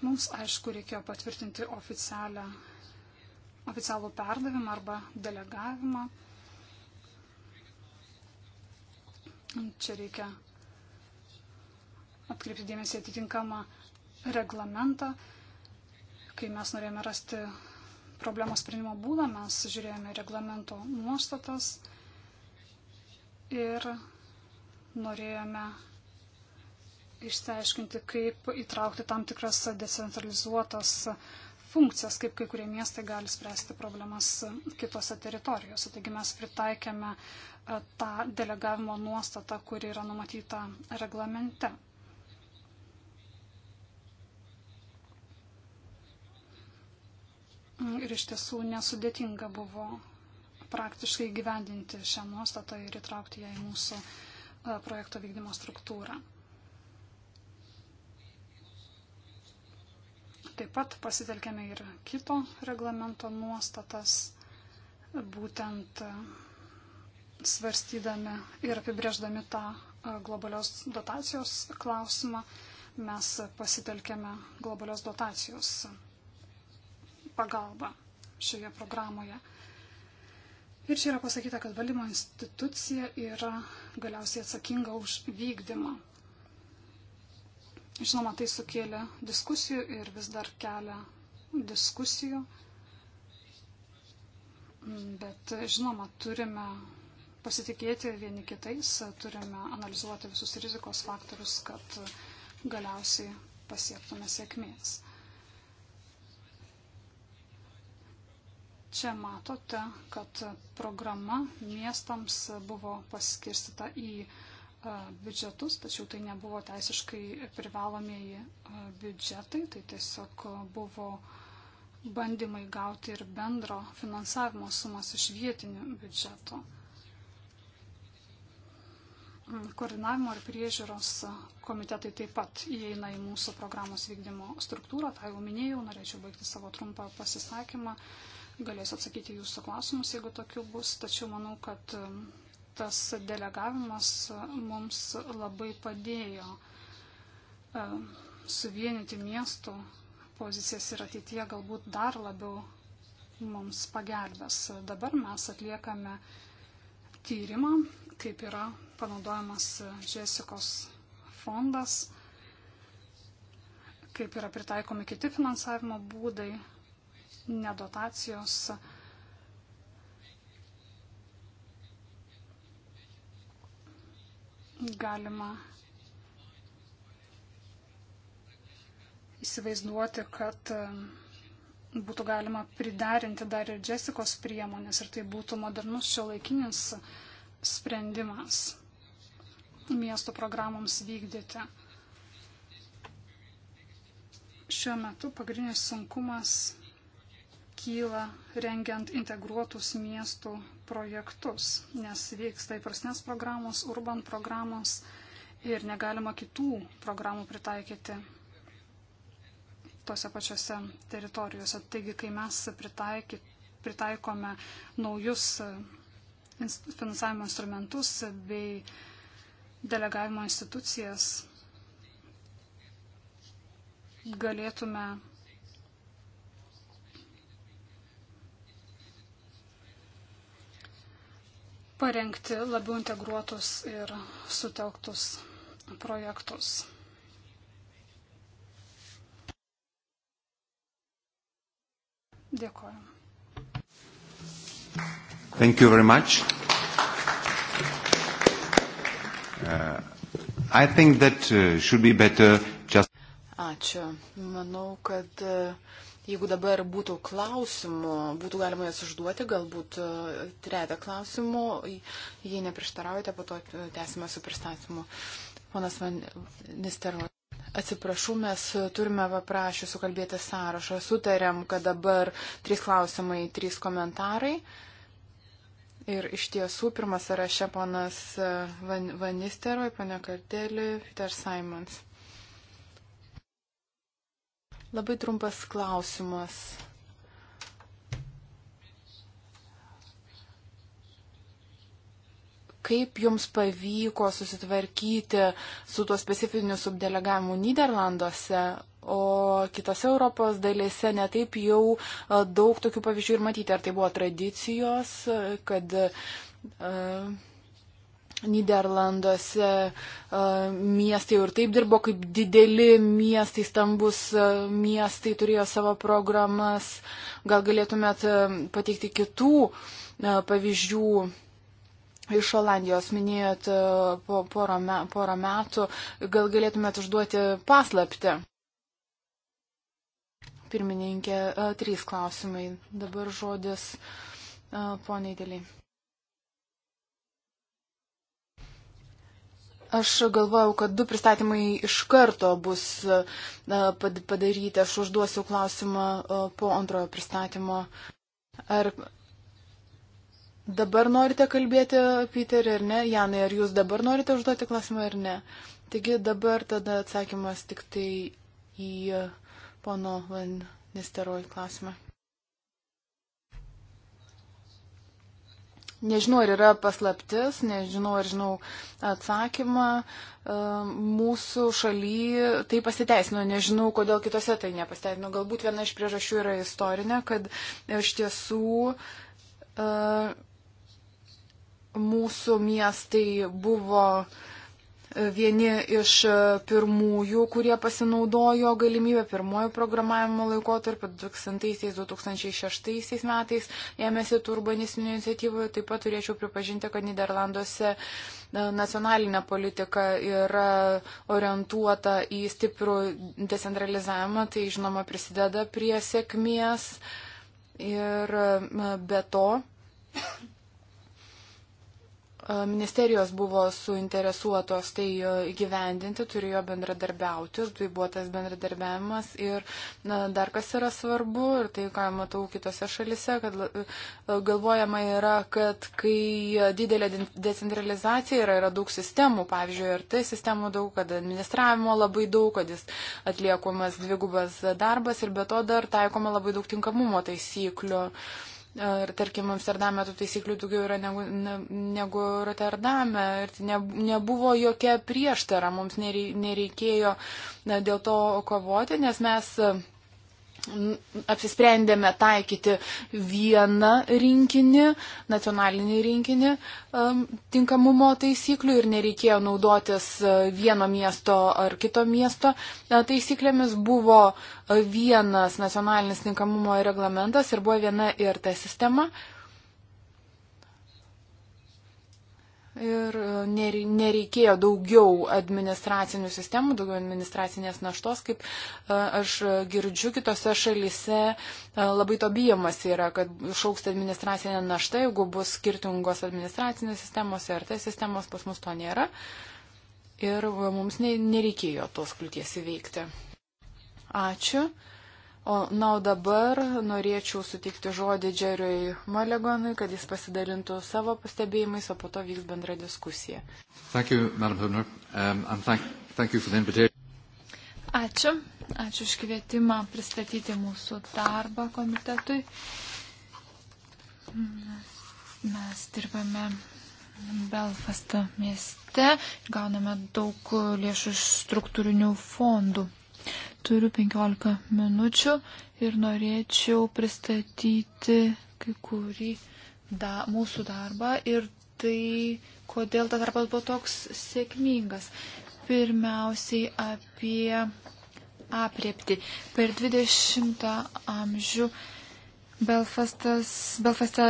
Mums, aišku, reikėjo patvirtinti oficialią, oficialų perdavimą arba delegavimą Čia reikia atkreipti dėmesį atitinkamą reglamentą. Kai mes norėjome rasti problemos sprendimo būdą, mes žiūrėjome reglamento nuostatas ir norėjome išsiaiškinti, kaip įtraukti tam tikras decentralizuotas funkcijas, kaip kai kurie miestai gali spręsti problemas kitose teritorijose. Taigi mes pritaikėme E, tą delegavimo nuostatą, kuri yra numatyta reglamente. Ir iš tiesų nesudėtinga buvo praktiškai gyvendinti šią nuostatą ir įtraukti ją į mūsų e, projekto vykdymo struktūrą. Taip pat pasitelkėme ir kito reglamento nuostatas, būtent svarstydami ir apibrėždami tą e, globalios dotacijos klausimą, mes pasitelkėme globalios dotacijos pagalbą šioje programoje. Ir čia yra pasakyta, kad valdymo institucija yra galiausiai atsakinga už vykdymą. Žinoma, tai sukėlė diskusijų ir vis dar kelia diskusijų. Bet žinoma, turime pasitikėti vieni kitais, turime analizuoti visus rizikos faktorius, kad galiausiai pasiektume sėkmės. Čia matote, kad programa miestams buvo paskirstita į e, biudžetus, tačiau tai nebuvo teisiškai privalomieji e, biudžetai, tai tiesiog buvo bandymai gauti ir bendro finansavimo sumas iš vietinių biudžeto koordinavimo ir priežiūros komitetai taip pat įeina į mūsų programos vykdymo struktūrą. Tai jau minėjau, norėčiau baigti savo trumpą pasisakymą. Galėsiu atsakyti jūsų klausimus, jeigu tokių bus. Tačiau manau, kad um, tas delegavimas mums labai padėjo um, suvienyti miestų pozicijas ir ateityje galbūt dar labiau mums pagelbės. Dabar mes atliekame tyrimą kaip yra panaudojamas Žesikos fondas, kaip yra pritaikomi kiti finansavimo būdai, nedotacijos. Galima įsivaizduoti, kad um, būtų galima priderinti dar ir Jessicos priemonės ir tai būtų modernus šio laikinis sprendimas miesto programoms vykdyti. Šiuo metu pagrindinis sunkumas kyla rengiant integruotus miestų projektus, nes vyksta įprasnės programos, urban programos ir negalima kitų programų pritaikyti tose pačiose teritorijose. Taigi, kai mes pritaiky, pritaikome naujus finansavimo instrumentus bei delegavimo institucijas galėtume parengti labiau integruotus ir sutelktus projektus. Dėkuoju. Thank you very much. Uh, I think that uh, should be better just. Ačiū. Manau, kad uh, jeigu dabar būtų klausimų, būtų galima jas užduoti, galbūt uh, trejata klausimų, jei neprieštaraujate, po to uh, tęsime su pristatymu. Ponas Van Nistero. Atsiprašau, mes turime paprašyti sukalbėti sąrašą. Sutarėm, kad dabar trys klausimai, trys komentarai. Uh, Ir iš tiesų pirmas sąraše ponas e, Van, Vanisteroj, ponia Kartelė, Peter Simons. Labai trumpas klausimas Kaip jums pavyko susitvarkyti su tuo specifiniu subdelegavimu Niderlanduose, o kitose Europos dalyse netaip jau e, daug tokių pavyzdžių ir matyti. Ar tai buvo tradicijos, e, kad uh, Niderlanduose uh, miestai jau ir taip dirbo kaip dideli miestai, stambus uh, miestai turėjo savo programas. Gal galėtumėt pateikti kitų pavyzdžių? iš Olandijos, minėjot e, po porą, me, porą metų, gal galėtumėt užduoti paslapti? Pirmininkė, e, trys klausimai. Dabar žodis e, poniai dėliai. Aš galvojau, kad du pristatymai iš karto bus padaryti. Aš užduosiu klausimą po antrojo pristatymo. Ar Dabar norite kalbėti, Piterį, ar ne? Janai, ar jūs dabar norite užduoti klausimą ar ne? Taigi dabar tada atsakymas tik tai į e, pono Van Nesteroj klausimą. Nežinau, ar yra paslaptis, nežinau, ar žinau atsakymą. E, mūsų šaly tai pasiteisino, nežinau, kodėl kitose tai nepasiteisino. Galbūt viena iš priežasčių yra istorinė, kad iš tiesų. Uh, mūsų miestai buvo e, vieni iš e, pirmųjų, kurie pasinaudojo galimybę pirmojo programavimo laikotarpio 2000-2006 metais ėmėsi tų urbanistinių iniciatyvų. Taip pat turėčiau pripažinti, kad Niderlanduose e, nacionalinė politika yra orientuota į stiprų decentralizavimą, tai žinoma prisideda prie sėkmės ir be to ministerijos buvo suinteresuotos tai įgyvendinti, turėjo bendradarbiauti, tai buvo tas bendradarbiavimas ir na, dar kas yra svarbu ir tai, ką matau kitose šalise, kad galvojama yra, kad kai didelė decentralizacija yra, yra daug sistemų, pavyzdžiui, ir tai sistemų daug, kad administravimo labai daug, kad jis atliekamas dvigubas darbas ir be to dar taikoma labai daug tinkamumo taisyklių. Uh, Ir tarkim, Amsterdame tų taisyklių daugiau yra negu, negu Rotterdame. Ir ne, nebuvo jokia prieštara, mums nereikėjo dėl to kovoti, nes mes apsisprendėme taikyti vieną rinkinį, nacionalinį rinkinį um, tinkamumo taisyklių ir nereikėjo naudotis uh, vieno miesto ar kito miesto uh, taisyklėmis. Buvo uh, vienas nacionalinis tinkamumo reglamentas ir buvo viena ir ta sistema. Ir e, nereikėjo daugiau administracinių sistemų, daugiau administracinės naštos, kaip e, aš girdžiu kitose šalise, e, labai to bijamas yra, kad šauks administracinė našta, jeigu bus skirtingos administracinės sistemos, RT sistemos, pas mus to nėra. Ir mums nereikėjo tos kliūties įveikti. Ačiū. O, na, o dabar norėčiau sutikti žodį Džeriui Malegonui, kad jis pasidalintų savo pastebėjimais, o po to vyks bendra diskusija. Thank you, um, thank, thank you ačiū. Ačiū už kvietimą pristatyti mūsų darbą komitetui. Mes dirbame Belfasto mieste ir gauname daug lėšų iš struktūrinių fondų. Turiu 15 minučių ir norėčiau pristatyti kai kurį da, mūsų darbą ir tai, kodėl tas darbas buvo toks sėkmingas. Pirmiausiai apie apriepti. Per 20 amžių Belfastas, Belfaste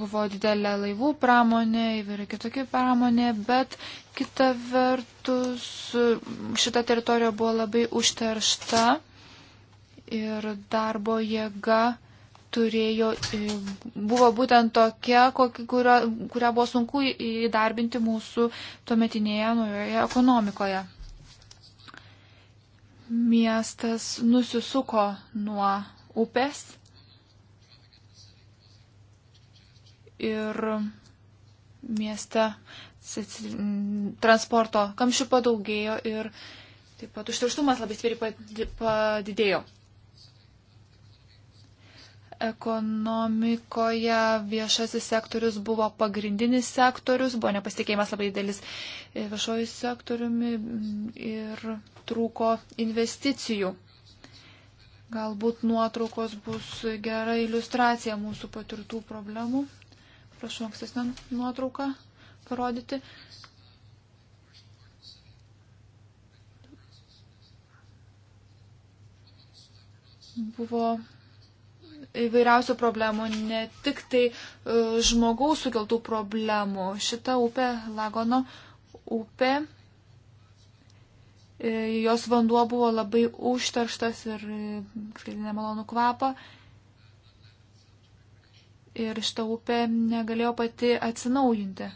buvo didelė laivų pramonė, įvairi kitokia pramonė, bet kita vertus šita teritorija buvo labai užteršta ir darbo jėga turėjo, e, buvo būtent tokia, kurią, kurią buvo sunku įdarbinti mūsų tuometinėje naujoje ekonomikoje. Miestas nusisuko nuo upės ir mieste transporto kamščių padaugėjo ir taip pat užterštumas labai stipriai padidėjo. Ekonomikoje viešasis sektorius buvo pagrindinis sektorius, buvo nepasitikėjimas labai didelis e, viešojų sektoriumi mm, ir trūko investicijų. Galbūt nuotraukos bus gera iliustracija mūsų patirtų problemų. Prašau ankstesnę nuotrauką parodyti. Buvo įvairiausių problemų, ne tik tai e, žmogaus sukeltų problemų. Šita upė, Lagono upė, e, jos vanduo buvo labai užterštas ir e, skleidė nemalonų kvapą ir šita upė negalėjo pati atsinaujinti.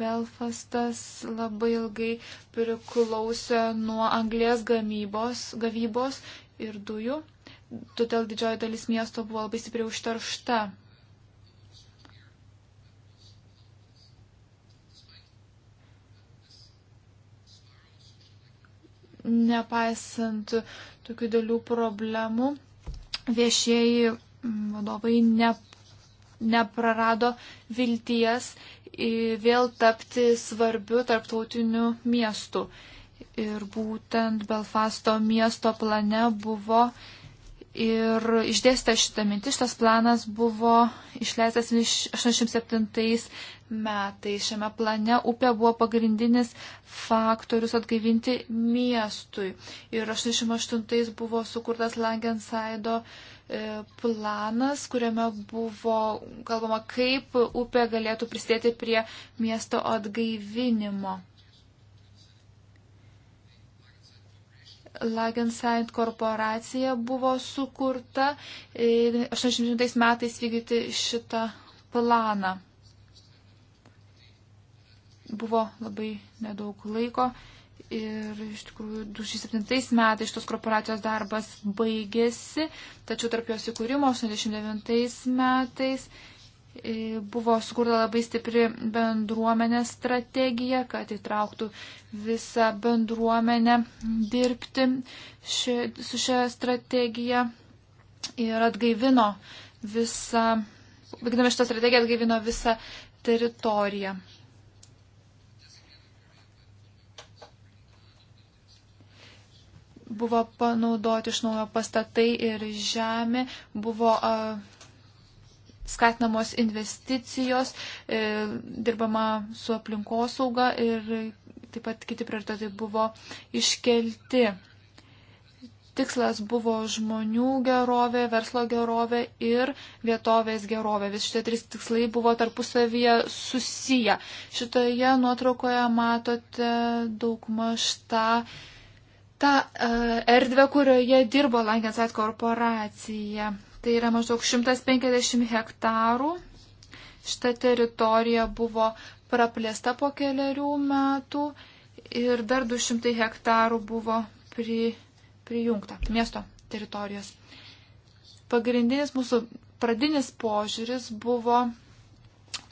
Belfastas labai ilgai priklausė nuo anglės gamybos, gavybos ir dujų, todėl didžioji dalis miesto buvo labai stipriai užteršta. Nepaisant tokių dėlių problemų, viešieji vadovai ne, neprarado vilties vėl tapti svarbiu tarptautiniu miestu. Ir būtent Belfasto miesto plane buvo ir išdėsta šitą mintį. Šitas planas buvo išleistas 87 metais. Šiame plane upė buvo pagrindinis faktorius atgaivinti miestui. Ir 88 buvo sukurtas Langensaido e, planas, kuriame buvo kalbama, kaip upė galėtų prisidėti prie miesto atgaivinimo. Lagensaint korporacija buvo sukurta 80 metais vykdyti šitą planą buvo labai nedaug laiko ir iš tikrųjų 2007 metais šitos korporacijos darbas baigėsi, tačiau tarp jos įkūrimo 89 metais e, buvo sukurta labai stipri bendruomenė strategija, kad įtrauktų visą bendruomenę dirbti ši, su šia strategija ir atgaivino visą, vykdami šitą strategiją atgaivino visą teritoriją. buvo panaudoti iš naujo pastatai ir žemė, buvo skatinamos investicijos, e, dirbama su aplinkosauga ir taip pat kiti prioritetai buvo iškelti. Tikslas buvo žmonių gerovė, verslo gerovė ir vietovės gerovė. Visi šitie trys tikslai buvo tarpusavyje susiję. Šitoje nuotraukoje matote daugmaž tą tą e, erdvę, kurioje dirbo Langensat korporacija. Tai yra maždaug 150 hektarų. Šita teritorija buvo praplėsta po keliarių metų ir dar 200 hektarų buvo pri, prijungta miesto teritorijos. Pagrindinis mūsų pradinis požiūris buvo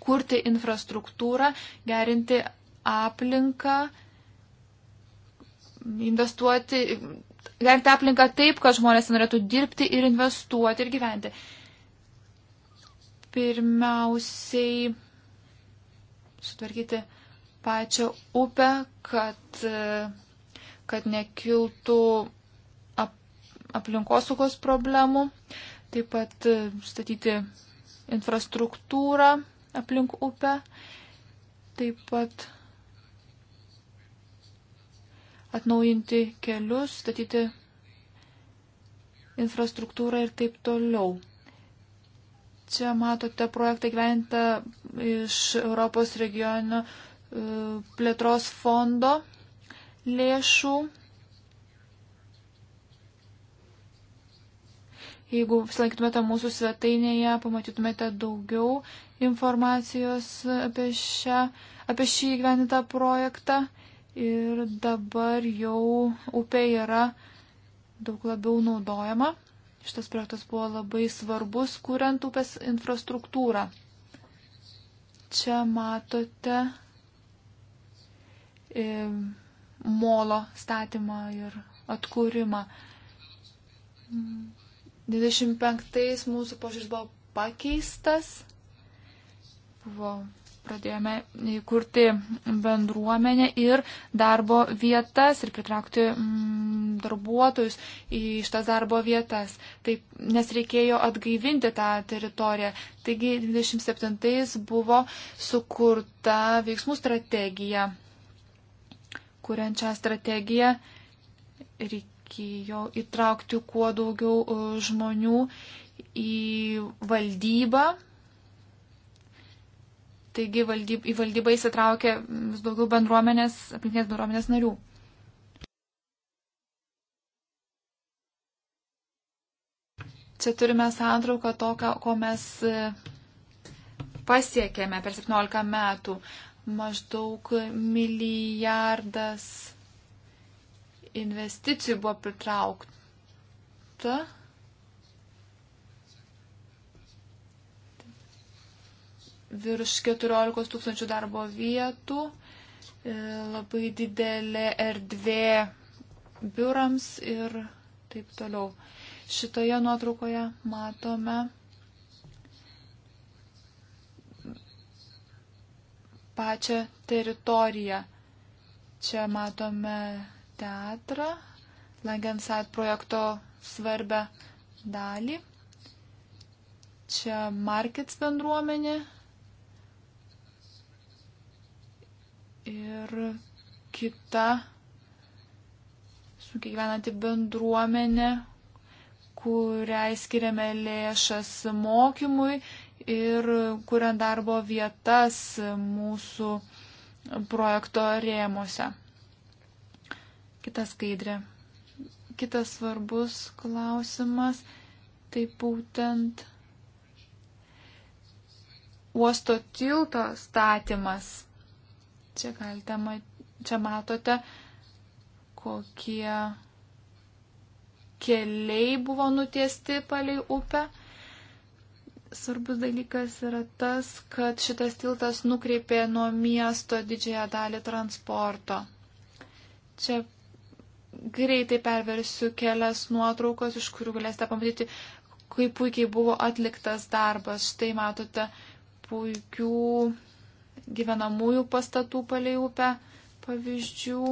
kurti infrastruktūrą, gerinti aplinką investuoti, rengti aplinką taip, kad žmonės norėtų dirbti ir investuoti ir gyventi. Pirmiausiai sutvarkyti pačią upę, kad, kad nekiltų ap, aplinkosaugos problemų, taip pat e, statyti infrastruktūrą aplink upę, taip pat atnaujinti kelius, statyti infrastruktūrą ir taip toliau. Čia matote projektą gyventą iš Europos regionio e, plėtros fondo lėšų. Jeigu apsilankytumėte mūsų svetainėje, pamatytumėte daugiau informacijos apie, šią, apie šį gyvenintą projektą ir dabar jau upė yra daug labiau naudojama. Šitas projektas buvo labai svarbus, kuriant upės infrastruktūrą. Čia matote e, molo statymą ir atkūrimą. 25 mūsų požiūris buvo pakeistas, buvo pradėjome kurti bendruomenę ir darbo vietas ir pritraukti mm, darbuotojus į šitas darbo vietas, Taip, nes reikėjo atgaivinti tą teritoriją. Taigi 27-ais buvo sukurta veiksmų strategija. Kuriant šią strategiją reikėjo įtraukti kuo daugiau e, žmonių į valdybą Taigi valdyb, į valdybą įsitraukia vis daugiau bendruomenės, aplinkinės bendruomenės narių. Čia turime santrauką to, ko mes e, pasiekėme per 17 metų. Maždaug milijardas investicijų buvo pritraukta virš 14 tūkstančių darbo vietų, e, labai didelė erdvė biurams ir taip toliau. Šitoje nuotraukoje matome pačią teritoriją. Čia matome teatrą, Langensat projekto svarbę dalį. Čia Markets bendruomenė, ir kita su kiekvienanti bendruomenė, kuriai skiriame lėšas mokymui ir kuriant darbo vietas mūsų projekto rėmose. Kita skaidrė. Kitas svarbus klausimas, tai būtent uosto tilto statymas Čia galite, čia matote, kokie keliai buvo nutiesti palei upę. Svarbus dalykas yra tas, kad šitas tiltas nukreipė nuo miesto didžiąją dalį transporto. Čia greitai perversiu kelias nuotraukos, iš kurių galėsite pamatyti, kaip puikiai buvo atliktas darbas. Štai matote puikių gyvenamųjų pastatų palei upę pavyzdžių.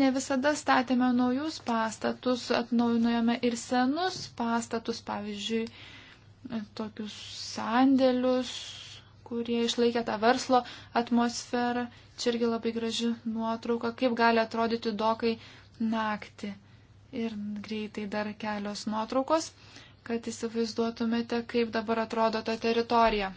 Ne visada statėme naujus pastatus, atnaujinojame ir senus pastatus, pavyzdžiui, tokius sandėlius, kurie išlaikė tą verslo atmosferą. Čia irgi labai graži nuotrauka, kaip gali atrodyti dokai naktį. Ir greitai dar kelios nuotraukos, kad įsivaizduotumėte, kaip dabar atrodo ta teritorija.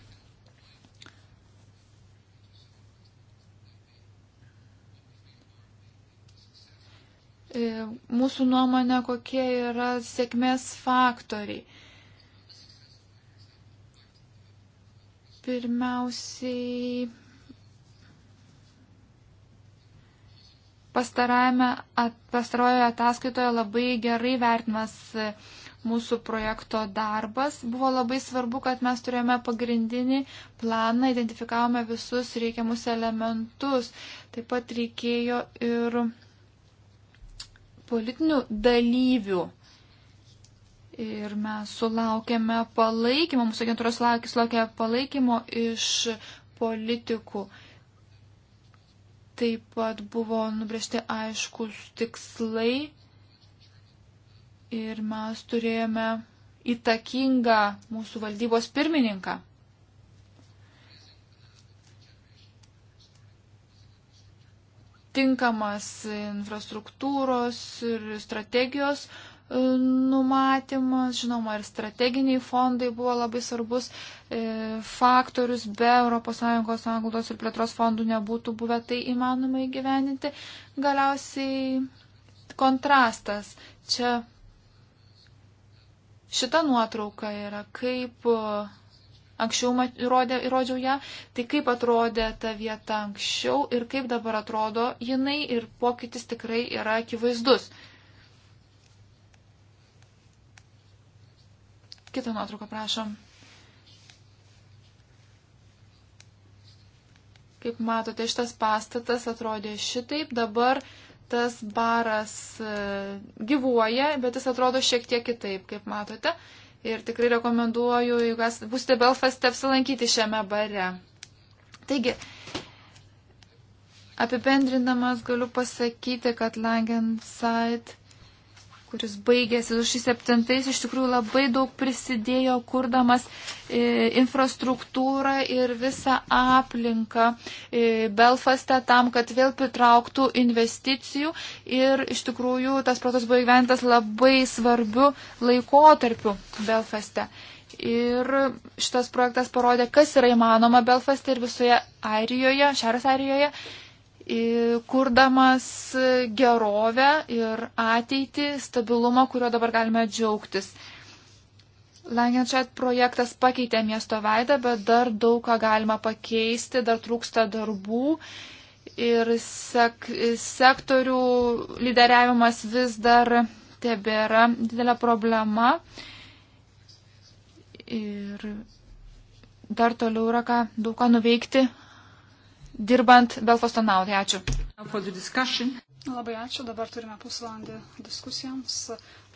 E, mūsų nuomonė, kokie yra sėkmės faktoriai. Pirmiausiai pastarojoje ataskaitoje labai gerai vertinamas e, mūsų projekto darbas. Buvo labai svarbu, kad mes turėjome pagrindinį planą, identifikavome visus reikiamus elementus. Taip pat reikėjo ir politinių dalyvių. Ir mes sulaukėme palaikymo, mūsų agentūros sulaukė palaikymo iš politikų. Taip pat buvo nubrėžti aiškus tikslai ir mes turėjome įtakingą mūsų valdybos pirmininką. tinkamas infrastruktūros ir strategijos e, numatymas, žinoma, ir strateginiai fondai buvo labai svarbus e, faktorius, be ES anglos ir plėtros fondų nebūtų buvę tai įmanoma įgyveninti. Galiausiai kontrastas. Čia šita nuotrauka yra kaip anksčiau įrodė, įrodžiau ją, tai kaip atrodė ta vieta anksčiau ir kaip dabar atrodo jinai ir pokytis tikrai yra akivaizdus. Kita nuotrauka, prašom. Kaip matote, šitas pastatas atrodė šitaip, dabar tas baras e, gyvuoja, bet jis atrodo šiek tiek kitaip, kaip matote. Ir tikrai rekomenduoju, jeigu būsite Belfaste, apsilankyti šiame bare. Taigi, apibendrindamas galiu pasakyti, kad Langenside kuris baigėsi 2007, iš tikrųjų labai daug prisidėjo, kurdamas e, infrastruktūrą ir visą aplinką e, Belfaste tam, kad vėl pritrauktų investicijų ir iš tikrųjų tas protas buvo įgyventas labai svarbiu laikotarpiu Belfaste. Ir šitas projektas parodė, kas yra įmanoma Belfaste ir visoje Airijoje, Šiaurės Airijoje kurdamas gerovę ir ateitį, stabilumą, kurio dabar galime džiaugtis. Langenčiat projektas pakeitė miesto veidą, bet dar daug ką galima pakeisti, dar trūksta darbų ir sek, sektorių lyderiavimas vis dar tebėra didelė problema. Ir dar toliau yra ką, daug ką nuveikti dirbant Belfasto naudai. Ačiū. Labai ačiū. Dabar turime pusvalandį diskusijoms.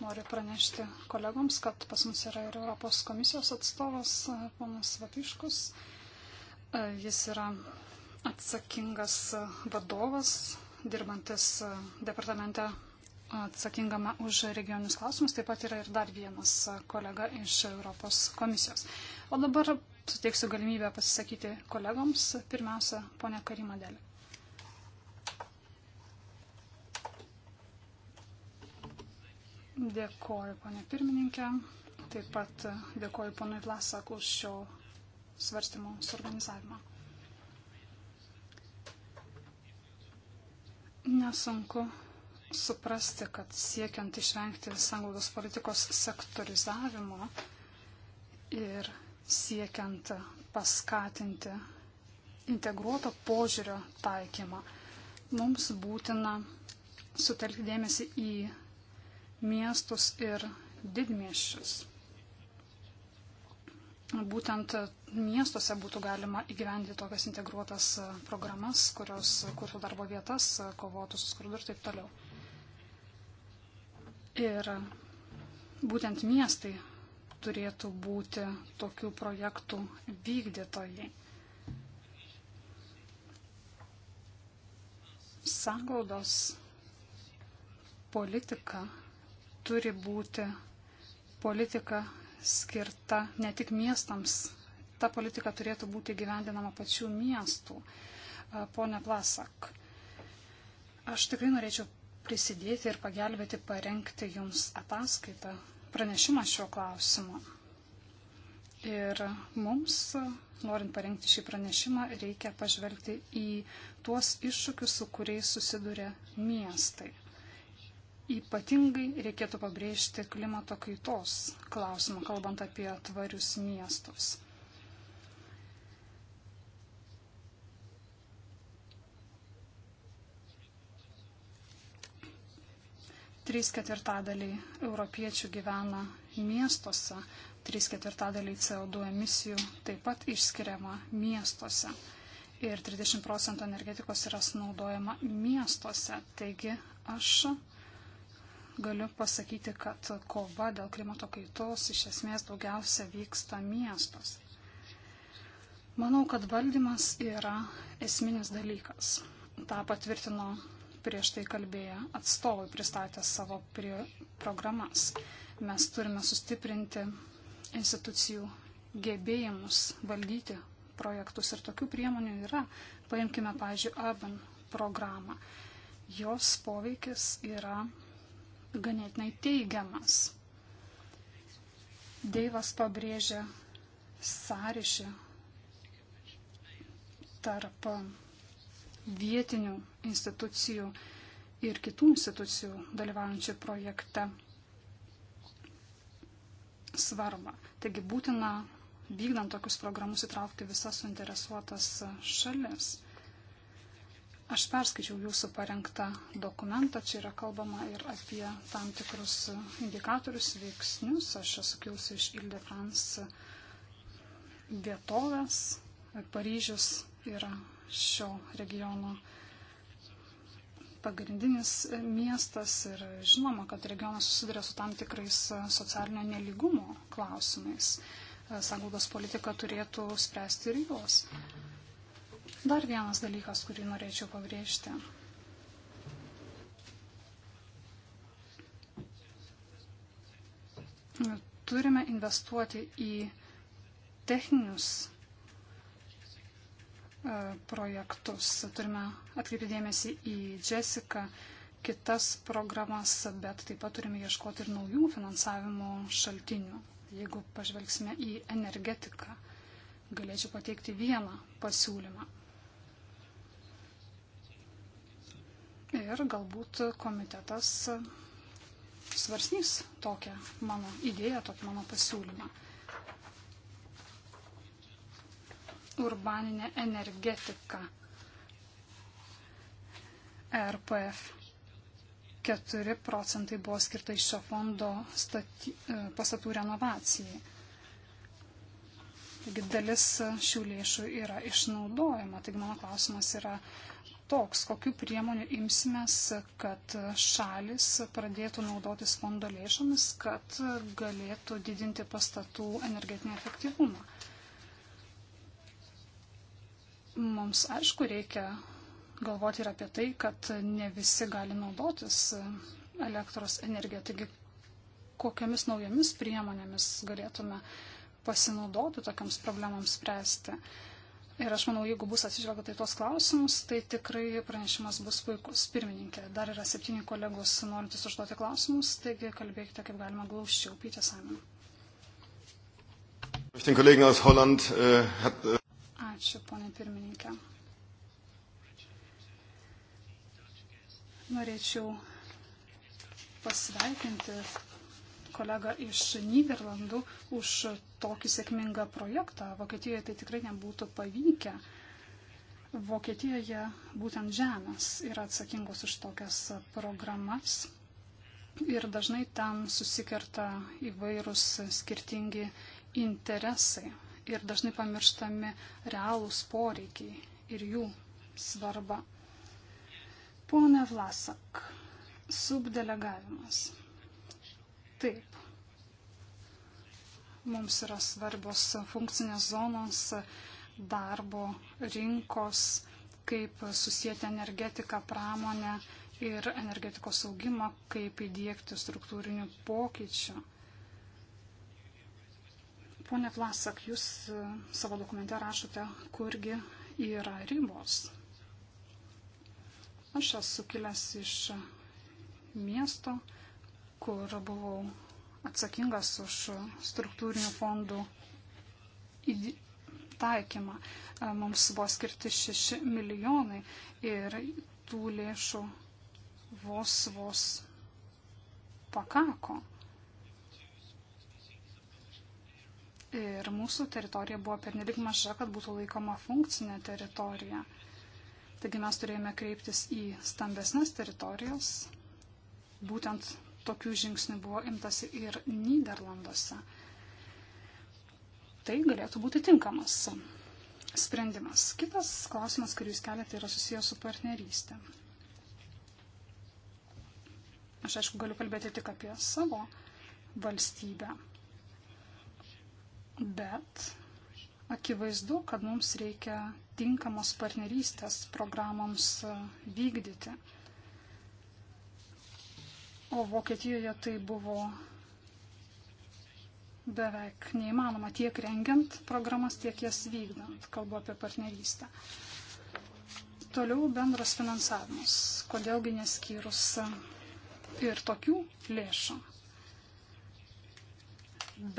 Noriu pranešti kolegoms, kad pas mus yra ir Europos komisijos atstovas, e, ponas Vatiškus. E, jis yra atsakingas vadovas, dirbantis e, departamente atsakingame už regionius klausimus. Taip pat yra ir dar vienas kolega iš Europos komisijos. O dabar suteiksiu galimybę pasisakyti kolegoms. Pirmiausia, ponia Karima Dėlė. Dėkoju, ponia pirmininkė. Taip pat dėkoju ponui Vlasak už šio svarstymo suorganizavimą. Nesunku suprasti, kad siekiant išvengti sanglaudos politikos sektorizavimo ir siekiant paskatinti integruoto požiūrio taikymą, mums būtina sutelkti dėmesį į miestus ir didmieščius. Būtent miestuose būtų galima įgyvendyti tokias integruotas programas, kurios kurtų darbo vietas, kovotų su skurdu ir taip toliau. Ir būtent miestai turėtų būti tokių projektų vykdytojai. Sanglaudos politika turi būti politika skirta ne tik miestams, ta politika turėtų būti gyvendinama pačių miestų. Pone Plasak, aš tikrai norėčiau prisidėti ir pagelbėti parengti Jums ataskaitą pranešimą šiuo klausimu. Ir mums, norint parengti šį pranešimą, reikia pažvelgti į tuos iššūkius, su kuriais susiduria miestai. Ypatingai reikėtų pabrėžti klimato kaitos klausimą, kalbant apie tvarius miestus. Trys ketvirtadaliai europiečių gyvena miestuose, trys ketvirtadaliai CO2 emisijų taip pat išskiriama miestuose ir 30 procentų energetikos yra sunaudojama miestuose. Taigi aš galiu pasakyti, kad kova dėl klimato kaitos iš esmės daugiausia vyksta miestuose. Manau, kad valdymas yra esminis dalykas. Ta patvirtino prieš tai kalbėję atstovai pristatė savo programas. Mes turime sustiprinti institucijų gebėjimus valdyti projektus ir tokių priemonių yra. Paimkime, pavyzdžiui, Urban programą. Jos poveikis yra ganėtinai teigiamas. Deivas pabrėžia sąryšį tarp vietinių institucijų ir kitų institucijų dalyvaujančių projekte svarbą. Taigi būtina vykdant tokius programus įtraukti visas suinteresuotas šalis. Aš perskaičiau jūsų parengtą dokumentą, čia yra kalbama ir apie tam tikrus indikatorius, veiksnius. Aš esu kilusi iš Ile de France vietovės, Paryžius yra šio regiono pagrindinis miestas ir žinoma, kad regionas susiduria su tam tikrais socialinio neligumo klausimais. Sanglaudos politika turėtų spręsti ir juos. Dar vienas dalykas, kurį norėčiau pabrėžti. Turime investuoti į techninius E, projektus. Turime atkreipti dėmesį į Jessica, kitas programas, bet taip pat turime ieškoti ir naujų finansavimo šaltinių. Jeigu pažvelgsime į energetiką, galėčiau pateikti vieną pasiūlymą. Ir galbūt komitetas svarsnys tokią mano idėją, tokį mano pasiūlymą. urbaninę energetiką. RPF 4 procentai buvo skirta iš šio fondo staty, e, pastatų renovacijai. Taigi dalis šių lėšų yra išnaudojama. Taigi mano klausimas yra toks, kokiu priemoniu imsimės, kad šalis pradėtų naudotis fondo lėšomis, kad galėtų didinti pastatų energetinį efektyvumą. Mums aišku reikia galvoti ir apie tai, kad ne visi gali naudotis elektros energiją. Taigi, kokiamis naujomis priemonėmis galėtume pasinaudoti tokiams problemams spręsti. Ir aš manau, jeigu bus atsižvelgta į tuos klausimus, tai tikrai pranešimas bus puikus. Pirmininkė, dar yra septyni kolegos norintys užduoti klausimus, taigi kalbėkite kaip galima glaučiau. Pytė Simon. Ačiū, ponė pirmininkė. Norėčiau pasveikinti kolegą iš Niderlandų už tokį sėkmingą projektą. Vokietijoje tai tikrai nebūtų pavykę. Vokietijoje būtent žemės yra atsakingos už tokias programas ir dažnai tam susikerta įvairūs skirtingi interesai ir dažnai pamirštami realūs poreikiai ir jų svarba. Pone Vlasak, subdelegavimas. Taip, mums yra svarbios funkcinės zonos, darbo rinkos, kaip susijęti energetiką, pramonę ir energetikos augimą, kaip įdėkti struktūrinių pokyčių. Pone Vlasak, jūs e, savo dokumente rašote, kurgi yra ribos. Aš esu kilęs iš miesto, kur buvau atsakingas už struktūrinių fondų taikymą. E, mums buvo skirti 6 milijonai ir tų lėšų vos vos pakako. ir mūsų teritorija buvo pernelik maža, kad būtų laikoma funkcinė teritorija. Taigi mes turėjome kreiptis į stambesnės teritorijas. Būtent tokių žingsnių buvo imtasi ir Niderlanduose. Tai galėtų būti tinkamas sprendimas. Kitas klausimas, kurį jūs keliate, yra susijęs su partnerystė. Aš aišku galiu kalbėti tik apie savo valstybę bet akivaizdu, kad mums reikia tinkamos partnerystės programoms e, vykdyti. O Vokietijoje tai buvo beveik neįmanoma tiek rengiant programas, tiek jas vykdant. Kalbu apie partnerystę. Toliau bendras finansavimas. Kodėlgi neskyrus ir tokių lėšų.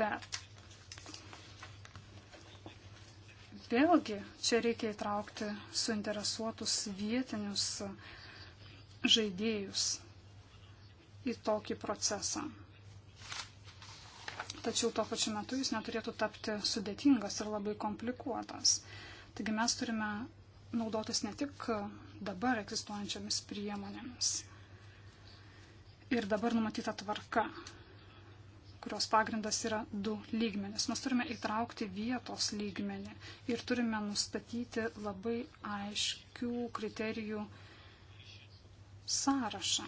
Bet Vėlgi, čia reikia įtraukti suinteresuotus vietinius žaidėjus į tokį procesą. Tačiau tuo pačiu metu jis neturėtų tapti sudėtingas ir labai komplikuotas. Taigi mes turime naudotis ne tik dabar egzistuojančiomis priemonėmis ir dabar numatyta tvarka kurios pagrindas yra du lygmenys. Mes turime įtraukti vietos lygmenį ir turime nustatyti labai aiškių kriterijų sąrašą.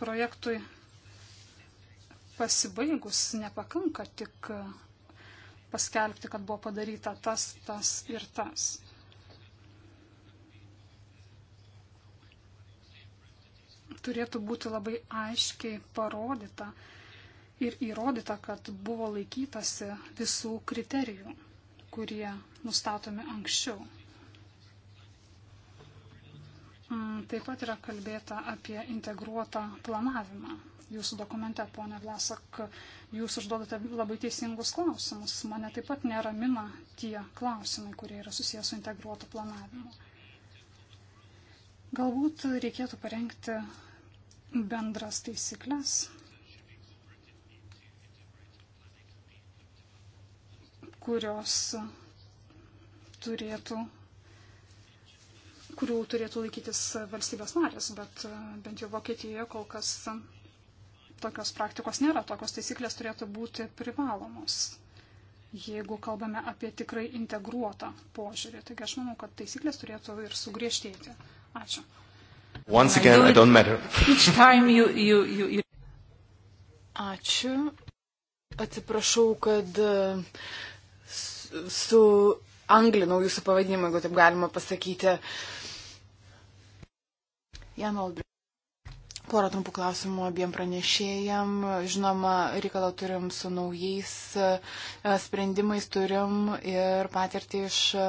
Projektui pasibaigus nepakanka tik paskelbti, kad buvo padaryta tas, tas ir tas turėtų būti labai aiškiai parodyta ir įrodyta, kad buvo laikytasi visų kriterijų, kurie nustatomi anksčiau. Mm, taip pat yra kalbėta apie integruotą planavimą. Jūsų dokumente, ponė Vlasak, jūs užduodate labai teisingus klausimus. Mane taip pat neramina tie klausimai, kurie yra susijęs su integruotu planavimu. Galbūt reikėtų parengti bendras taisyklės, kurios turėtų, kurių turėtų laikytis valstybės narės, bet e, bent jau Vokietijoje kol kas tokios praktikos nėra, tokios taisyklės turėtų būti privalomos, jeigu kalbame apie tikrai integruotą požiūrį. Taigi aš manau, kad taisyklės turėtų ir sugriežtėti. Ačiū. Once again, I don't matter. Each time you, you, you, you... Ačiū. Atsiprašau, kad e, su anglinau jūsų pavadinimą, jeigu taip galima pasakyti. Jan Olbri. Porą trumpų klausimų abiem pranešėjam. Žinoma, reikalą turim su naujais e, sprendimais, turim ir patirtį iš e,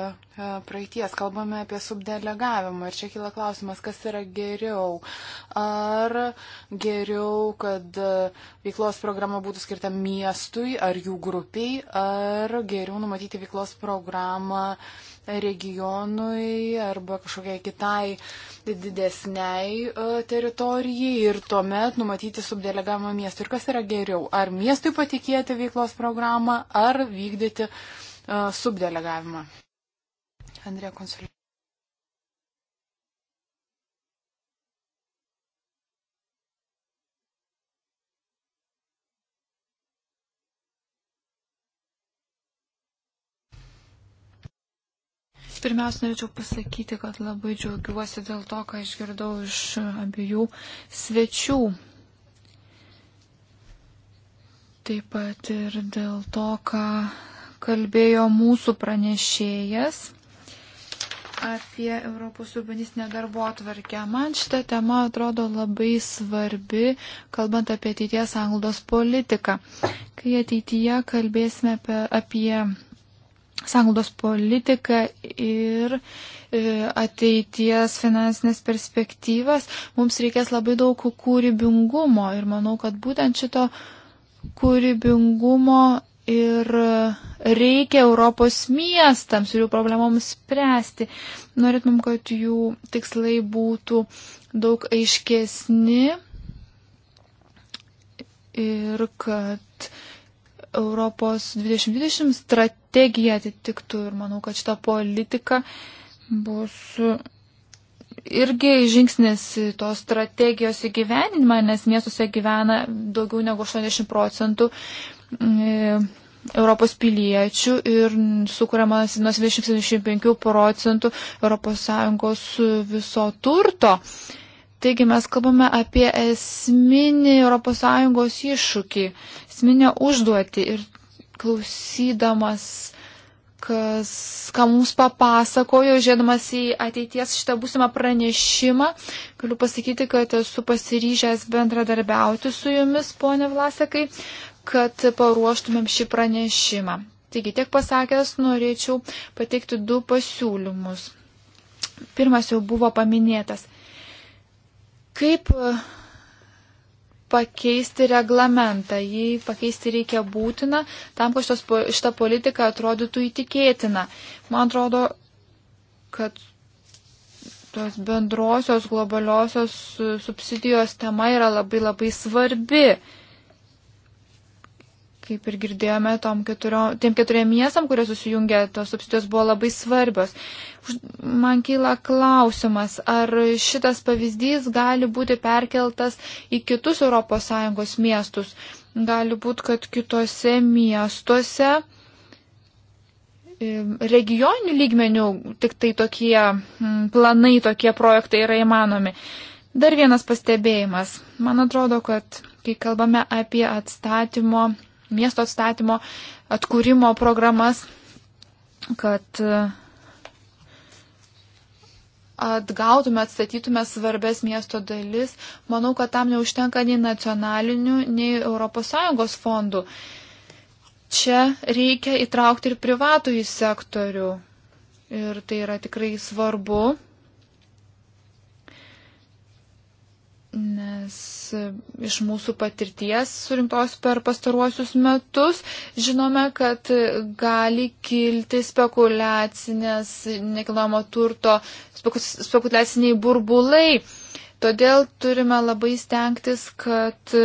praeities. Kalbame apie subdelegavimą ir čia kyla klausimas, kas yra geriau. Ar geriau, kad e, veiklos programa būtų skirta miestui ar jų grupiai, ar geriau numatyti veiklos programą uh, regionui arba kažkokiai kitai didesniai e, teritorijai ir tuomet numatyti subdelegavimą miestui. Ir kas yra geriau? Ar miestui patikėti veiklos programą, ar vykdyti e, subdelegavimą? Andrė Konsulė. Pirmiausia, norėčiau pasakyti, kad labai džiaugiuosi dėl to, ką išgirdau iš abiejų svečių. Taip pat ir dėl to, ką kalbėjo mūsų pranešėjas apie Europos urbanistinę darbo atvarkę. Man šita tema atrodo labai svarbi, kalbant apie ateities anglos politiką. Kai ateityje kalbėsime apie, apie sanglaudos politiką ir e, ateities finansinės perspektyvas, mums reikės labai daug kūrybingumo ir manau, kad būtent šito kūrybingumo ir reikia Europos miestams ir jų problemoms spręsti. Norėtumėm, kad jų tikslai būtų daug aiškesni ir kad Europos 2020 strategija atitiktų ir manau, kad šita politika bus irgi žingsnis tos strategijos įgyveninimą, nes miestuose gyvena daugiau negu 80 procentų e, Europos piliečių ir sukūriamas nuo 75 procentų ES viso turto. Taigi mes kalbame apie esminį ES iššūkį, esminę užduotį ir klausydamas, kas, ką mums papasakojo, žiūrėdamas į ateities šitą būsimą pranešimą, galiu pasakyti, kad esu pasiryžęs bendradarbiauti su jumis, ponė Vlasekai, kad paruoštumėm šį pranešimą. Taigi tiek pasakęs, norėčiau pateikti du pasiūlymus. Pirmas jau buvo paminėtas. Kaip e, pakeisti reglamentą? Jį pakeisti reikia būtina, tam, kad šitos, šita politika atrodytų įtikėtina. Man atrodo, kad tos bendrosios globaliosios subsidijos tema yra labai labai svarbi kaip ir girdėjome, keturio, tiem keturiem miestam, kurie susijungė, tos subsidijos buvo labai svarbios. Man kyla klausimas, ar šitas pavyzdys gali būti perkeltas į kitus ES miestus. Gali būti, kad kitose miestuose regioninių lygmenių tik tai tokie planai, tokie projektai yra įmanomi. Dar vienas pastebėjimas. Man atrodo, kad kai kalbame apie atstatymo miesto atstatymo, atkūrimo programas, kad e, atgautume, atstatytume svarbes miesto dalis. Manau, kad tam neužtenka nei nacionalinių, nei ES fondų. Čia reikia įtraukti ir privatų į sektorių. Ir tai yra tikrai svarbu. nes iš mūsų patirties surinktos per pastaruosius metus žinome, kad gali kilti spekulacinės nekilnojamo turto, spekuliaciniai burbulai. Todėl turime labai stengtis, kad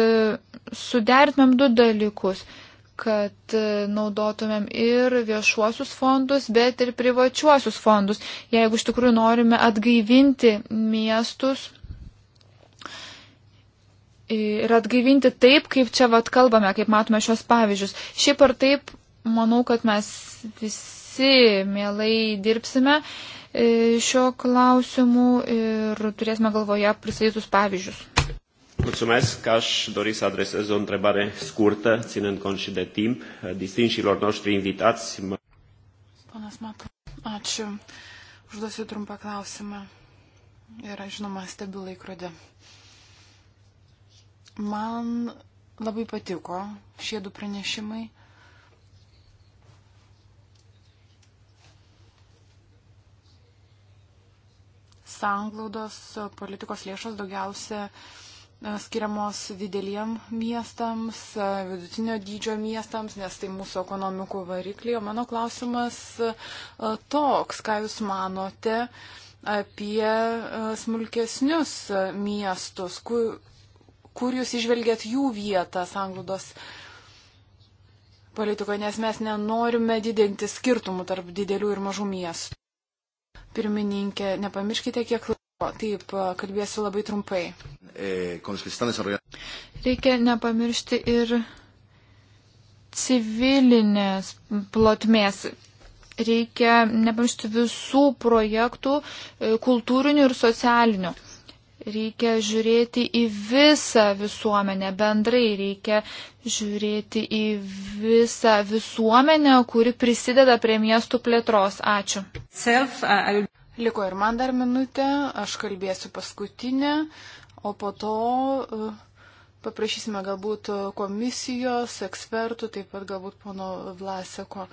sudertumėm du dalykus kad naudotumėm ir viešuosius fondus, bet ir privačiuosius fondus, jeigu iš tikrųjų norime atgaivinti miestus ir atgaivinti taip, kaip čia vat kalbame, kaip matome šios pavyzdžius. Šiaip ar taip, manau, kad mes visi mielai dirbsime e, šio klausimu ir turėsime galvoje pristatytus pavyzdžius. Mulțumesc, aș dori să adresez o întrebare scurtă, ținând cont și de timp, distinșilor noștri invitați. Panas Matu, ačiū. Užduosiu trumpą klausimą. Ir aš žinoma stebiu laikrodį. Uh, Man labai patiko šie du pranešimai. Sanglaudos politikos lėšos daugiausia e, skiriamos dideliem miestams, e, vidutinio dydžio miestams, nes tai mūsų ekonomikų varikliai. O mano klausimas e, toks, ką Jūs manote apie smulkesnius miestus, kur, kur jūs išvelgėt jų vietą sanglaudos politikoje, nes mes nenorime didinti skirtumų tarp didelių ir mažų miestų. Pirmininkė, nepamirškite, kiek laiko. Taip, kalbėsiu labai trumpai. Reikia nepamiršti ir civilinės plotmės. Reikia nepamiršti visų projektų, e, kultūrinių ir socialinių. Reikia žiūrėti į visą visuomenę, bendrai reikia žiūrėti į visą visuomenę, kuri prisideda prie miestų plėtros. Ačiū. Self, uh, Liko ir man dar minutė, aš kalbėsiu paskutinę, o po to. Uh, paprašysime galbūt komisijos, ekspertų, taip pat galbūt pono Vlaseko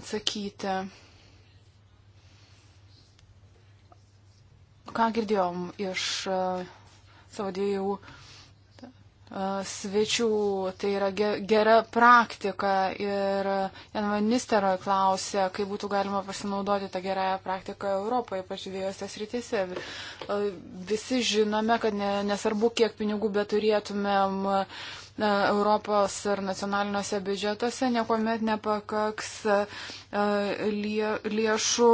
atsakyti. ką girdėjom iš e, savo dviejų e, svečių, tai yra gera praktika ir Janvanisteroje klausė, kaip būtų galima pasinaudoti tą gerąją praktiką Europoje, ypač dviejose srityse. E, visi žinome, kad ne, nesvarbu, kiek pinigų beturėtumėm. turėtumėm Europos ar nacionaliniuose biudžetuose niekuomet nepakaks e, lėšų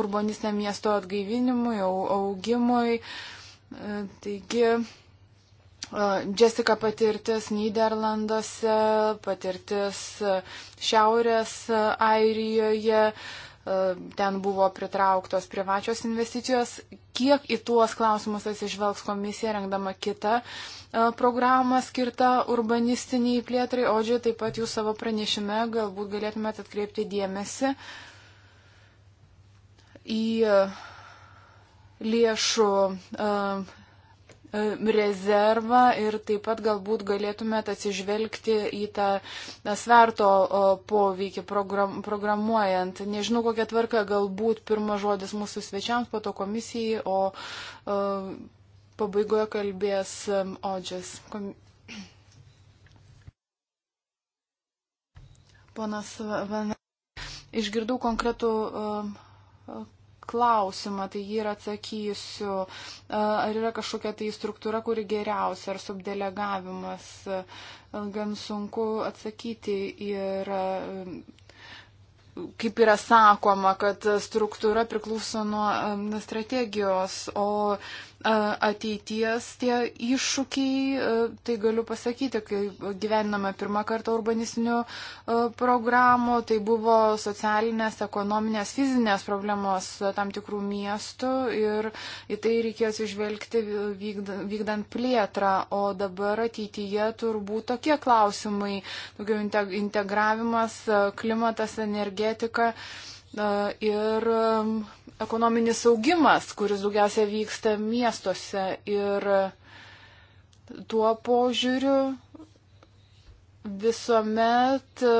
urbanistiniam miesto atgaivinimui, augimui. E, taigi, e, Jessica patirtis Niderlanduose, patirtis Šiaurės Airijoje, ten buvo pritrauktos privačios investicijos. Kiek į tuos klausimus atsižvelgs komisija, rengdama kitą e, programą skirtą urbanistiniai plėtrai, o džiai taip pat jūs savo pranešime galbūt galėtumėte atkreipti dėmesį į lėšų e, E, rezervą ir taip pat galbūt galėtumėt atsižvelgti į tą sverto poveikį program, programuojant. Nežinau, kokia tvarka, galbūt pirmas žodis mūsų svečiams, po to komisijai, o pabaigoje kalbės um, Odžės. Ponas Van, išgirdau konkretų um, klausimą, tai jį ir atsakysiu. Ar yra kažkokia tai struktūra, kuri geriausia, ar subdelegavimas. Gan sunku atsakyti ir kaip yra sakoma, kad struktūra priklauso nuo strategijos, o ateities tie iššūkiai, tai galiu pasakyti, kai gyvename pirmą kartą urbanistinių programų, tai buvo socialinės, ekonominės, fizinės problemos tam tikrų miestų ir į tai reikės išvelgti vykdant plėtrą, o dabar ateityje turbūt tokie klausimai, daugiau integravimas, klimatas, energetika ir ekonominis augimas, kuris daugiausia vyksta miestuose. Ir tuo požiūriu visuomet e,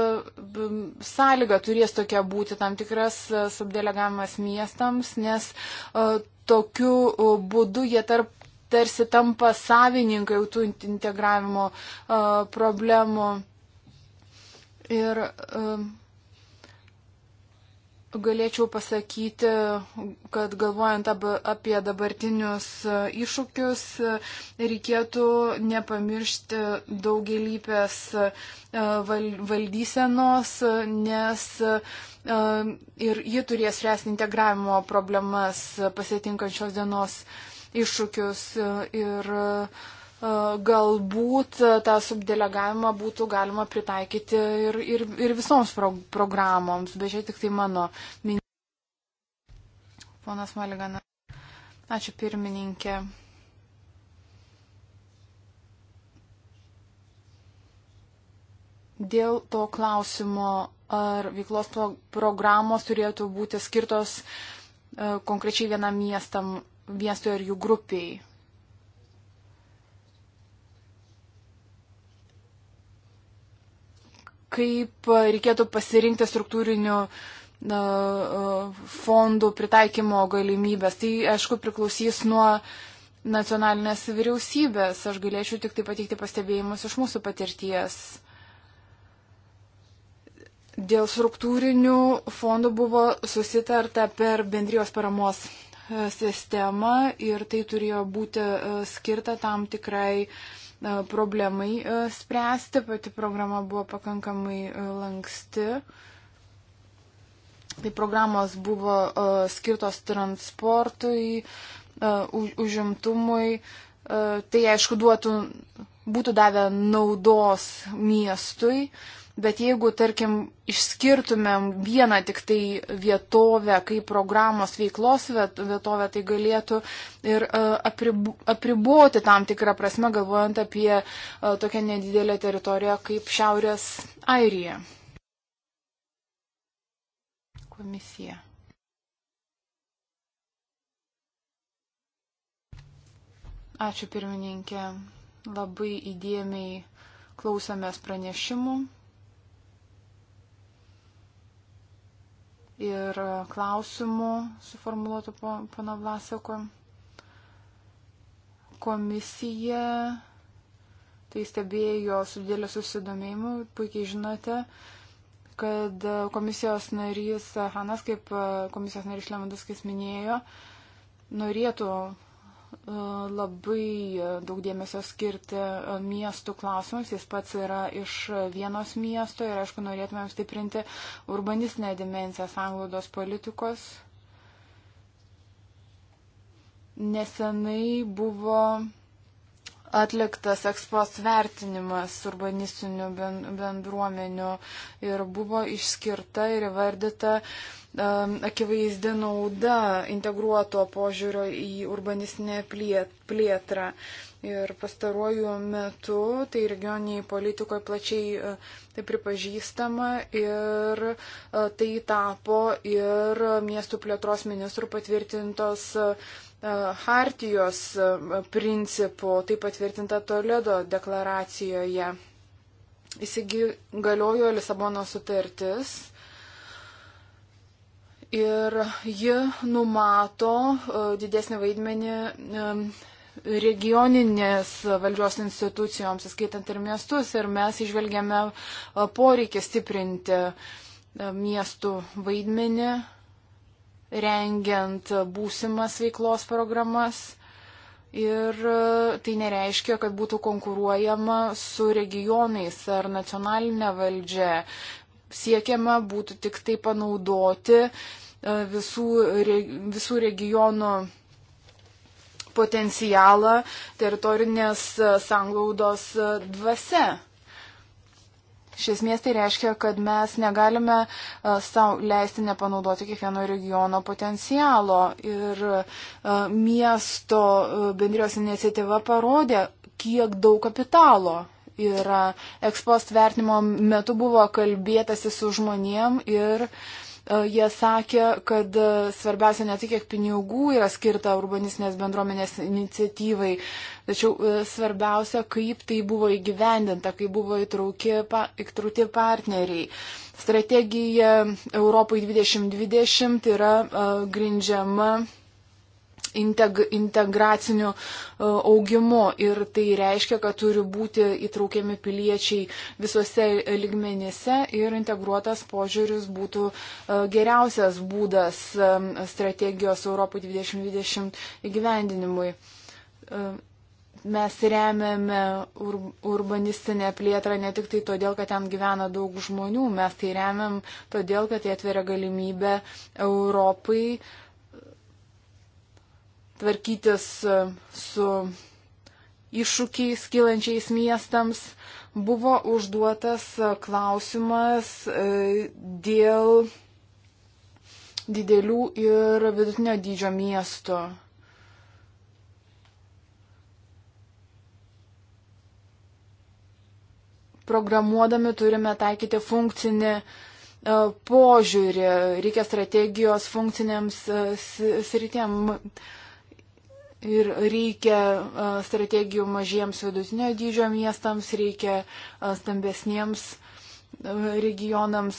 sąlyga turės tokia būti tam tikras e, subdelegavimas miestams, nes e, tokiu būdu jie tarp tarsi tampa savininkai jau tų integravimo problemų. Ir um, Galėčiau pasakyti, kad galvojant apie dabartinius e, iššūkius, e, reikėtų nepamiršti daugelypės e, valdysenos, nes ir ji turės spręsti integravimo problemas pasitinkančios dienos iššūkius. Ir, uh, galbūt tą subdelegavimą būtų galima pritaikyti ir, ir, ir visoms pro, programoms, bet čia tik tai mano minė. Ponas Maligana. Ačiū pirmininkė. Dėl to klausimo, ar veiklos programos turėtų būti skirtos e, konkrečiai vienam miestam, miestui ar jų grupiai kaip e, reikėtų pasirinkti struktūrinių na, e, fondų pritaikymo galimybės. Tai, aišku, priklausys nuo nacionalinės vyriausybės. Aš galėčiau tik tai pateikti pastebėjimus iš mūsų patirties. Dėl struktūrinių fondų buvo susitarta per bendrijos paramos e, sistemą ir tai turėjo būti skirta tam tikrai uh, E, problemai e, spręsti. Pati programa buvo pakankamai e, lanksti. Tai programos buvo skirtos transportui, užimtumui. Tai aišku duotų, būtų davę naudos miestui. Uh, Bet jeigu, tarkim, išskirtumėm vieną tik tai vietovę, kaip programos veiklos vietovę, tai galėtų ir e, apriboti tam tikrą prasme, galvojant apie e, tokią nedidelę teritoriją kaip Šiaurės Airija. Komisija. Ačiū pirmininkė, labai įdėmiai klausomės pranešimų. ir e, klausimų suformuoluotų pono Vlasako. Komisija tai stebėjo su dėlė susidomėjimu, puikiai žinote, kad e, komisijos narys Hanas, kaip e, komisijos narys Lemanduskis minėjo, norėtų E, labai daug dėmesio skirti e, miestų klausimams. Jis pats yra iš vienos miesto ir, aišku, norėtumėm stiprinti urbanistinę dimenciją sanglaudos politikos. Nesenai buvo atliktas ekspos vertinimas urbanistinių bendruomenių ir buvo išskirta ir įvardyta um, akivaizdi nauda integruoto požiūrio į urbanistinę plėtrą. Ir pastaruoju metu tai regioniai politikoje plačiai uh, tai pripažįstama ir uh, tai tapo ir miestų plėtros ministrų patvirtintos uh, E, hartijos e, principų, taip patvirtinta Toledo deklaracijoje. Įsigaliojo Lisabono sutartis ir ji numato e, didesnį vaidmenį regioninės valdžios institucijoms, skaitant ir miestus, ir mes išvelgiame poreikį stiprinti miestų vaidmenį rengiant būsimas veiklos programas. Ir e, tai nereiškia, kad būtų konkuruojama su regionais ar nacionalinė valdžia. Siekiama būtų tik tai panaudoti e, visų, visų regionų potencialą teritorinės e, sanglaudos dvasia. Iš esmės tai reiškia, kad mes negalime e, savo leisti nepanaudoti kiekvieno regiono potencialo. Ir e, miesto e, bendrijos iniciatyva parodė, kiek daug kapitalo. Ir ekspost vertinimo metu buvo kalbėtasi su žmonėm ir uh, E, jie sakė, kad e, svarbiausia ne tai, kiek pinigų yra skirta urbanistinės bendruomenės iniciatyvai, tačiau e, svarbiausia, kaip tai buvo įgyvendinta, kaip buvo įtraukti partneriai. Strategija Europai 2020 yra grindžiama integ, integraciniu e, augimu ir tai reiškia, kad turi būti įtraukiami piliečiai visuose ligmenėse ir integruotas požiūris būtų e, geriausias būdas e, strategijos Europai 2020 įgyvendinimui. Mes remiame ur, urbanistinę plėtrą ne tik tai todėl, kad ten gyvena daug žmonių, mes tai remiam todėl, kad tai atveria galimybę Europai uh, tvarkytis e, su iššūkiais kylančiais miestams, buvo užduotas e, klausimas e, dėl didelių ir vidutinio dydžio miesto. Programuodami turime taikyti funkcinį požiūrį, reikia strategijos funkciniams sritėms. Si Ir reikia strategijų mažiems vidutinio dydžio miestams, reikia stambesniems regionams.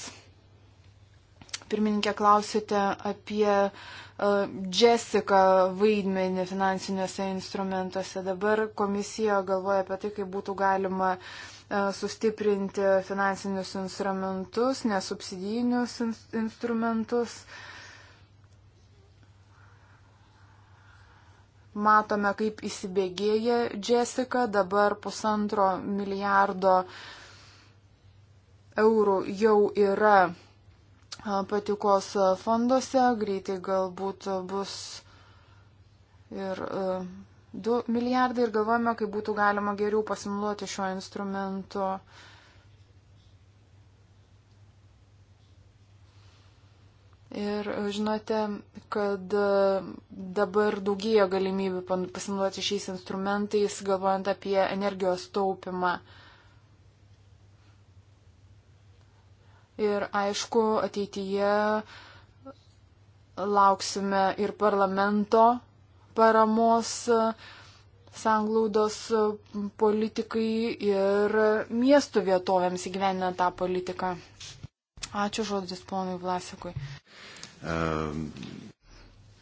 Pirmininkė klausėte apie Jessica vaidmenį finansiniuose instrumentuose. Dabar komisija galvoja apie tai, kaip būtų galima sustiprinti finansinius instrumentus, nesubsidijinius instrumentus. Uh, matome, kaip įsibėgėja Jessica, dabar pusantro milijardo eurų jau yra patikos fonduose, greitai galbūt bus ir 2 milijardai ir galvojame, kaip būtų galima geriau pasimluoti šiuo instrumentu. Uh, Ir e, žinote, kad e, dabar daugėjo galimybių pasinaudoti šiais instrumentais, galvojant apie energijos taupimą. Ir aišku, ateityje lauksime ir parlamento paramos e, sanglaudos politikai ir miestų vietovėms įgyveninę tą politiką. Ačiū žodis ponui Vlasikui. Um... Ehm,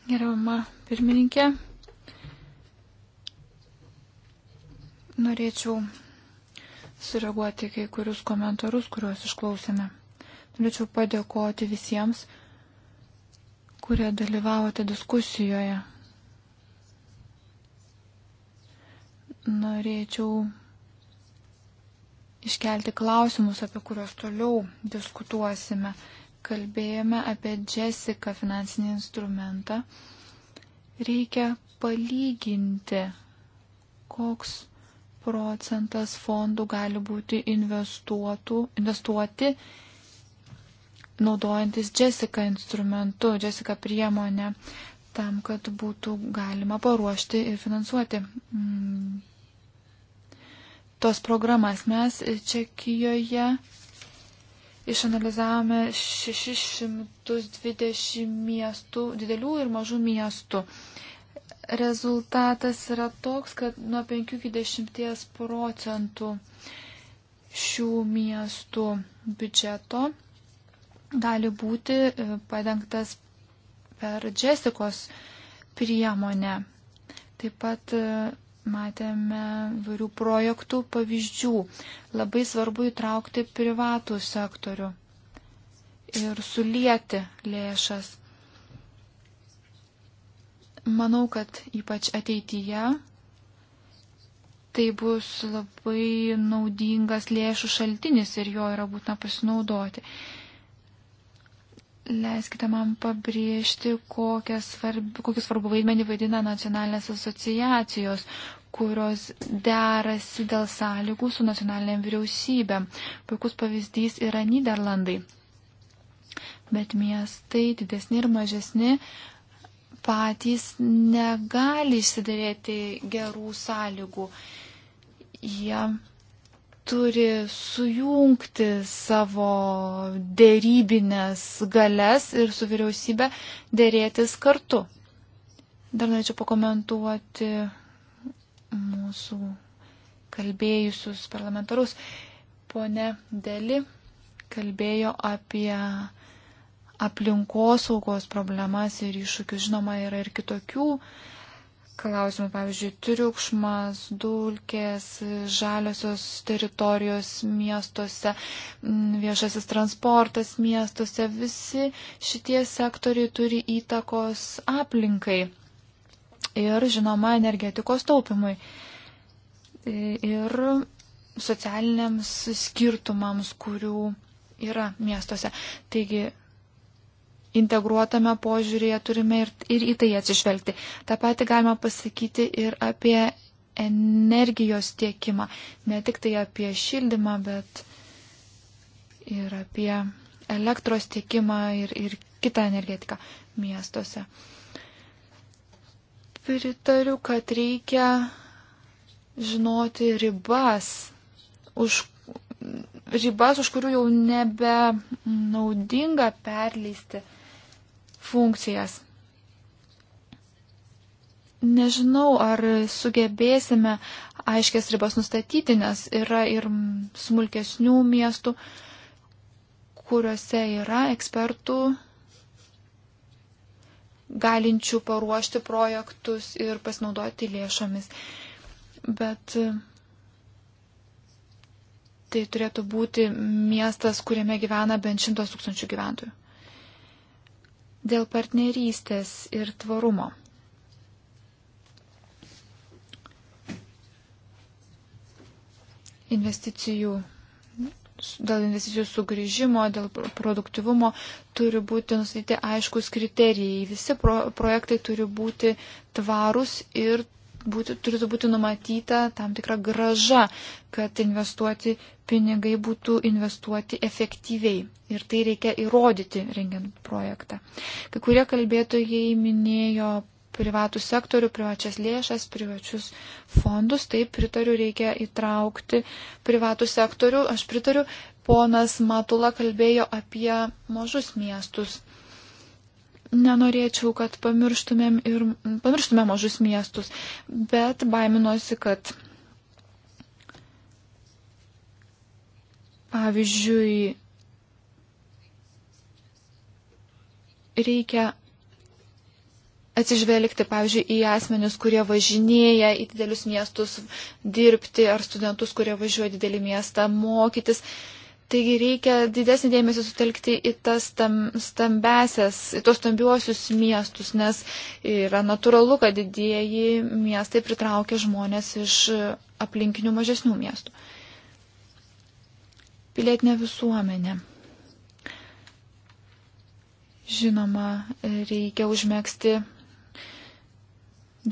Gerbama pirmininkė, norėčiau sureaguoti kai kurius komentarus, kuriuos išklausėme. Norėčiau padėkoti visiems, kurie dalyvavote diskusijoje. Norėčiau iškelti klausimus, apie kuriuos toliau diskutuosime kalbėjome apie Jessica finansinį instrumentą, reikia palyginti, koks procentas fondų gali būti investuoti naudojantis Jessica instrumentu, Jessica priemonę, tam, kad būtų galima paruošti ir finansuoti mm, tos programas. Mes Čekijoje išanalizavome 620 miestų, didelių ir mažų miestų. Rezultatas yra toks, kad nuo 5 iki 10 procentų šių miestų biudžeto gali būti e, padengtas per Jessicos priemonę. Taip pat e, matėme vairių projektų pavyzdžių. Labai svarbu įtraukti privatų sektorių ir sulieti lėšas. Manau, kad ypač ateityje tai bus labai naudingas lėšų šaltinis ir jo yra būtina pasinaudoti. Leiskite man pabrėžti, svarb, kokį svarbų vaidmenį vaidina nacionalinės asociacijos, kurios derasi dėl sąlygų su nacionaliniam vyriausybėm. Puikus pavyzdys yra Niderlandai. Bet miestai didesni ir mažesni patys negali išsiderėti gerų sąlygų. Jie turi sujungti savo dėrybinės galės ir su vyriausybė dėrėtis kartu. Dar norėčiau pakomentuoti mūsų kalbėjusius parlamentarus. Pone Deli kalbėjo apie aplinkosaugos problemas ir iššūkius. Žinoma, yra ir kitokių uh, klausimų, pavyzdžiui, triukšmas, dulkės, žaliosios teritorijos miestuose, viešasis transportas miestuose, visi šitie sektoriai turi įtakos aplinkai ir, žinoma, energetikos taupimui ir socialiniams skirtumams, kurių yra miestuose. Taigi integruotame požiūrėje turime ir, ir į tai atsižvelgti. Ta pati galima pasakyti ir apie energijos tiekimą. Ne tik tai apie šildymą, bet ir apie elektros tiekimą ir, ir kitą energetiką miestuose. Pritariu, kad reikia žinoti ribas, už, ribas, už kurių jau nebe naudinga perleisti uh, funkcijas. Nežinau, ar sugebėsime aiškės ribas nustatyti, nes yra ir smulkesnių miestų, kuriuose yra ekspertų galinčių paruošti projektus ir pasinaudoti lėšomis. Bet e, tai turėtų būti miestas, kuriame gyvena bent šimtas tūkstančių gyventojų dėl partnerystės ir tvarumo. Investicijų, dėl investicijų sugrįžimo, dėl produktivumo turi būti nustatyti aiškus kriterijai. Visi pro, projektai turi būti tvarus ir tvarus būti, turėtų būti numatyta tam tikra graža, kad investuoti pinigai būtų investuoti efektyviai. Ir tai reikia įrodyti, rengiant projektą. Kai kurie kalbėtojai minėjo privatų sektorių, privačias lėšas, privačius fondus. Taip, pritariu, reikia įtraukti privatų sektorių. Aš pritariu, ponas Matula kalbėjo apie mažus miestus nenorėčiau, kad pamirštumėm ir pamirštumėm mažus miestus, bet baiminosi, kad pavyzdžiui reikia atsižvelgti, pavyzdžiui, į asmenius, kurie važinėja į didelius miestus dirbti ar studentus, kurie važiuoja į didelį miestą mokytis. Uh, Taigi reikia didesnį dėmesį sutelkti į tas stambesias, į tos stambiuosius miestus, nes yra natūralu, kad didieji miestai pritraukia žmonės iš aplinkinių mažesnių miestų. Pilietinė visuomenė. Žinoma, reikia užmėgsti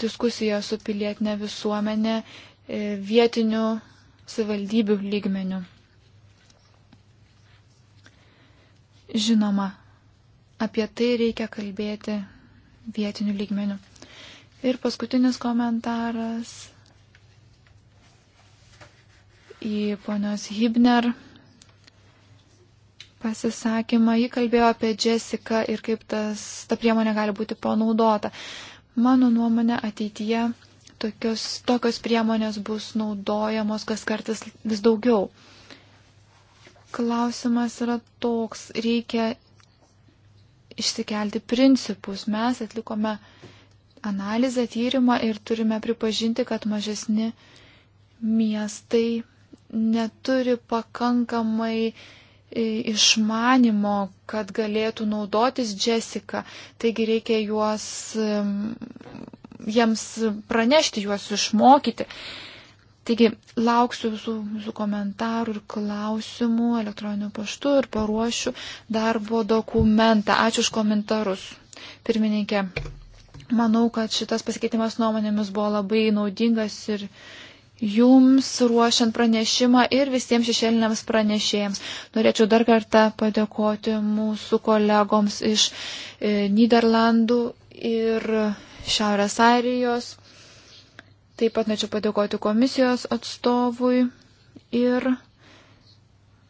diskusiją su pilietinė visuomenė vietiniu savivaldybių lygmeniu. Žinoma, apie tai reikia kalbėti vietiniu lygmeniu. Ir paskutinis komentaras į ponios Hibner pasisakymą. Ji kalbėjo apie Jessica ir kaip tas, ta priemonė gali būti panaudota. Mano nuomonė ateityje tokios, tokios priemonės bus naudojamos kas kartas vis daugiau. Klausimas yra toks, reikia išsikelti principus. Mes atlikome analizę, tyrimą ir turime pripažinti, kad mažesni miestai neturi pakankamai e, išmanimo, kad galėtų naudotis Jessica. Taigi reikia juos, jiems pranešti, juos išmokyti. Taigi lauksiu visų, visų komentarų ir klausimų elektroniniu paštu ir paruošiu darbo dokumentą. Ačiū už komentarus. Pirmininkė, manau, kad šitas pasikeitimas nuomonėmis buvo labai naudingas ir jums ruošiant pranešimą ir visiems šešėliniams pranešėjams. Norėčiau dar kartą padėkoti mūsų kolegoms iš e, Niderlandų ir Šiaurės Airijos Taip pat norėčiau padėkoti komisijos atstovui ir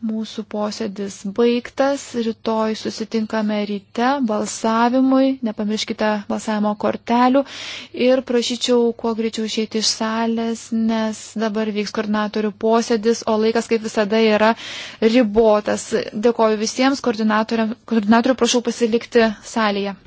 mūsų posėdis baigtas. Rytoj susitinkame ryte balsavimui. Nepamirškite balsavimo kortelių ir prašyčiau kuo greičiau išeiti iš salės, nes dabar vyks koordinatorių posėdis, o laikas kaip visada yra ribotas. Dėkoju visiems koordinatorių prašau pasilikti salėje.